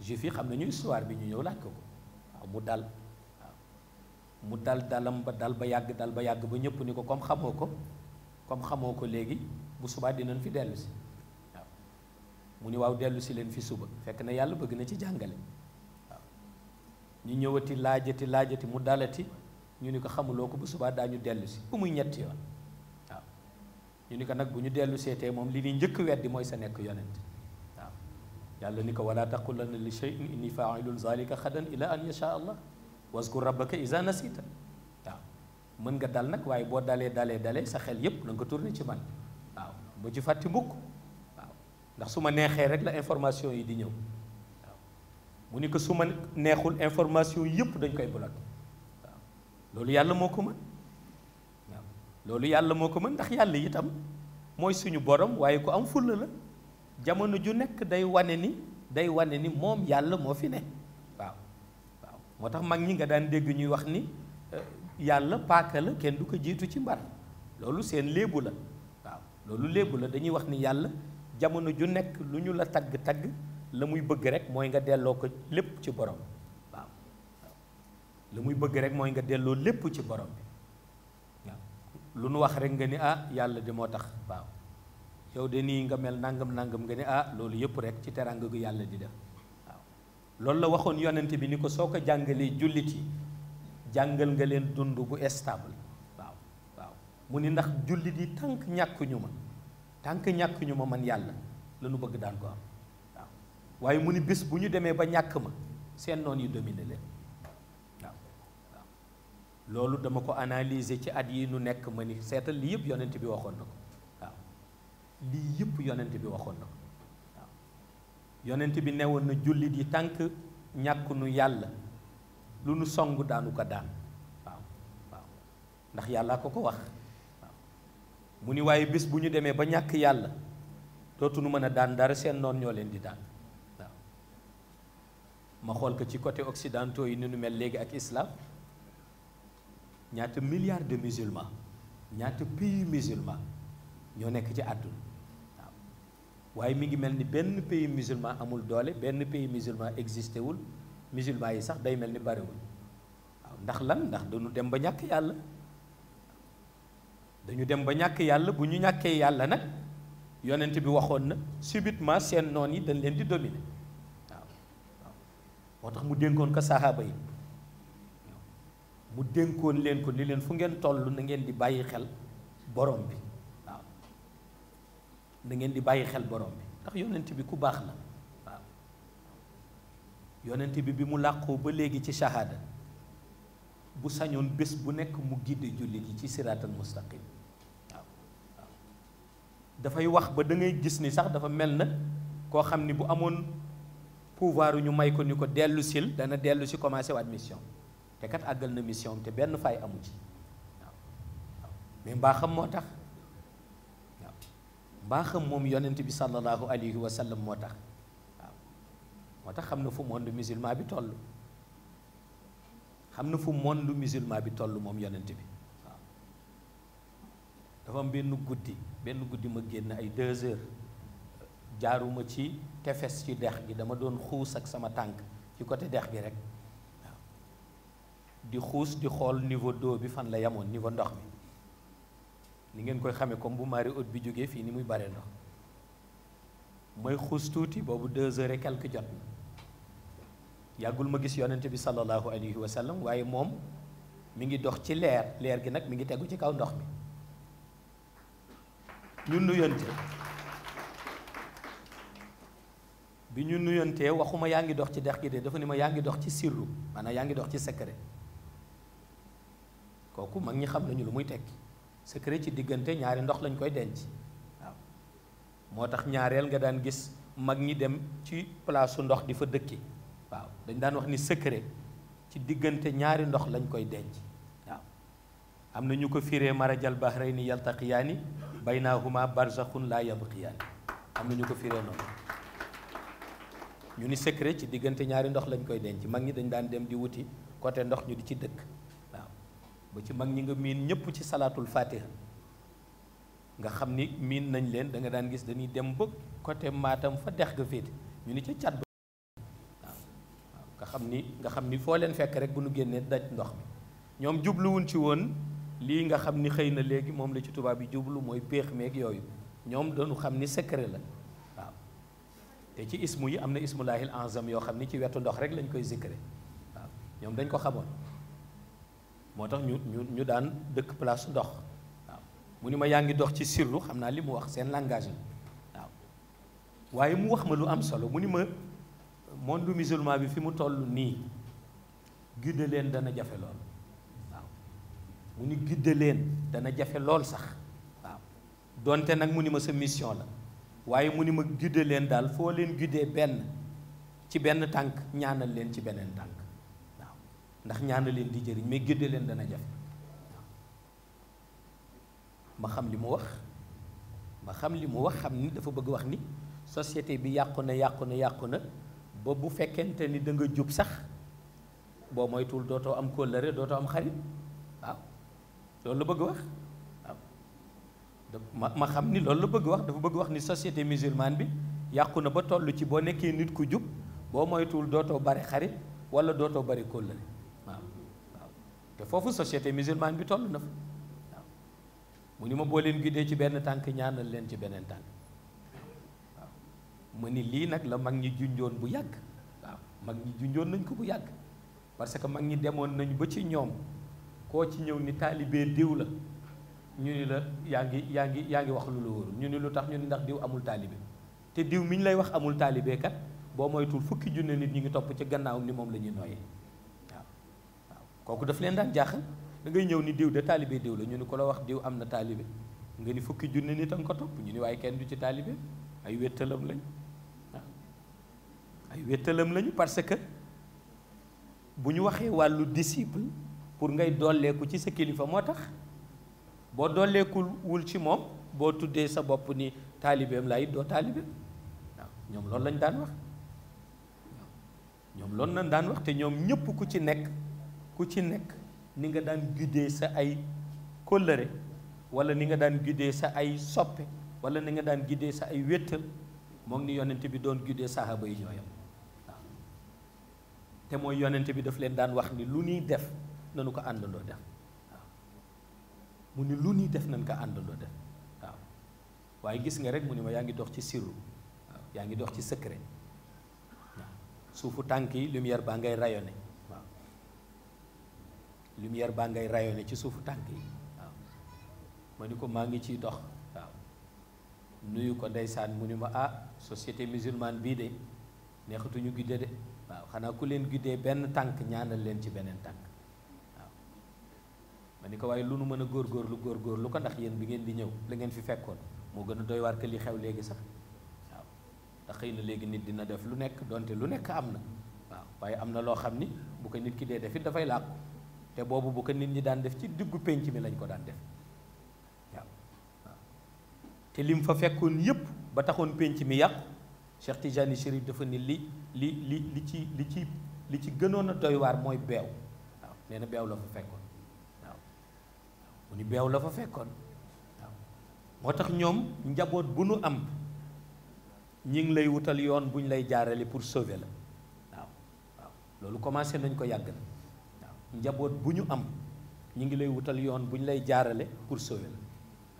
juif yi xam nañu histoire bi ñu ñëw laaj ko ko waaw mu dal waaw mu dal dalam ba dal ba yàgg dal ba yàgg ba ñëpp ni ko comme xamoo ko comme xamoo ko léegi bu subaa dinañ fi dellusi mu ni waaw dellu si leen fi suba fekk na yàlla bëgg na ci jàngale waaw ñu ñëwati laajati laajati mu dalati ñu ni ko xamuloo ko bu subaa daañu dellu si bu muy ñetti yoon waaw ñu ni ko nag bu ñu dellu seetee moom li ñuy njëkk weddi mooy sa nekk yonent waaw yàlla ni ko wala taqulanna li indi inni fa'ilun zalika xadan ila an yasha allah waskur rabbaka iza nasita waaw mën nga dal nag waaye boo dalee dalee dalee sa xel yépp na nga ko tourné ci man waaw bu ci ndax su ma neexee rek la information yi di ñëw waaw mu ni ko su ma neexul information yëpp dañ koy bloqué waaw loolu yàlla moo ko mën waaw loolu yàlla moo ko mën ndax yàlla itam mooy suñu borom waaye ku am fulla la jamono ju nekk day wane ni day wane ni moom yàlla moo fi ne waaw waaw moo tax mag ñi nga daan dégg ñuy wax ni eh, yàlla paaka la kenn du ko jiitu ci mbar loolu seen léebu la waaw loolu léebu la dañuy wax ni yàlla jamono ju nekk lu ñu la tagg-tagg la muy bëgg rek mooy nga delloo ko lépp ci borom waaw muy bëgg rek mooy nga delloo lépp ci borom bi waaw lu nu wax rek nga ni ah yàlla di moo tax waaw yow de nii nga mel nangam nangam nga ni ah loolu yëpp rek ci teraanga gu yàlla di def waaw loolu la waxoon yonent bi ni ko soo ko jàngalee jullit yi jàngal nga leen dund gu estable waaw waaw mu ni ndax jullit yi tànk ñàkkuñu ma tànk ñàkk ñu ma man yàlla la nu bëgg daan ko am waaw waaye mu ni bés bu ñu demee ba ñàkk ma seen noon yi domine leen waaw waaw loolu dama ko analise ci at yi nu nekk ma ni seetal lii yëpp yonent bi waxoon na ko waaw yëpp yonent bi waxoon na ko bi newoon na jullit yi tànk ñàkk yàlla lu nu song daanu ko daan waaw waaw ndax yàllaa ko ko wax mu ni waaye bis bu ñu demee ba ñàkk yàlla dootuñu mën a daan dara seen noon ñoo leen di daan waaw ma xool ko ci côté occidentaux yi ni nu mel léegi ak islam ñaata milliards de musulmans ñaata pays musulmans ñoo nekk ci àdduna waaw waaye mi ngi mel ni benn pays musulman amul doole benn pays musulman existé wul musulman yi sax day mel ni bariwul waaw ndax lan ndax dañu dem ba ñàkk yàlla dañu dem ba ñàkk yàlla bu ñu ñàkkee yàlla nag yonent bi waxoon na subitement seen noon yi dañ leen di dominer waaw moo tax mu dénkoon ko sahaaba yi mu dénkoon leen ko ni leen fu ngeen toll na ngeen di bàyyi xel borom bi waaw na ngeen di bàyyi xel borom bi ndax yonent bi ku baax la waaw yonent bi bi mu làqoo ba léegi ci shahada bu sañoon bés bu nekk mu gidde jullit yi ci siraatal mustaqim dafay wax ba da gis ni sax dafa mel na koo xam ni bu amoon pouvoir ñu may ko ni ko dellu sil dana dellu si commencé waat mission te kat àggal na mission te benn fay amu ci mais mbaaxam moo tax waaw mbaaxam moom yonent bi sallallahu alayhi wa sallam moo tax moo tax xam na fu monde musulman bi toll xam na fu monde musulman bi toll moom yonent bi dafa am benn guddi benn guddi ma génn ay deux heures jaaruma ci tefes ci dex gi dama doon xuus ak sama tànk ci côté dex gi rek waaw di xuus di xool niveau d'eau bi fan la yamoon niveau ndox mi ni ngeen koy xamee comme bu marée haute bi jógee fii ni muy bare ndox mooy xuus tuuti boobu deux heures et quelques jot yàggul ma gis yonent bi sallallahu alayhi wa sallam waaye moom mu ngi dox ci leer leer gi nag mi ngi tegu ci kaw ndox bi ñu nuyonte bi ñu nuyontee waxuma yaa ngi dox ci dex gi de dafa ni ma yaa ngi dox ci sirru maanaam yaa ngi dox ci secret kooku mag ñi xam nañu lu muy tekki secret ci diggante ñaari ndox lañ koy denc waaw moo tax ñaareel nga daan gis mag ñi dem ci palaasu ndox di fa dëkki waaw dañ daan wax ni secret ci diggante ñaari ndox lañ koy denc am na ñu ko firee marajal bahrayni yaltaqiyaani baynahuma barzaxun laa yabqiyaani am na ñu ko firee noonu ñu ni secret ci diggante ñaari ndox lañ koy denc mag ñi dañ daan dem di wuti côté ndox ñu di ci dëkk waaw ba ci mag ñi nga miin ñëpp ci salaatul fatiha nga xam ni miin nañ leen da nga daan gis dañuy dem ba côté maatam fa dex ga féete ñu ni ca cat ba waaw nga xam ni nga xam ni foo leen fekk rek bu nu génnee daj ndox mi ñoom jubluwuñ ci woon lii nga xam ni xëy na léegi moom la ci tubaab yi jublu mooy péex meeg yooyu ñoom dañu xam ni secret la waaw te ci ismu yi am na ismu laahil anzam yoo xam ni ci wetu ndox rek lañ koy zikre waaw ñoom dañ ko xamoon moo tax ñu ñu ñu daan dëkk place ndox waaw mu ni ma yaa ngi dox ci sirru xam naa li mu wax seen langage waaw waaye mu wax ma lu am solo mu ni ma monde musulman bi fi mu toll nii guider leen dana jafe lool. mu ni gidde leen dana jafe lool sax waaw donte nag mu ni ma sa mission la waaye mu ni ma gidde leen daal foo leen giddee benn ci benn tànk ñaanal leen ci beneen tànk waaw ndax ñaanal leen di jëriñ mais giddee leen dana jafe ma xam li mu wax ma xam li mu wax xam ni dafa bëgg wax ni société bi yàqu na yàqu na yàqu na ba bu fekkente ni danga jub sax boo moytuwul dootoo am kóllëre dootoo am xarit waaw loolu la bëgg wax waaw ma xam ni loolu la bëgg wax dafa bëgg wax ni société musulmane bi yàqu na ba toll ci boo nekkee nit ku jub boo moytuwul dootoo bari xarit wala dootoo bari kóllëre waaw waaw te foofu société musulmane bi toll na fa waaw mu ni ma boo leen guddee ci benn tànk ñaanal leen ci beneen tànk waaw mu ni lii nag la mag ñi junjoon bu yàgg waaw mag ñi junjoon nañ ko bu yàgg parce que mag ñi demoon nañ ba ci ñoom koo ci ñëw ni taalibee diw la ñu ni la yaa ngi yaa ngi yaa ngi wax lu la wóorul ñu ni lu tax ñu ni ndax diw amul taalibe te diw mi ñu lay wax amul taalibe kat boo moytul fukki junne nit ñu ngi topp ci gannaawam ni moom la ñuy nooyee waaw kooku daf leen daan jaaxal dangay ñëw ni diw de taalibe diw la ñu ni ko la wax diw am na taalibe nga ni fukki junne nit a ko topp ñu ni waaye kenn du ci taalibe ay wéttalam lañ ay wéttalam lañu parce que bu ñu waxee wàllu disciple pour ngay dolleeku ci sa kilifa moo tax boo dolleekul wul ci moom boo tuddee sa bopp ni taalibeem lay doo taalibeem waaw ñoom loolu lañ daan wax ñoom loolu lañ daan wax te ñoom ñëpp ku ci nekk ku ci nekk ni nga daan guddee sa ay kóllëre wala ni nga daan guddee sa ay soppe wala ni nga daan giddee sa ay wéttal moom ni yonent bi doon guddee sahaaba yi ñooyam te mooy yonent bi daf leen daan wax ni lu ñuy def nanu ko àndandoo def waaw mu ni lu ni def nañ ko àndandoo def waaw waaye gis nga rek mu ni ma yaa ngi dox ci sirru waaw yaa ngi dox ci secret waaw suufu tànk yi lumière baa ngay rayonné waaw lumière baa ngay rayone ci suufu tànk yi waaw ma ni ko maa ngi ciy dox waaw nuyu ko ndeysaan mu ni ma ah société musulmane bii de neexatuñu gudde de waaw xanaa ku leen giddee benn tànk ñaanal leen ci beneen tànk ma ni ko waaye lu nu mën a góorgóorlu góorgóorlu ko ndax yéen bi ngeen di ñëw la ngeen fi fekkoon moo gën a doy waar que xew léegi sax waaw ndax xëy na léegi nit dina def lu nekk donte lu nekk am na waaw waaye am na loo xam ni bu ko nit ki dee def dafay làqu te boobu bu ko nit ñi daan def ci diggu pénc mi lañ ko daan def waaw waaw fa fekkoon yépp ba taxoon pénc mi yàqu Cheikh Tijani Chérif dafa ni li li li li ci li ci li ci gënoon a doy mooy beew waaw nee na beew mu ni beew la fa fekkoon waaw moo tax ñoom njaboot bu nu am ñi ngi lay wutal yoon bu ñu lay jaarale pour sove la waaw waaw loolu commencé nañ ko yàgg na waaw njaboot bu ñu am ñi ngi lay wutal yoon bu ñu lay jaarale pour sove la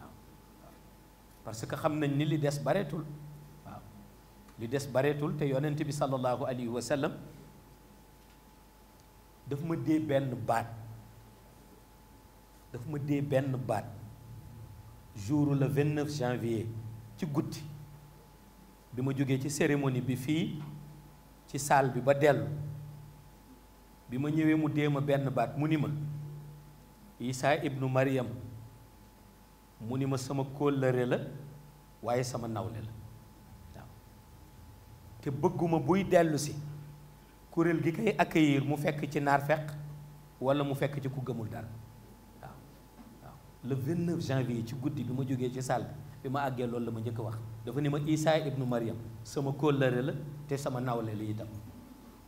waaw parce que xam nañ ni li des bareetul waaw li des bareetul te yonent bi sallallahu alayhi wa sallam daf ma dee benn baat dafa ma dee benn baat jour le 29 janvier ci guddi bi ma jógee ci cérémonie bi fii ci saal bi ba dellu bi ma ñëwee mu dee ma benn baat mu ni ma Isaa ibnu Mariam mu ni ma sama kóllëre la waaye sama nawle la te bëgguma buy dellusi si kuréel gi koy accueillir mu fekk ci naar fekk walla mu fekk ci ku gëmul dara le 29 janvier ci guddi bi ma jógee ci salle bi ma àggee loolu la ma njëkk wax dafa ni ma Isaa ibnu Mariam sama kóllëre la te sama nawle la itam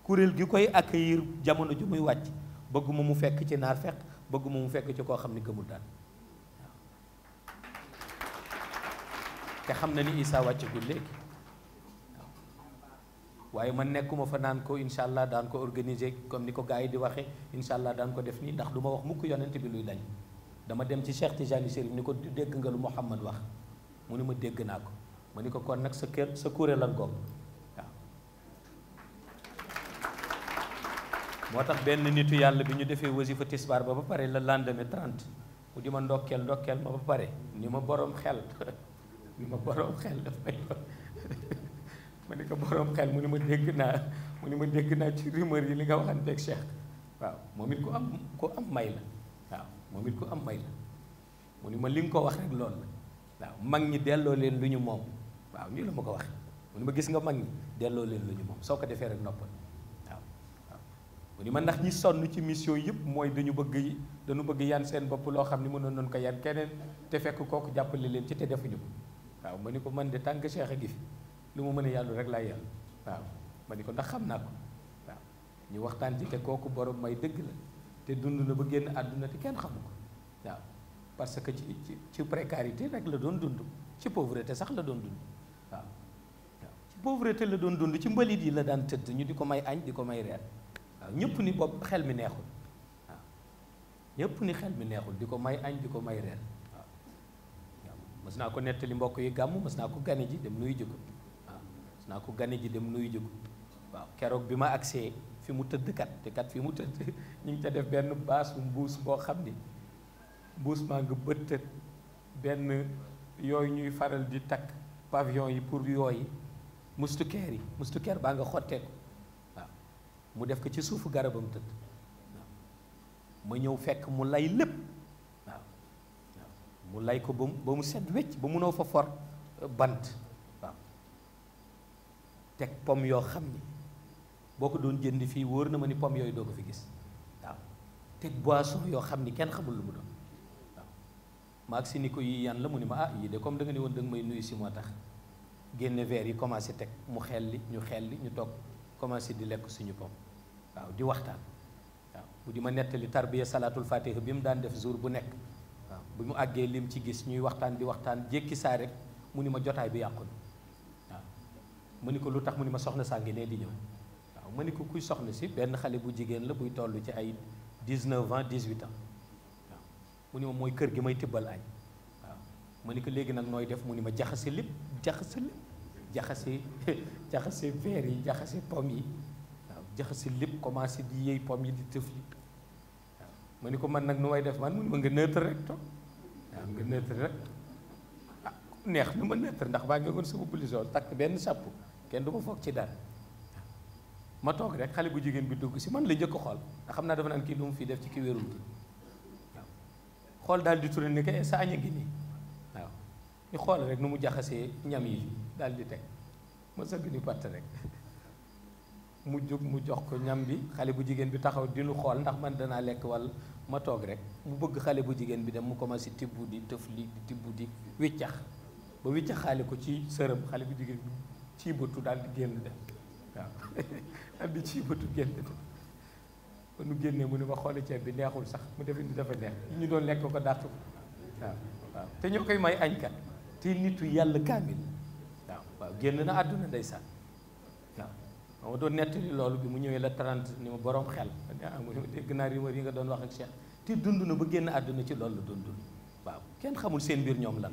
kuréel gi koy accueillir jamono ju muy wàcc bëgguma mu fekk ci naar fekk bëgguma mu fekk ci koo xam ni gëmul daal waaw te xam na ni Isaa wàccagul léegi waaye man nekkuma fa naan ko incha daan ko organiser comme ni ko gars yi di waxee incha allah daan ko def nii ndax du ma wax mukk yonent bi luy dañ dama dem ci Cheikh Tijani Chérif ni ko dégg nga lu Mouhamad wax mu ni ma dégg naa ko ma ni ko kon sa kër sa kuréel ak goog tax benn nitu yàlla bi ñu defee wasifa tisbaar ba ba pare le lendemain 30 mu di ma ndokkeel ndokkeel ma pare ni ma boroom xel ma xel ni mu ni ma dégg naa mu ni ma dégg naa ci rumeur yi li nga waxanteeg Cheikh waaw moom it ku am ku am may la moom it ku am may la mu ni ma li nga ko wax rek loolu la waaw mag ñi delloo leen lu ñu moom waaw nii la ma ko waxee mu ni ma gis nga mag delloo leen lu ñu moom soo ko defee rek noppal waaw waaw ni ma ndax ñi sonn ci mission yëpp mooy dañu bëgg yi dañu bëgg yan seen bopp loo xam ne mënoon nañu ko yan keneen te fekk kooku jàppale leen ci te defuñu ko waaw ma ni ko man de tànk Cheikh a gi lu mu mën a yàllu rek laay yàllu waaw ma ni ko ndax xam naa ko waaw ñu waxtaan ci te kooku boroom may dëgg la te dund na ba génn àdduna te kenn xamu ko waaw parce que ci ci ci précarité rek la doon dund ci pauvreté sax la doon dund waaw waaw ci pauvreté la doon dund ci mbalit yi la daan tëdd ñu di ko may añ di ko may reer waaw ñëpp ni bopp xel mi neexul waaw ñëpp ni xel mi neexul di ko may añ di ko may reer waaw waaw naa ko nettali mbokk yi gàmm mës naa ko gane ji dem nuyu ji ko waaw mës naa ko gane ji dem nuyu ji ko waaw keroog bi ma agsee fi mu tëdd kat te kat fi mu tëdd ñu ngi ca def benn baasu mbuus boo xam ni mbuus maa nga bëtt benn yooyu ñuy faral di takk pavillon yi pour yooyu moustiquaire yi moustiquaire baa nga xottee ko mu def ko ci suufu garabam tëdd waaw ma ñëw fekk mu lay lépp waaw mu lay ko ba mu set wecc ba munoo fa for bant waaw teg pom yoo xam ni boo ko doon jënd fii wóor na ma ni pomme yooyu doo ko fi gis waaw teg boisson yoo xam ni kenn xamul lu mu doon waaw ma ak si ni ko yi yan la mu ni ma ah yii de comme da ne woon da may nuyu si moo tax génne verre yi commencé teg mu xel li ñu xel li ñu toog commencé di lekk suñu pomme waaw di waxtaan waaw bu di ma nettali tarbiya salaatul fatiha bi mu daan def jour bu nekk waaw bu mu àggee lim ci gis ñuy waxtaan di waxtaan jékki saa rek mu ni ma jotaay bi yàqu waaw mu ni ko lu tax mu ni ma soxna saa ngi di ñëw ma ni ko kuy soxna si benn xale bu jigéen la buy toll ci ay 19 ans 18 ans waaw mu ni ma mooy kër gi may tibbal añ waaw ma ni ko léegi nag nooy def mu ni ma jaxase lépp jaxase lépp jaxase jaxase yi jaxase pomme yi waaw lépp commencé di yëy pomme yi di tëfli waaw ma ko man nag nu may def man mu nga neutre rek toog waaw nga neutre rek ah neex nu ma neutre ndax baa ngi woon sama polisool takk benn sàpp kenn du ma foog ci dara ma toog rek xale bu jigéen bi dugg si man la jëkk xool ndax xam naa dafa naan kii lu mu fii def ci ki wérul ki waaw xool daal di tourné ni ko saa ñu ngi nii waaw ñu xool rek nu mu jaxasee ñam yi dal di teg ma sëgg ni patt rek mu jóg mu jox ko ñam bi xale bu jigéen bi taxaw di xool ndax man danaa lekk walla ma toog rek mu bëgg xale bu jigéen bi dem mu commencé tibb di tëf li di tibb di wiccax ba wiccaxaale ko ci sërëm xale bu jigéen bi ci bëtu daal di génn am bi ci bëtu génn ba nu génnee mu ne ma xooli ceeb bi neexul sax mu defe ni dafa neex ñu doon lekk ko dàq ko waaw waaw te ñoo koy may añkat te nitu yàlla kaamil waaw waaw génn na àdduna ndeysaan waaw ma doon nettali loolu bi mu ñëwee la 30 ni ma borom xel ah, mu ne ma dégg naa rumeur yi nga doon wax ak Cheikh te dund na ba génn àdduna ci loolu la dundul waaw kenn xamul seen mbir ñoom lan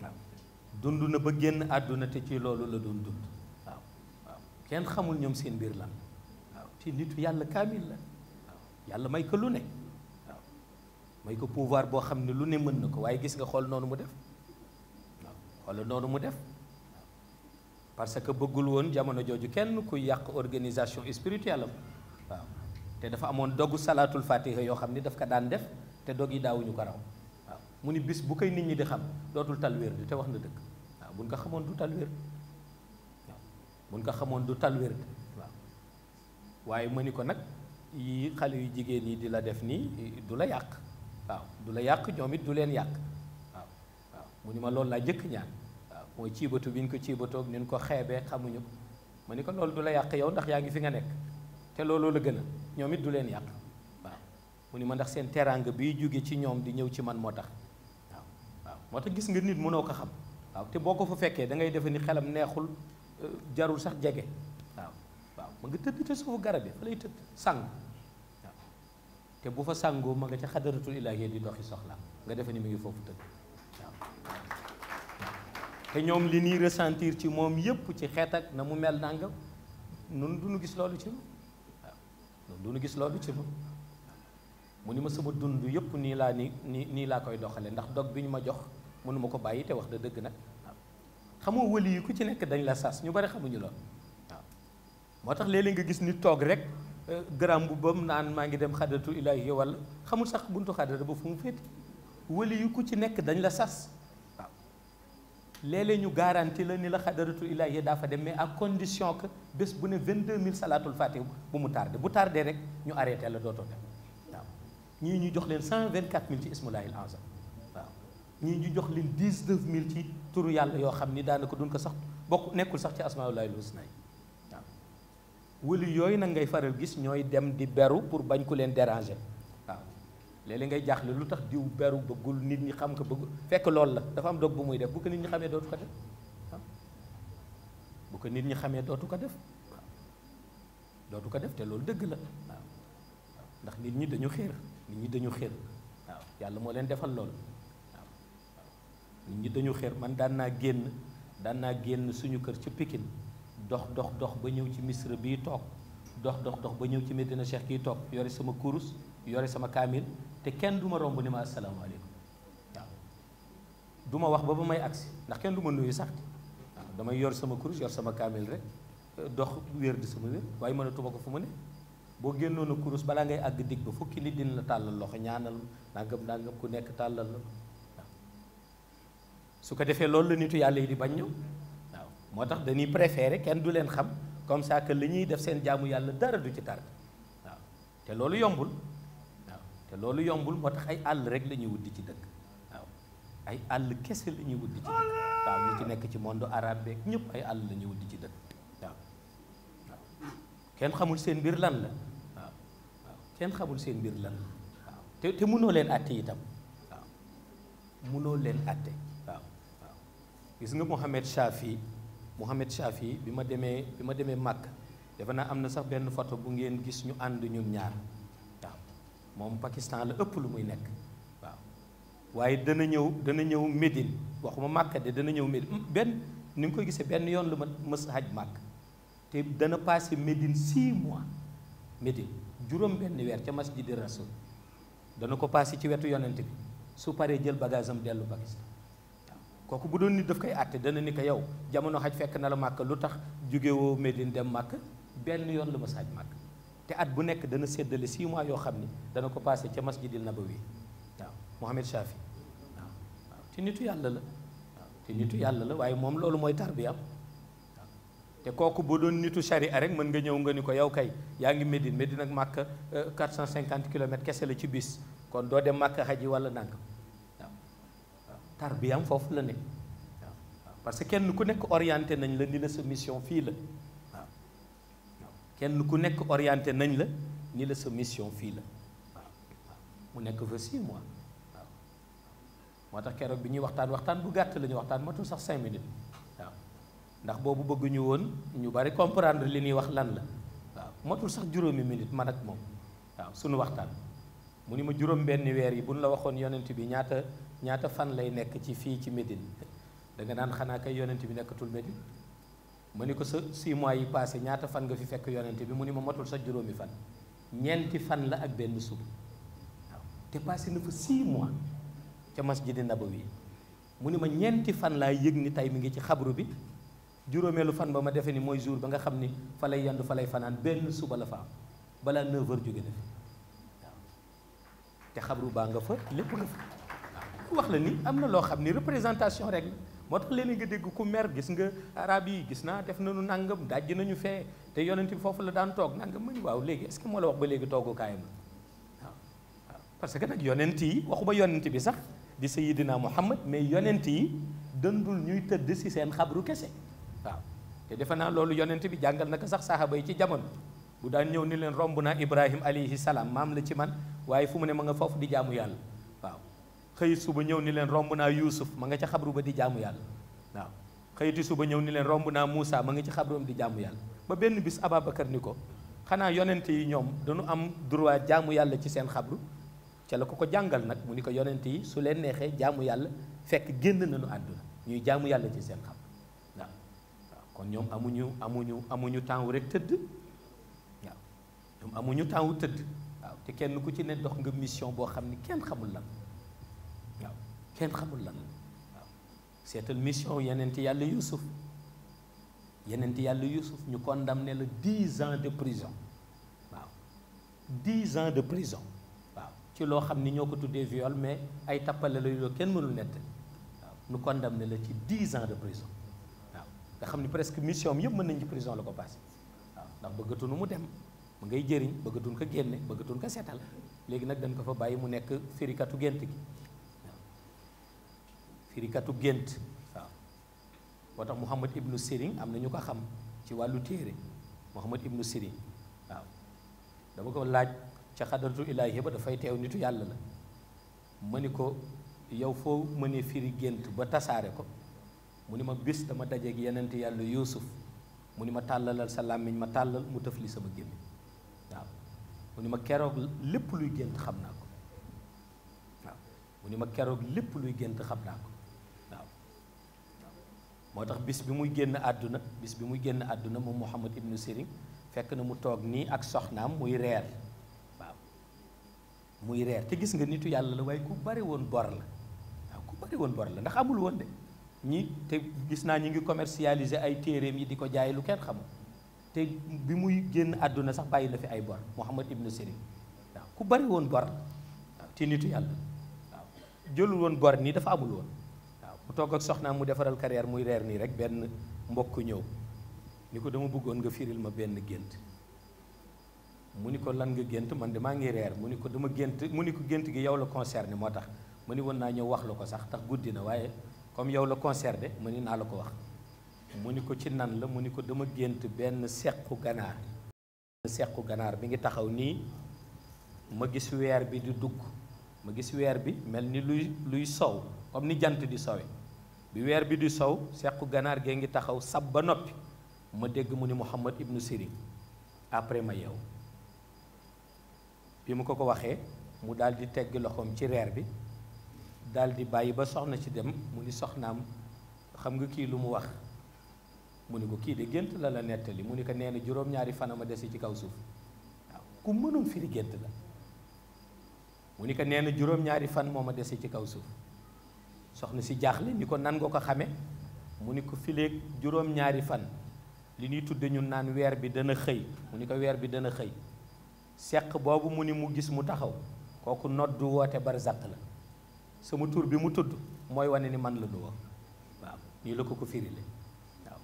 na ba génn àdduna te ci loolu la doon dund kenn xamul ñoom seen mbir la waaw te nitu yàlla kaamil la waaw yàlla may ko lu ne waaw may ko pouvoir boo xam ne lu ne mën na ko waaye gis nga xool noonu mu def waaw xool noonu mu def parce que bëggul woon jamono jooju kenn ku yàq organisation spirituelle am waaw te dafa amoon dogu salaatul fatiha yoo xam ni daf ko daan def te dog yi daawuñu ko raw waaw mu ni bis bu koy nit ñi di xam dootul tal wér di te wax na dëkk waaw buñ ko xamoon du tal wér mun ko xamoon du tal wérd waaw waaye ma ni ko nag yi xale yu jigéen yi di la def nii du la yàq waaw du la yàq ñoom it du leen yàq waaw waaw mu ni ma loolu laa njëkk ñaan waaw mooy ciibatu bi ko ciibatoog ni ñu ko xeebee xamuñu ko ma ni ko loolu du la yàq yow ndax yaa ngi fi nga nekk te looloo la gën a du leen yàq waaw mu ni ma ndax seen teraanga biy jóge ci ñoom di ñëw ci man moo tax waaw waaw moo tax gis nga nit mënoo ko xam waaw te boo ko fa fekkee da ngay defe ni xelam neexul jarul sax jege waaw waaw ma nga tëdd ca suufu garab yi fa lay tëdd sangu waaw te bu fa sangoo ma nga ca xadaratul ilaahi di doxi soxlaa nga defe ni mu ngi foofu tëdd waaw te ñoom li ñuy ressentir ci moom yépp ci xeet ak na mu mel nangam nun du ñu gis loolu ci ma waaw gis loolu ci ma mu ni ma sama dund yépp nii laa ni nii nii laa koy doxale ndax dog bi ñu ma jox mënuma ko bàyyi te wax da dëgg nag xamoo wëli yi ku ci nekk dañ la sas ñu bari xamuñu lool waaw moo tax léeg-léeg nga gis ni toog rek garam bu mu naan maa ngi dem xadatu ilaahi wala xamul sax buntu xadata ba fu mu féete wëli yu ku ci nekk dañ la sas waaw léeg-léeg ñu garanti la ni la xadaratu ilaahi daa fa dem mais ak condition que bés bu ne 22000 salaatul fatih bu mu tardé bu tardee rek ñu arrêté la dootoo dem waaw ñii ñu jox leen 124000 ci ismu laahil azam ñii ñu jox leen dix-neuf mille ci turu yàlla yoo xam ni daanaka duñ ko sax bokk nekkul sax ci asmaullahi lhusna waaw wëlu yooyu nag ngay faral gis ñooy dem di beru pour bañ ku leen déranger waaw léeg-léeg ngay jaaxle lu tax diw beru bëggul nit ñi xam ko bëggul fekk lool la dafa am dog bu muy def bu ko nit ñi xamee dootu ko def nit ñi xamee dootu ko def dootu ko def te loolu dëgg la waaw ndax nit ñi dañu xéer nit ñi dañu xéer waaw yàlla moo leen defal lool nit ñi dañu xeer man daan naa génn daan naa génn suñu kër ci pikin dox dox dox ba ñëw ci Misra bii toog dox dox dox ba ñëw ci Medina Cheikh kii toog yore sama kurus yore sama kaamil te kenn du ma romb ni ma asalaamaaleykum waaw du wax ba ba may agsi ndax kenn du ma nuyu sax waaw damay yor sama kurus yor sama kaamil rek dox wér di sama wér waaye mënatuma ko fu mu ne boo génnoon a kurus balaa ngay àgg dig ba fukki nit dina la tàllal loxo ñaanal nangam nangam ku nekk tàllal la su ko defee loolu la nitu yàlla yi di bañ ñëw waaw moo tax dañuy préférer kenn du leen xam comme ça que li ñuy def seen jaamu yàlla dara du ci tar waaw te loolu yombul waaw te loolu yombul moo tax ay àll rek la ñuy di ci dëkk waaw ay àll kese la ñuy ci dëkk waaw ñu ci nekk ci monde arabe beeg ñëpp ay àll la ñuy di ci dëkk waaw kenn xamul seen mbir lan la waaw kenn xamul seen mbir lan la waaw te te mënoo leen àtte tam waaw mënoo leen àtte. gis nga Mouhamed Chafi Mouhamed Chafi bi ma demee bi ma demee Màkk defe naa am na sax benn foto bu ngeen gis ñu ànd ñun ñaar waaw moom Pakistan la ëpp lu muy nekk waaw waaye dana ñëw dana ñëw Médine waxuma Màkka de dana ñëw Médine benn ni nga koy gise benn yoon lu ma mës haj Màkk te dana passé Médine 6 mois Médine juróom benn weer ca masjidi rasul dana ko passé ci wetu yonent bi su paree jël bagage am dellu Pakistan kooku bu doon nit daf koy àtte dana ni ko yow jamono xaj fekk na la màkk lu tax jógewoo Medine dem màkk benn yoon la ma saaj màkk te at bu nekk dana séddale 6 mois yoo xam ni dana ko passé ca masjidil nabawi waaw Mouhamed Chafi waaw waaw te nitu yàlla la te nitu yàlla la waaye moom loolu mooy tarbiyam te kooku bu doon nitu charia rek mën nga ñëw nga ni ko yow kay yaa ngi Medine Medine ak màkk 450 euh, kilomètres kese la ci bis kon doo dem màkk xaj yi wala nangam tarbiyaam foofu la ne waaw parce que kenn ku nekk orienté nañ la ni la sa mission fii la waaw kenn ku nekk orienté nañ la ni la sa mission fii la mu nekk fa six waaw moo tax keroog bi ñuy waxtaan waxtaan bu gàtt la waxtaan matul sax cinq minutes waaw ndax boobu bëgguñu woon ñu bari comprendre li nuy wax lan la waaw matul sax juróomi minute man ak moom waaw suñu waxtaan mu ni ma juróom benn weer yi bu ñu la waxoon yonent bi ñaata ñaata fan lay nekk ci fii ci Médine da nga naan xanaa kay yonent bi nekkatul Médine ma ni ko sa 6 mois yi passé ñaata fan nga fi fekk yonent bi mu ni ma matul sa juróomi fan ñeenti fan la ak benn suba te passé na fa 6 mois ca masjidi Nabawi mu ni ma ñeenti fan laa yëg ni tey mi ngi ci xabru bi juróomeelu fan ba ma defee ni mooy jour ba nga xam ni fa lay yendu fa lay fanaan benn suba la fa am balaa 9 heures jóge na te xabru baa nga fa lépp nga fa. wax la ni am na loo xam ni représentation rek moo tax léeg-léeg nga dégg ku mer gis nga arab yi gis naa def nañu nangam daj nañu fee te yonent bi foofu la daan toog nangam ma waaw léegi est-ce que moo la wax ba léegi toogukaayam la waaw parce que nag yonent yi waxu ba yonent bi sax di sayidina Muhammad mais yonent yi dëndul ñuy tëdd si seen xabru kese waaw te defe naa loolu yonent bi jàngal na ko sax saxaaba yi ci jamono bu daan ñëw ni leen romb naa Ibrahim alayhi salaam maam la ci man waaye fu mu ne ma nga foofu di jaamu yàlla xëyit suba ñëw ni leen romb naa Yuusuf ma nga ca xabru ba di jaamu yàlla waaw xëyiti suba ñëw ni leen romb naa Moussa ma nga ci xabroom di jaamu yàlla ba benn bis Ababacar ni ko xanaa yonente yi ñoom dañu am droit jaamu yàlla ci seen xabru ca la ko ko jàngal nag mu ni ko yonente yi su leen neexee jaamu yàlla fekk génn nañu àdduna ñuy jaamu yàlla ci seen xabru waaw waaw kon ñoom amuñu amuñu amuñu temps wu rek tëdd waaw ñoom amuñu temps tëdd waaw te kenn ku ci ne dox nga mission boo xam ni kenn xamul lan kenn xamul lan waaw seetal mission yeneenti yàlla yeneen ti yàlla yusuf ñu kon ne la dix ans de prison waaw dix ans de prison waaw ci loo xam ni ñoo ko tuddee viol mais ay tappale la yoo kenn mënul nett waaw ñu ne la ci dix ans de prison waaw nga xam ni presque mission am yëpp mën nañ ci prison la ko passé waaw ndax bëggatuñu mu dem mu ngay jëriñ bëggatuñ ko génne bëggatuñ ko seetal léegi nag dañ ko fa bàyyi mu nekk firikatu gént gi firikatu gént waaw moo tax Muhammad ibnu Sirin am na ñu ko xam ci wàllu téere Muhammad ibnu Sirin waaw dama ko laaj ca xadaratu ilaahi ba dafay teew nitu yàlla la ma ni ko yow foo mënee firi gént ba tasaare ko mu ni ma bis dama dajeeg yenent yàlla Yuusuf mu ni ma tàllalal sa làmmiñ ma tàllal mu tëf li sama gémmiñ waaw mu ni ma keroog lépp luy gént xam naa ko waaw mu ni ma keroog lépp luy gént xam naa ko moo tax bis bi muy génn àdduna bis bi muy génn àdduna moom Mouhamad ibnu Sirin fekk na mu toog nii ak soxnaam muy reer waaw muy reer te gis nga nitu yàlla la waaye ku bari woon bor la la ndax amul woon de te gis naa ñi ngi commercialiser ay téeréem yi di ko jaay lu kenn xamul te bi muy génn àdduna sax bàyyi na fi ay bor Mouhamad ibnu Sirin waaw ku bari woon bor la waaw te nitu yàlla waaw jëlul woon bor nii dafa amul woon toog ak soxnaam mu defaral carrière muy reer nii rek benn mbokk ñëw ni ko dama bëggoon nga firil ma benn gént mu ni ko lan nga gént man de maa ngi reer mu ni ko dama gént mu ni ko gént gi yow la concerné moo tax mu ni woon naa ñëw wax la ko sax tax guddi na waaye comme yow la concerné mu ni naa la ko wax mu ni ko ci nan la mu ni ko dama gént benn sequ ganaar sequ ganaar bi ngi taxaw nii ma gis weer bi di dugg ma gis weer bi mel ni luy luy sow comme ni jant di sowe bi weer bi di sow sequ ganaar gee ngi taxaw sab ba noppi ma dégg mu ni Muhammad ibnu Sirin après ma yeew bi mu ko ko waxee mu daldi tegg loxoom ci reer bi daldi bàyyi ba soxna ci dem mu ni soxnaam xam nga kii lu mu wax mu ni ko kii de gént la la nettali mu ni ko nee juróom-ñaari fan ma dese ci kaw suuf waaw ku mënoon firi gént la mu ni ko nee na juróom-ñaari fan moo ma dese ci kaw suuf soxna si jaaxle ni ko nan nga ko xamee mu ni ko fileeg juróom-ñaari fan li ñuy tudd ñu naan weer bi dana xëy mu ni ko weer bi dana xëy seq boobu mu ni mu gis mu taxaw kooku noddu woote barzak la sama tuur bi mu tudd mooy wane ni man la du waaw nii la ko ko firile waaw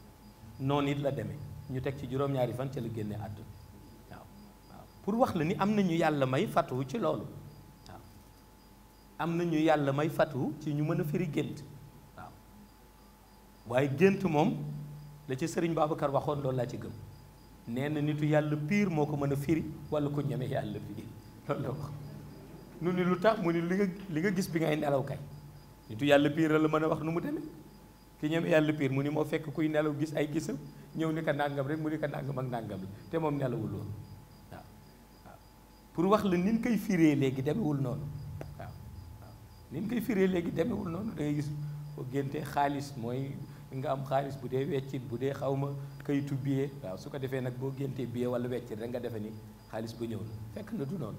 noonu it la demee ñu teg ci juróom-ñaari fan ca la génne àdduna waaw waaw pour wax la ni am na ñu yàlla may fàttuwu ci loolu am na ñu yàlla may fatu ci ñu mën a firi gént waaw waaye gént moom la ci sëriñ Babacar waxoon loolu laa ci gëm nee na nitu yàlla piir moo ko mën a firi wala ku ñeme yàlla firi loolu lu tax mu ni li nga gis bi ngay nelaw kay nitu yàlla piir la mën a wax nu mu demee ki ñeme yàlla piir mu ni moo fekk kuy nelaw gis ay gisam ñëw ni ko nàngam rek mu ni ko nàngam ak nàngam la te moom nelawul loolu waaw waaw pour wax la nit koy firee léegi demewul noonu ni koy firee léegi demewul noonu da gis boo xaalis mooy nga am xaalis bu dee weccit bu dee xaw ma kayitu billet su ko defee nag boo géntee billet wala weccit rek nga defee ni xaalis ba ñëw la na du noonu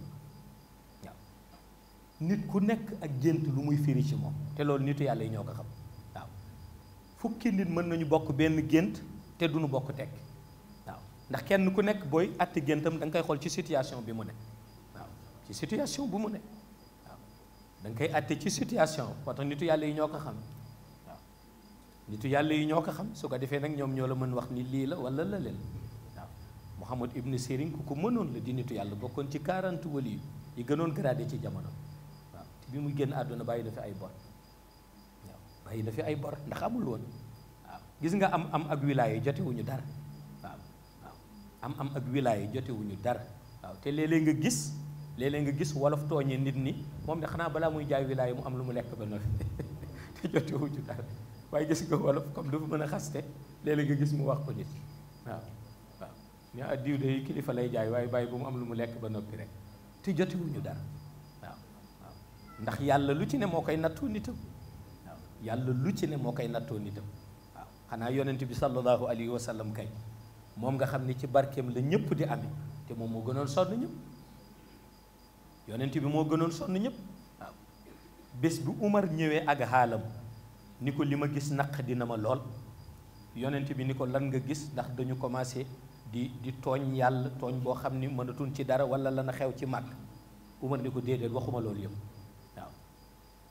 nit ku nekk ak gént lu muy firi ci moom te loolu nit yàlla yi ñoo ko xam waaw fukki nit mën nañu bokk benn gént te duñu bokk tekk waaw ndax kenn ku nekk booy atti géntam da nga koy xool ci situation bi mu ne waaw ci situation bu mu ne da nga koy atte ci situation moo tax nitu yàlla yi ñoo ko xam waaw nitu yàlla yi ñoo ko xam soo ko defee nag ñoom ñoo la mën wax ni lii la wala la leen waaw Mouhamad Ibn Sirin ku ko mënoon la di nitu yàlla bokkoon ci 40 wali yi gënoon gradé ci jamono waaw te bi mu génn àdduna bàyyi na fi ay bor waaw bàyyi na fi ay bor ndax amul woon waaw gis nga am am ak wilaaya jotewuñu dara am am ak wilaaya jotewuñu dara waaw te léeg-léeg nga gis. léeg nga gis wolof tooñe nit ni moom de xanaa balaa muy jaay wilaay mu am lu mu lekk ba noppi te jote wuju waaye gis nga wolof comme dafa mën a xaste léeg-léeg nga gis mu wax ko nit waaw waaw ñu addiw de kilifa lay jaay waaye bàyyi ba mu am lu mu lekk ba noppi rek te jote wuñu waaw waaw ndax yàlla lu ci ne moo koy nattoo nitam waaw lu ci ne moo koy nattoo nitam waaw xanaa yonent bi sallallahu alayhi wa sallam kay moom nga xam ne ci barkeem la ñëpp di amee te moom moo gënoon sonn yonent bi moo gënoon sonn ñëpp bés bu Umar ñëwee ak xaalam ni ko li ma gis naq dina ma lool yonent bi ni ko lan nga gis ndax dañu commencé di di tooñ yàlla tooñ boo xam ni mënatul ci dara wala lana xew ci màgg Umar ni ko déedéet waxuma lool yëpp waaw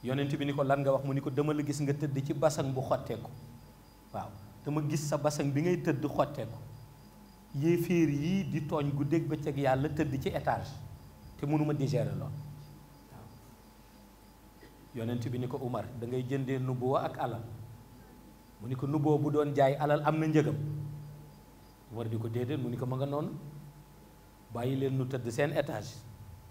yonent bi ni ko lan nga wax mu ni ko dama la gis nga tëdd ci basan bu xotteeku waaw te gis sa basan bi ngay tëdd xotteeku yéeféer yii di tooñ guddeeg bëccëg yàlla tëdd ci étage te mënuma digérer lool waaw yonent bi ni ko Umar da ngay jëndee nubuwa ak alal mu ni ko nuboo bu doon jaay alal am na njëgam Umar di ko déedéet mu ni ko ma nga noonu bàyyi leen nu tëdd seen étage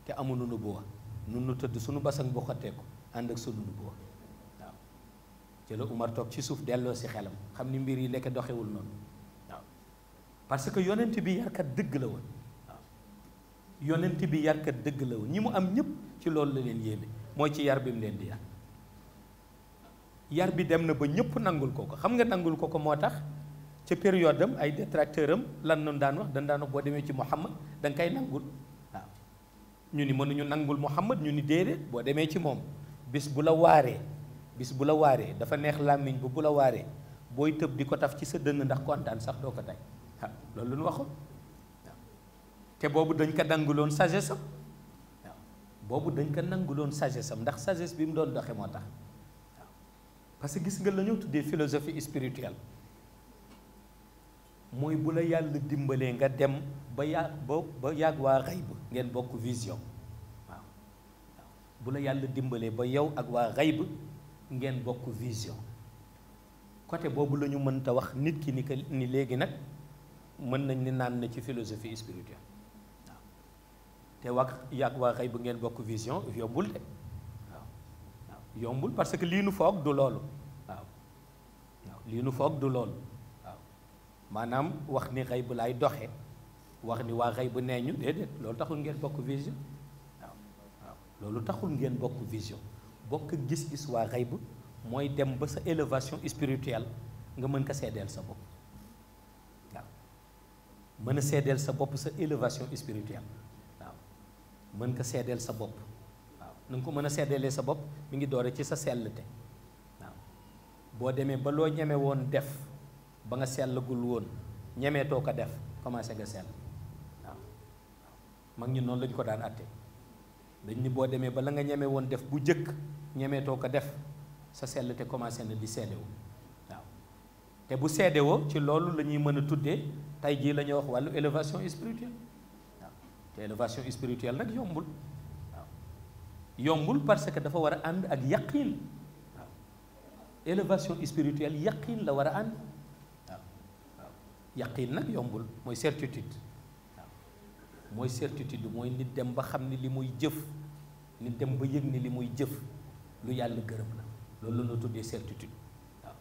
te amul amuñu nubuwa nun nu tëdd sunu basan bu xottee ko ànd ak sunu nubuwa waaw ci Umar toog ci suuf delloo si xelam xam ni mbir yi lekk doxewul noonu waaw parce que yonent bi yarkat dëgg la woon yonent bi yarkat dëgg la woon ñi mu am ñëpp ci loolu la leen yéeme mooy ci yar bi mu leen di yar yar bi dem na ba ñëpp nangul ko ko xam nga nangul ko ko moo tax ca période am ay détracteur am lan noonu daan wax dañ daan wax boo demee ci Muhammad da nga koy nangul ñu ni mënuñu nangul Muhammad ñu ni déedéet boo demee ci moom bis bu la waaree bis bu la waaree dafa neex làmmiñ bu bu la waaree booy tëb di ko taf ci sa dënn ndax kontaan sax doo ko tey loolu lu ñu te boobu dañ ko nanguloon sagesse am waaw boobu dañ ko nanguloon sagesse am ndax sagesse bi mu doon doxe moo tax waaw parce que gis nga la ñu tuddee philosophie spirituelle mooy bu la yàlla dimbalee nga dem ba yàgg ba ba yàgg waa xayb ngeen bokk vision waaw bu la yàlla dimbalee ba yow ak waa xayb ngeen bokk vision côté boobu la ñu mënta wax nit ki ni que ni léegi nag mën nañ ni naan na ci philosophie spirituelle te wax yàgg waa xëy bu ngeen bokk vision yombul de waaw waaw yombul parce que lii nu foog du loolu waaw waaw lii nu foog du loolu waaw maanaam wax ni xëy bu doxe wax ni waa xëy nee ñu déedéet loolu taxul ngeen bokk vision waaw loolu taxul ngeen bokk vision bokk gis-gis waa xëy mooy dem ba sa élévation spirituelle nga mën ka seddeel sa bopp waaw mën a seddeel sa bopp sa élévation spirituelle mën ko seddeel sa bopp waaw na nga ko mën a seddeelee sa bopp mu ngi doore ci sa sellte waaw boo demee ba loo ñeme woon def ba nga sellagul woon ñemeetoo ko def commencé nga sell waaw mag ñi noonu lañu ko daan atte dañ ni boo demee ba la nga ñeme woon def bu jëkk ñemeetoo ko def sa sellte commencé na di seddewu waaw te bu seddewoo ci loolu la ñuy mën a tuddee tey jii la ñuy wax wàllu élévation spirituelle te élévation spirituelle nag yombul waaw yombul parce que dafa war a ànd ak yaqiin waaw élévation spirituelle yaqiin la war a ànd waaw waaw yaqiin nag yombul mooy certitude waaw mooy certitude mooy nit dem ba xam ni li muy jëf nit dem ba yëg ni li muy jëf lu yàlla gërëm la loolu la ñu tuddee certitude waaw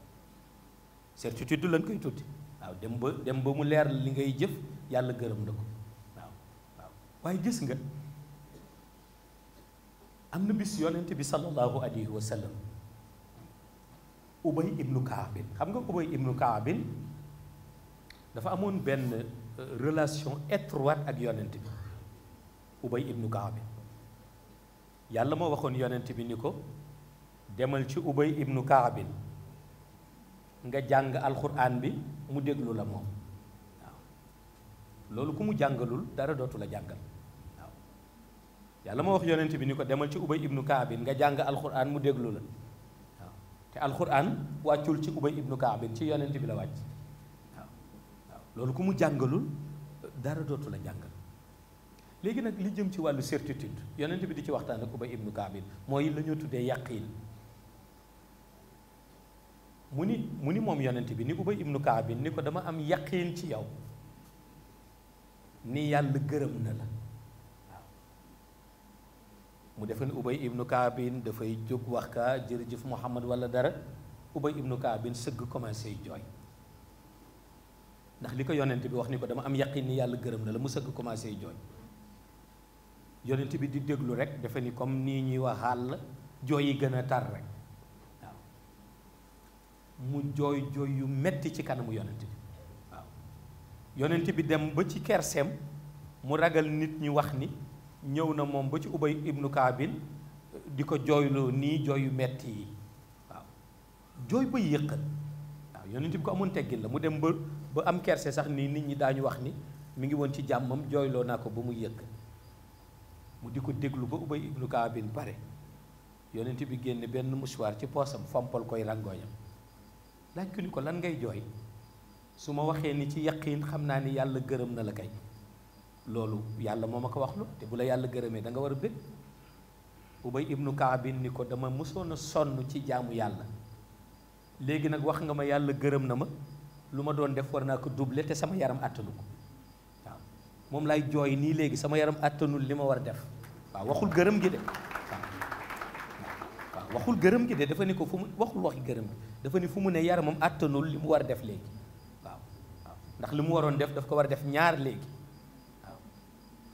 certitude du lañ koy tuddi waaw dem ba dem ba mu leer li ngay jëf yàlla gërëm la ko waaye gis nga am na bis yonent bi sallallahu alayhi wa ubay ibnu kaabin xam nga ubay ibnu kaabin dafa amoon benn euh, relation étroite ak yonent bi ubay ibnu kaabin yàlla moo waxoon yonent bi ni ko demal ci ubay ibnu kaabin nga jàng alxuraan bi mu déglu la moom loolu ku mu jàngalul dara dootu la jàngal waaw yàlla moo wax yonent bi ni ko demal ci ubay ibnu kaabin nga jàng alxuraan mu déglu la waaw te alxuraan wàccul ci ubay ibnu kaabin ci yonent bi la wàcc waaw waaw loolu ku mu jàngalul dara dootu la jàngal léegi nag li jëm ci wàllu certitude yonent bi di ci waxtaan ak ubay ibnu kaabin mooy la ñoo tuddee yàqiin mu ni mu ni moom yonent bi ni ubay ibnu kaabin ni ko dama am yàqiin ci yow ni yàll gërëm na la waaw mu defe ne ubay ibnu kaabin dafay jóg wax ka jërëjëf muhammad wala dara ubay ibnu kaabin sëgg commencé jooy ndax li ko yonent bi wax ni ko dama am yaqin ni yàlla gërëm na la mu sëgg commencé jooy yonent bi di déglu rek dafa ni comme nii ñuy wax xàll jooy yi gën a tar rek waaw mu jooy jooy yu metti ci kanamu yonent bi yonent bi dem ba ci kerseem mu ragal nit ñi wax ni ñëw na moom ba ci ubay ibnu kaabin di ko jooyloo nii jooyu metti yi waaw jooy ba yëqal waaw yonent bi ko amoon teggin la mu dem ba ba am kerse sax nii nit ñi daañu wax ni mi ngi woon ci jàmmam jooyloo naa ko ba mu yëkk mu di ko déglu ba ubay ibnu kaabin pare yonent bi génn benn mouchoir ci poosam fompal koy rangooñam laaj ko lan ngay jooy su ma waxee ni ci yaqiin xam naa ni yàlla gërëm na la kay loolu yàlla moo ma ko waxlu te bu la yàlla gërëmee danga war a bëgg ubay ibnu kaabin ni ko dama mësoon a sonn ci jaamu yàlla léegi nag wax nga ma yàlla gërëm na ma lu ma doon def war naa ko doubler te sama yaram àttanu ko waaw moom lay jooy nii léegi sama yaram àttanul li ma war a def waaw waxul gërëm gi de waaw waxul gërëm gi de dafa ni ko fu mu waxul waxi gërëm gi dafa ne fu mu ne yaramam àttanul li mu war a def ndax li mu waroon def daf ko war a def ñaar léegi waaw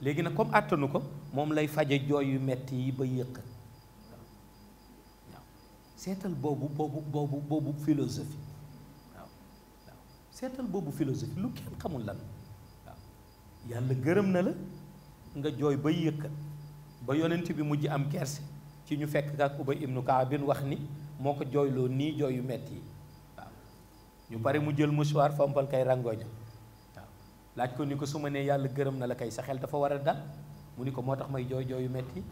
léegi nag comme àttanu ko moom lay faje jooy yu metti yi ba yëq waaw seetal boobu boobu boobu philosophie waaw seetal boobu philosophie lu kenn xamul lan waaw yàlla gërëm na la nga jooy ba yëkkat ba yonent bi mujj am kerse ci ñu fekk ak Ubay ibnu Kaabin wax ni moo ko jooyloo nii jooy yu metti yi ñu pare mu jël mouchoir fompal kay rangoña waaw laaj ko ni ko su ma nee yàlla gërëm na la kay sa xel dafa war a dal mu ni ko moo tax may jooy jooyu metti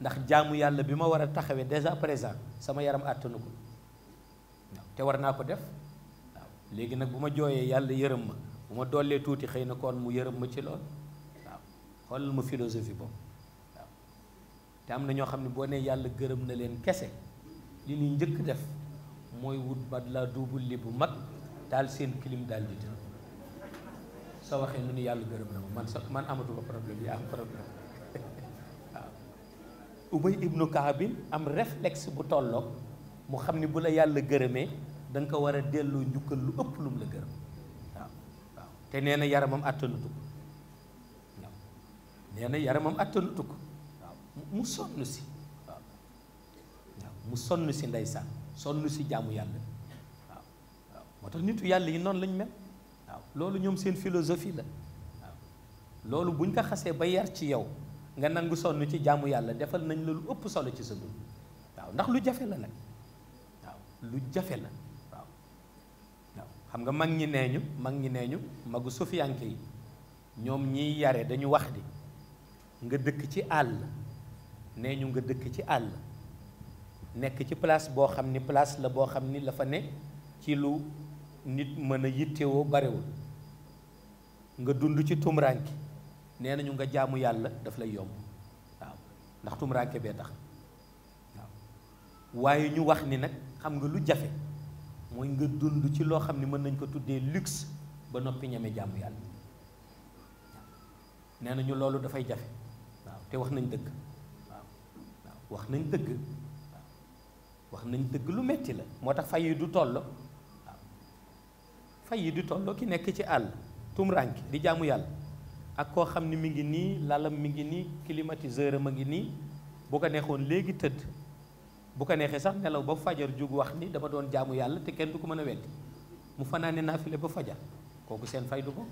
ndax jaamu yàlla bi ma war a taxawee dès à présent sama yaram àttanu ko waaw te war naa ko def waaw léegi nag bu ma jooyee yàlla yërëm ma bu ma doolee tuuti xëy na kon mu yërëm ma ci lool waaw xoolal ma philosophie boobu waaw te am na ñoo xam ne boo nee yàlla gërëm na leen kese li ñuy njëkk def mooy wut matelas double lit bu mag daal seen clim daal di tëdd soo waxee nu ni yàlla gërëm na ma man sa man amatuma problème yi am problème ubay ibnu kaabin am réflexe bu tollook mu xam ni bu la yàlla gërëmee danga ko war a delloo njukkal lu ëpp lum la gërëm waaw waaw te nee yaramam àttanutu ko waaw nee na yaramam àttanutu ko waaw mu sonn si waaw mu sonn si ndeysaan sonn ci jaamu yàlla waaw waaw moo tax nitu yàlla yi noonu lañ mel waaw loolu ñoom seen philosophie la waaw loolu buñ ko xasee ba yar ci yow nga nangu sonn ci jaamu yàlla defal nañ la lu ëpp solo ci sa dund waaw ndax lu jafe la nag waaw lu jafe la waaw xam nga mag ñi nee ñu mag ñi nee ñu magu sufiyanke yi ñoom ñiy yare dañu wax di nga dëkk ci àll nee ñu nga dëkk ci àll nekk ci place boo xam ni place la boo xam ni la fa ne ci lu nit mën a yittewoo barewul nga dund ci tumuraanke nee nañu nga jaamu yàlla daf lay yomb waaw ndax tumuraanke bee tax waaw waaye ñu wax ni nag xam nga lu jafe mooy nga dund ci loo xam ni mën nañ ko tuddee luxe ba noppi ñeme jàmm yàlla nee nañu loolu dafay jafe waaw te wax nañ dëgg waaw wax nañ dëgg wax nañ dëgg lu metti la moo tax fay yi du tollo waaw fay yi du tollo ki nekk ci àll tumrank di jaamu yàlla ak koo xam ni mi ngi nii lalam mi ngi nii climatiseur am a ngi nii bu ko neexoon léegi tëdd bu ko neexee sax nelaw ba fajar jóg wax ni dama doon jaamu yàlla te kenn du ko mën a weddi mu fanaane naafile ba fajar kooku seen fay du bokk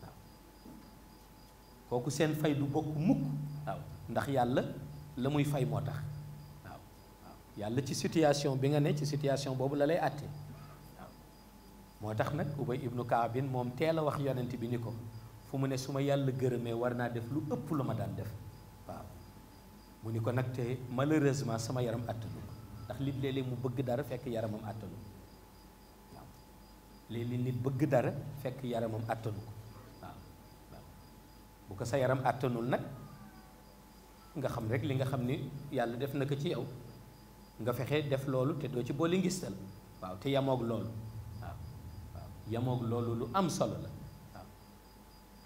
waaw kooku seen fay du bokk mukk waaw ndax yàlla la muy fay moo tax yàlla ci situation bi nga ne ci situation boobu la lay àtte waaw moo tax nag ubay ibnu kaabin moom teel a wax yonent bi ni ko fu mu ne suma yàlla gërëmee war naa def lu ëpp lu ma daan def waaw mu ni ko nag te malheureusement sama yaram àttalu ko ndax nit léeg-léeg mu bëgg dara fekk yaramam àttanu ko bëgg dara fekk yaramam àttalu ko waaw waaw bu ko sa yaram àttanul nag nga xam rek li nga xam ni yàlla def na ko ci yow nga fexe def loolu te doo ci boole ngistal waaw te yamoog loolu waaw waaw yamoog loolu lu am solo la waaw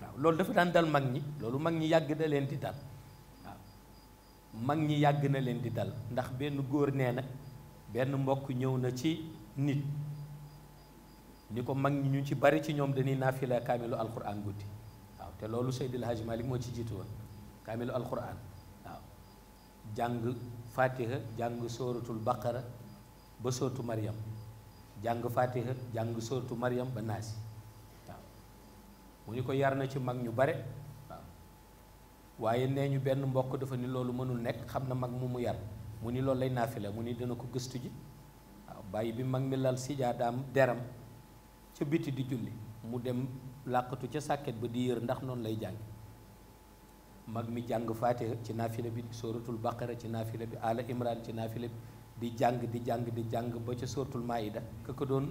waaw loolu dafa daan dal mag ñi loolu mag ñi yàgg na leen di dal waaw mag ñi yàgg na leen di dal ndax benn góor nee na benn mbokk ñëw na ci nit ni ko mag ñi ñu ci bari ci ñoom dañuy naafila kaamilu alquran guddi waaw te loolu Seydil Hadji Malick moo ci jiitu woon kaamilu alquran waaw jàng fatiha jàng sooratul baqara ba sóotu mariam jàng fatiha jàng sóotu mariam ba naasi waaw mu ni ko yar na ci mag ñu bare waaw waaye nee ñu benn mbokk dafa ni loolu mënul nekk xam na mag mu mu yar mu ni loolu lay naafila mu ni dina ko gëstu ji waaw bàyyi bi mag mi lal sijaadaam deram ca biti di julli mu dem làqatu ca sàkket ba di yër ndax noonu lay jàng mag mi jàng faate ci naafila bi sooratul baqara ci naafila bi ala imran ci naafila bi di jàng di jàng di jàng ba ca sóoratul maayida ka ko doon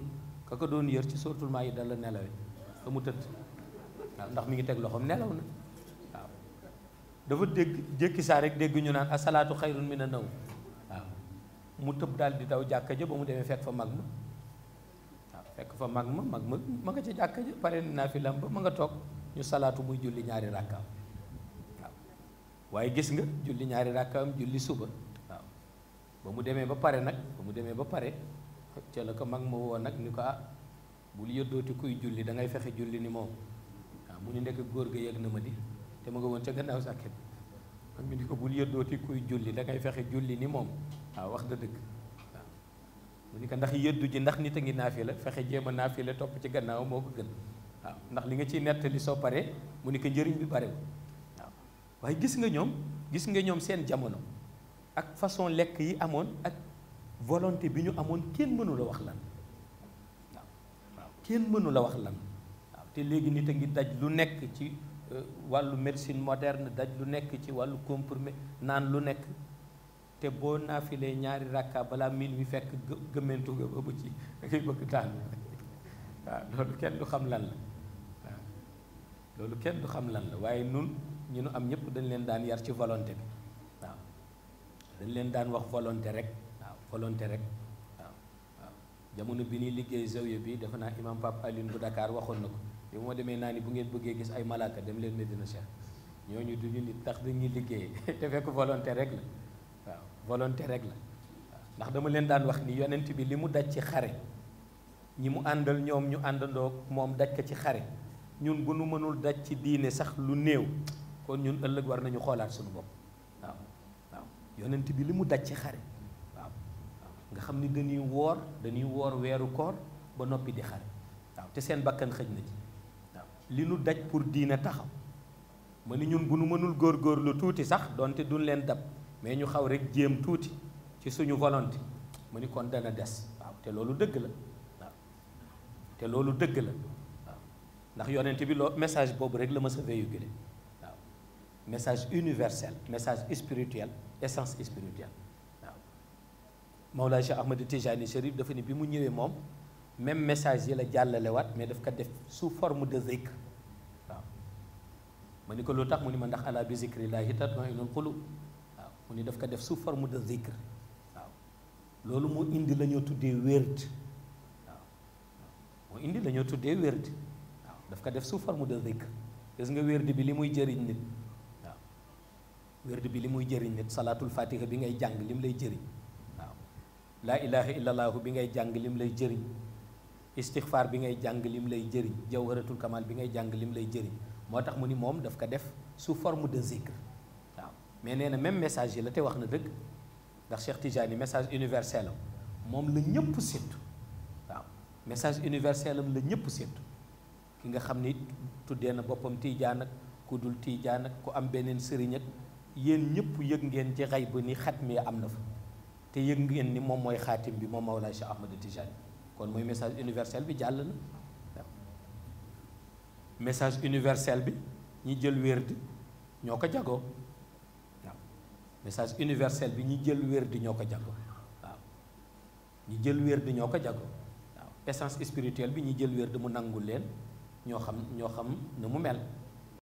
ka ko doon yër ci sóoratul maayida la nelawe fa mu tëdd mi ngi teg loxoom nelaw na saa rek dégg ñu naan asalaatu xayrun mina nawm waaw mu tëb dal di daw jàkka ja ba mu demee fekk fa mag ma waaw fa mag ma mag ma ma nga ca jàkka ja pare naafila ba ma nga toog ñu salaatu muy julli ñaari rakkaam waaye gis nga julli ñaari am julli suba waaw ba mu demee ba pare nag ba mu demee ba pare ca la ko mag ma woo nag ni ko ah bul yëddooti kuy julli da ngay fexe julli ni moom waaw mu nekk góor ga yëg na ma di te ma woon ca gannaaw sàkket man mi ni ko bul yëddooti kuy julli da ngay fexe julli ni moom wax da dëgg waaw mu ni ko ndax yëddu ji ndax nit a ngi naafila fexe jéem a naafila topp ci gannaaw moo ko gën waaw ndax li nga ciy nettali soo paree mu ni ko njëriñ bi bare waaye gis nga ñoom gis nga ñoom seen jamono ak façon lekk yi amoon ak volonté bi ñu amoon kenn mënu wax lan waaw kenn mënula wax lan waaw te léegi nit a ngi daj lu nekk ci euh, wàllu médecine moderne daj lu nekk ci wàllu comprimé naan lu nekk te boo naafilee ñaari rakka balaa min wi fekk gëmmentu nga ci da ngay bëgg taal waaw loolu kenn du xam lan la waaw loolu kenn du xam lan la waaye nun ñu nu am ñëpp dañ leen daan yar ci volonté bi waaw dañ leen daan wax volonté rek waaw volonté rek waaw jamono bi nuy liggéey zawiya bi dafa naa imam Pape Alioune bu dakaar waxoon na ko bi moo demee naa ni bu ngeen bëggee gis ay malaaka dem leen Medina Cheikh ñooñu duñu nit tax dañuy liggéey te fekk volonté rek la waaw volonté rek la ndax dama leen daan wax ni yonent bi li mu daj ci xare ñi mu àndal ñoom ñu àndandoo moom daj ko ci xare ñun bu nu mënul daj ci diine sax lu néew kon ñun ëllëg war nañu xoolaat suñu bopp waaw waaw yonent bi li mu daj ci xare waaw nga xam ni dañuy woor dañuy woor weeru koor ba noppi di xare waaw te seen bakkan xëj na ci waaw li nu daj pour diina taxaw ma ni ñun bu nu mënul lu tuuti sax donte duñ leen dab mais ñu xaw rek jéem tuuti ci suñu volonté ma ni kon dana des waaw te loolu dëgg la waaw te loolu dëgg la waaw ndax yonent bi loo message boobu rek la ma sa véhiculé message universel message spirituel essence spirituelle waaw Mawlaana Cheikh Ahmad Tijani Chérif dafa ni bi mu ñëwee moom même message yi la jàllalewaat mais daf ko def sous forme de zikr waaw ma ni ko lu tax mu ni ma ndax ala bi zikrillaahi tatma'innul quluub waaw mu ni daf ko def sous forme de zikr waaw loolu moo indi lañoo ñoo tuddee wérd waaw moo indi la tuddee wérd waaw daf ko def sous forme de zikr gis nga wérd bi li muy jëriñ nit wérd bi li muy jëriñ nit salaatul fatiha bi ngay jàng lim lay jëriñ waaw laa ilaha illallahu bi ngay jàng lim lay jëriñ istixfaar bi ngay jàng lim lay jëriñ jawharatul kamal bi ngay jàng lim lay jëriñ moo tax mu ni moom daf ko def su forme de zikr waaw mais nee na même message yi la te wax na dëgg ndax Cheikh Tidiane message universel am moom la ñëpp séntu waaw message universel am la ñëpp séntu ki nga xam ni tuddee na boppam Tidiane ak ku dul Tidiane ku am beneen sëriñ yéen ñëpp yëg ngeen ci xay ba ni xat mi am na fa te yëg ngeen ni moom mooy xaatim bi moom Mawlaay Cheikh Ahmad Tijani kon mooy message universel bi jàll na message universel bi ñi jël wérdi ñoo ko jagoo waaw message universel bi ñi jël wérdi ñoo ko jagoo waaw ñi jël wérdi ñoo ko jagoo waaw essence spirituelle bi ñi jël wérdi mu nangu leen ñoo xam ñoo xam ne mu mel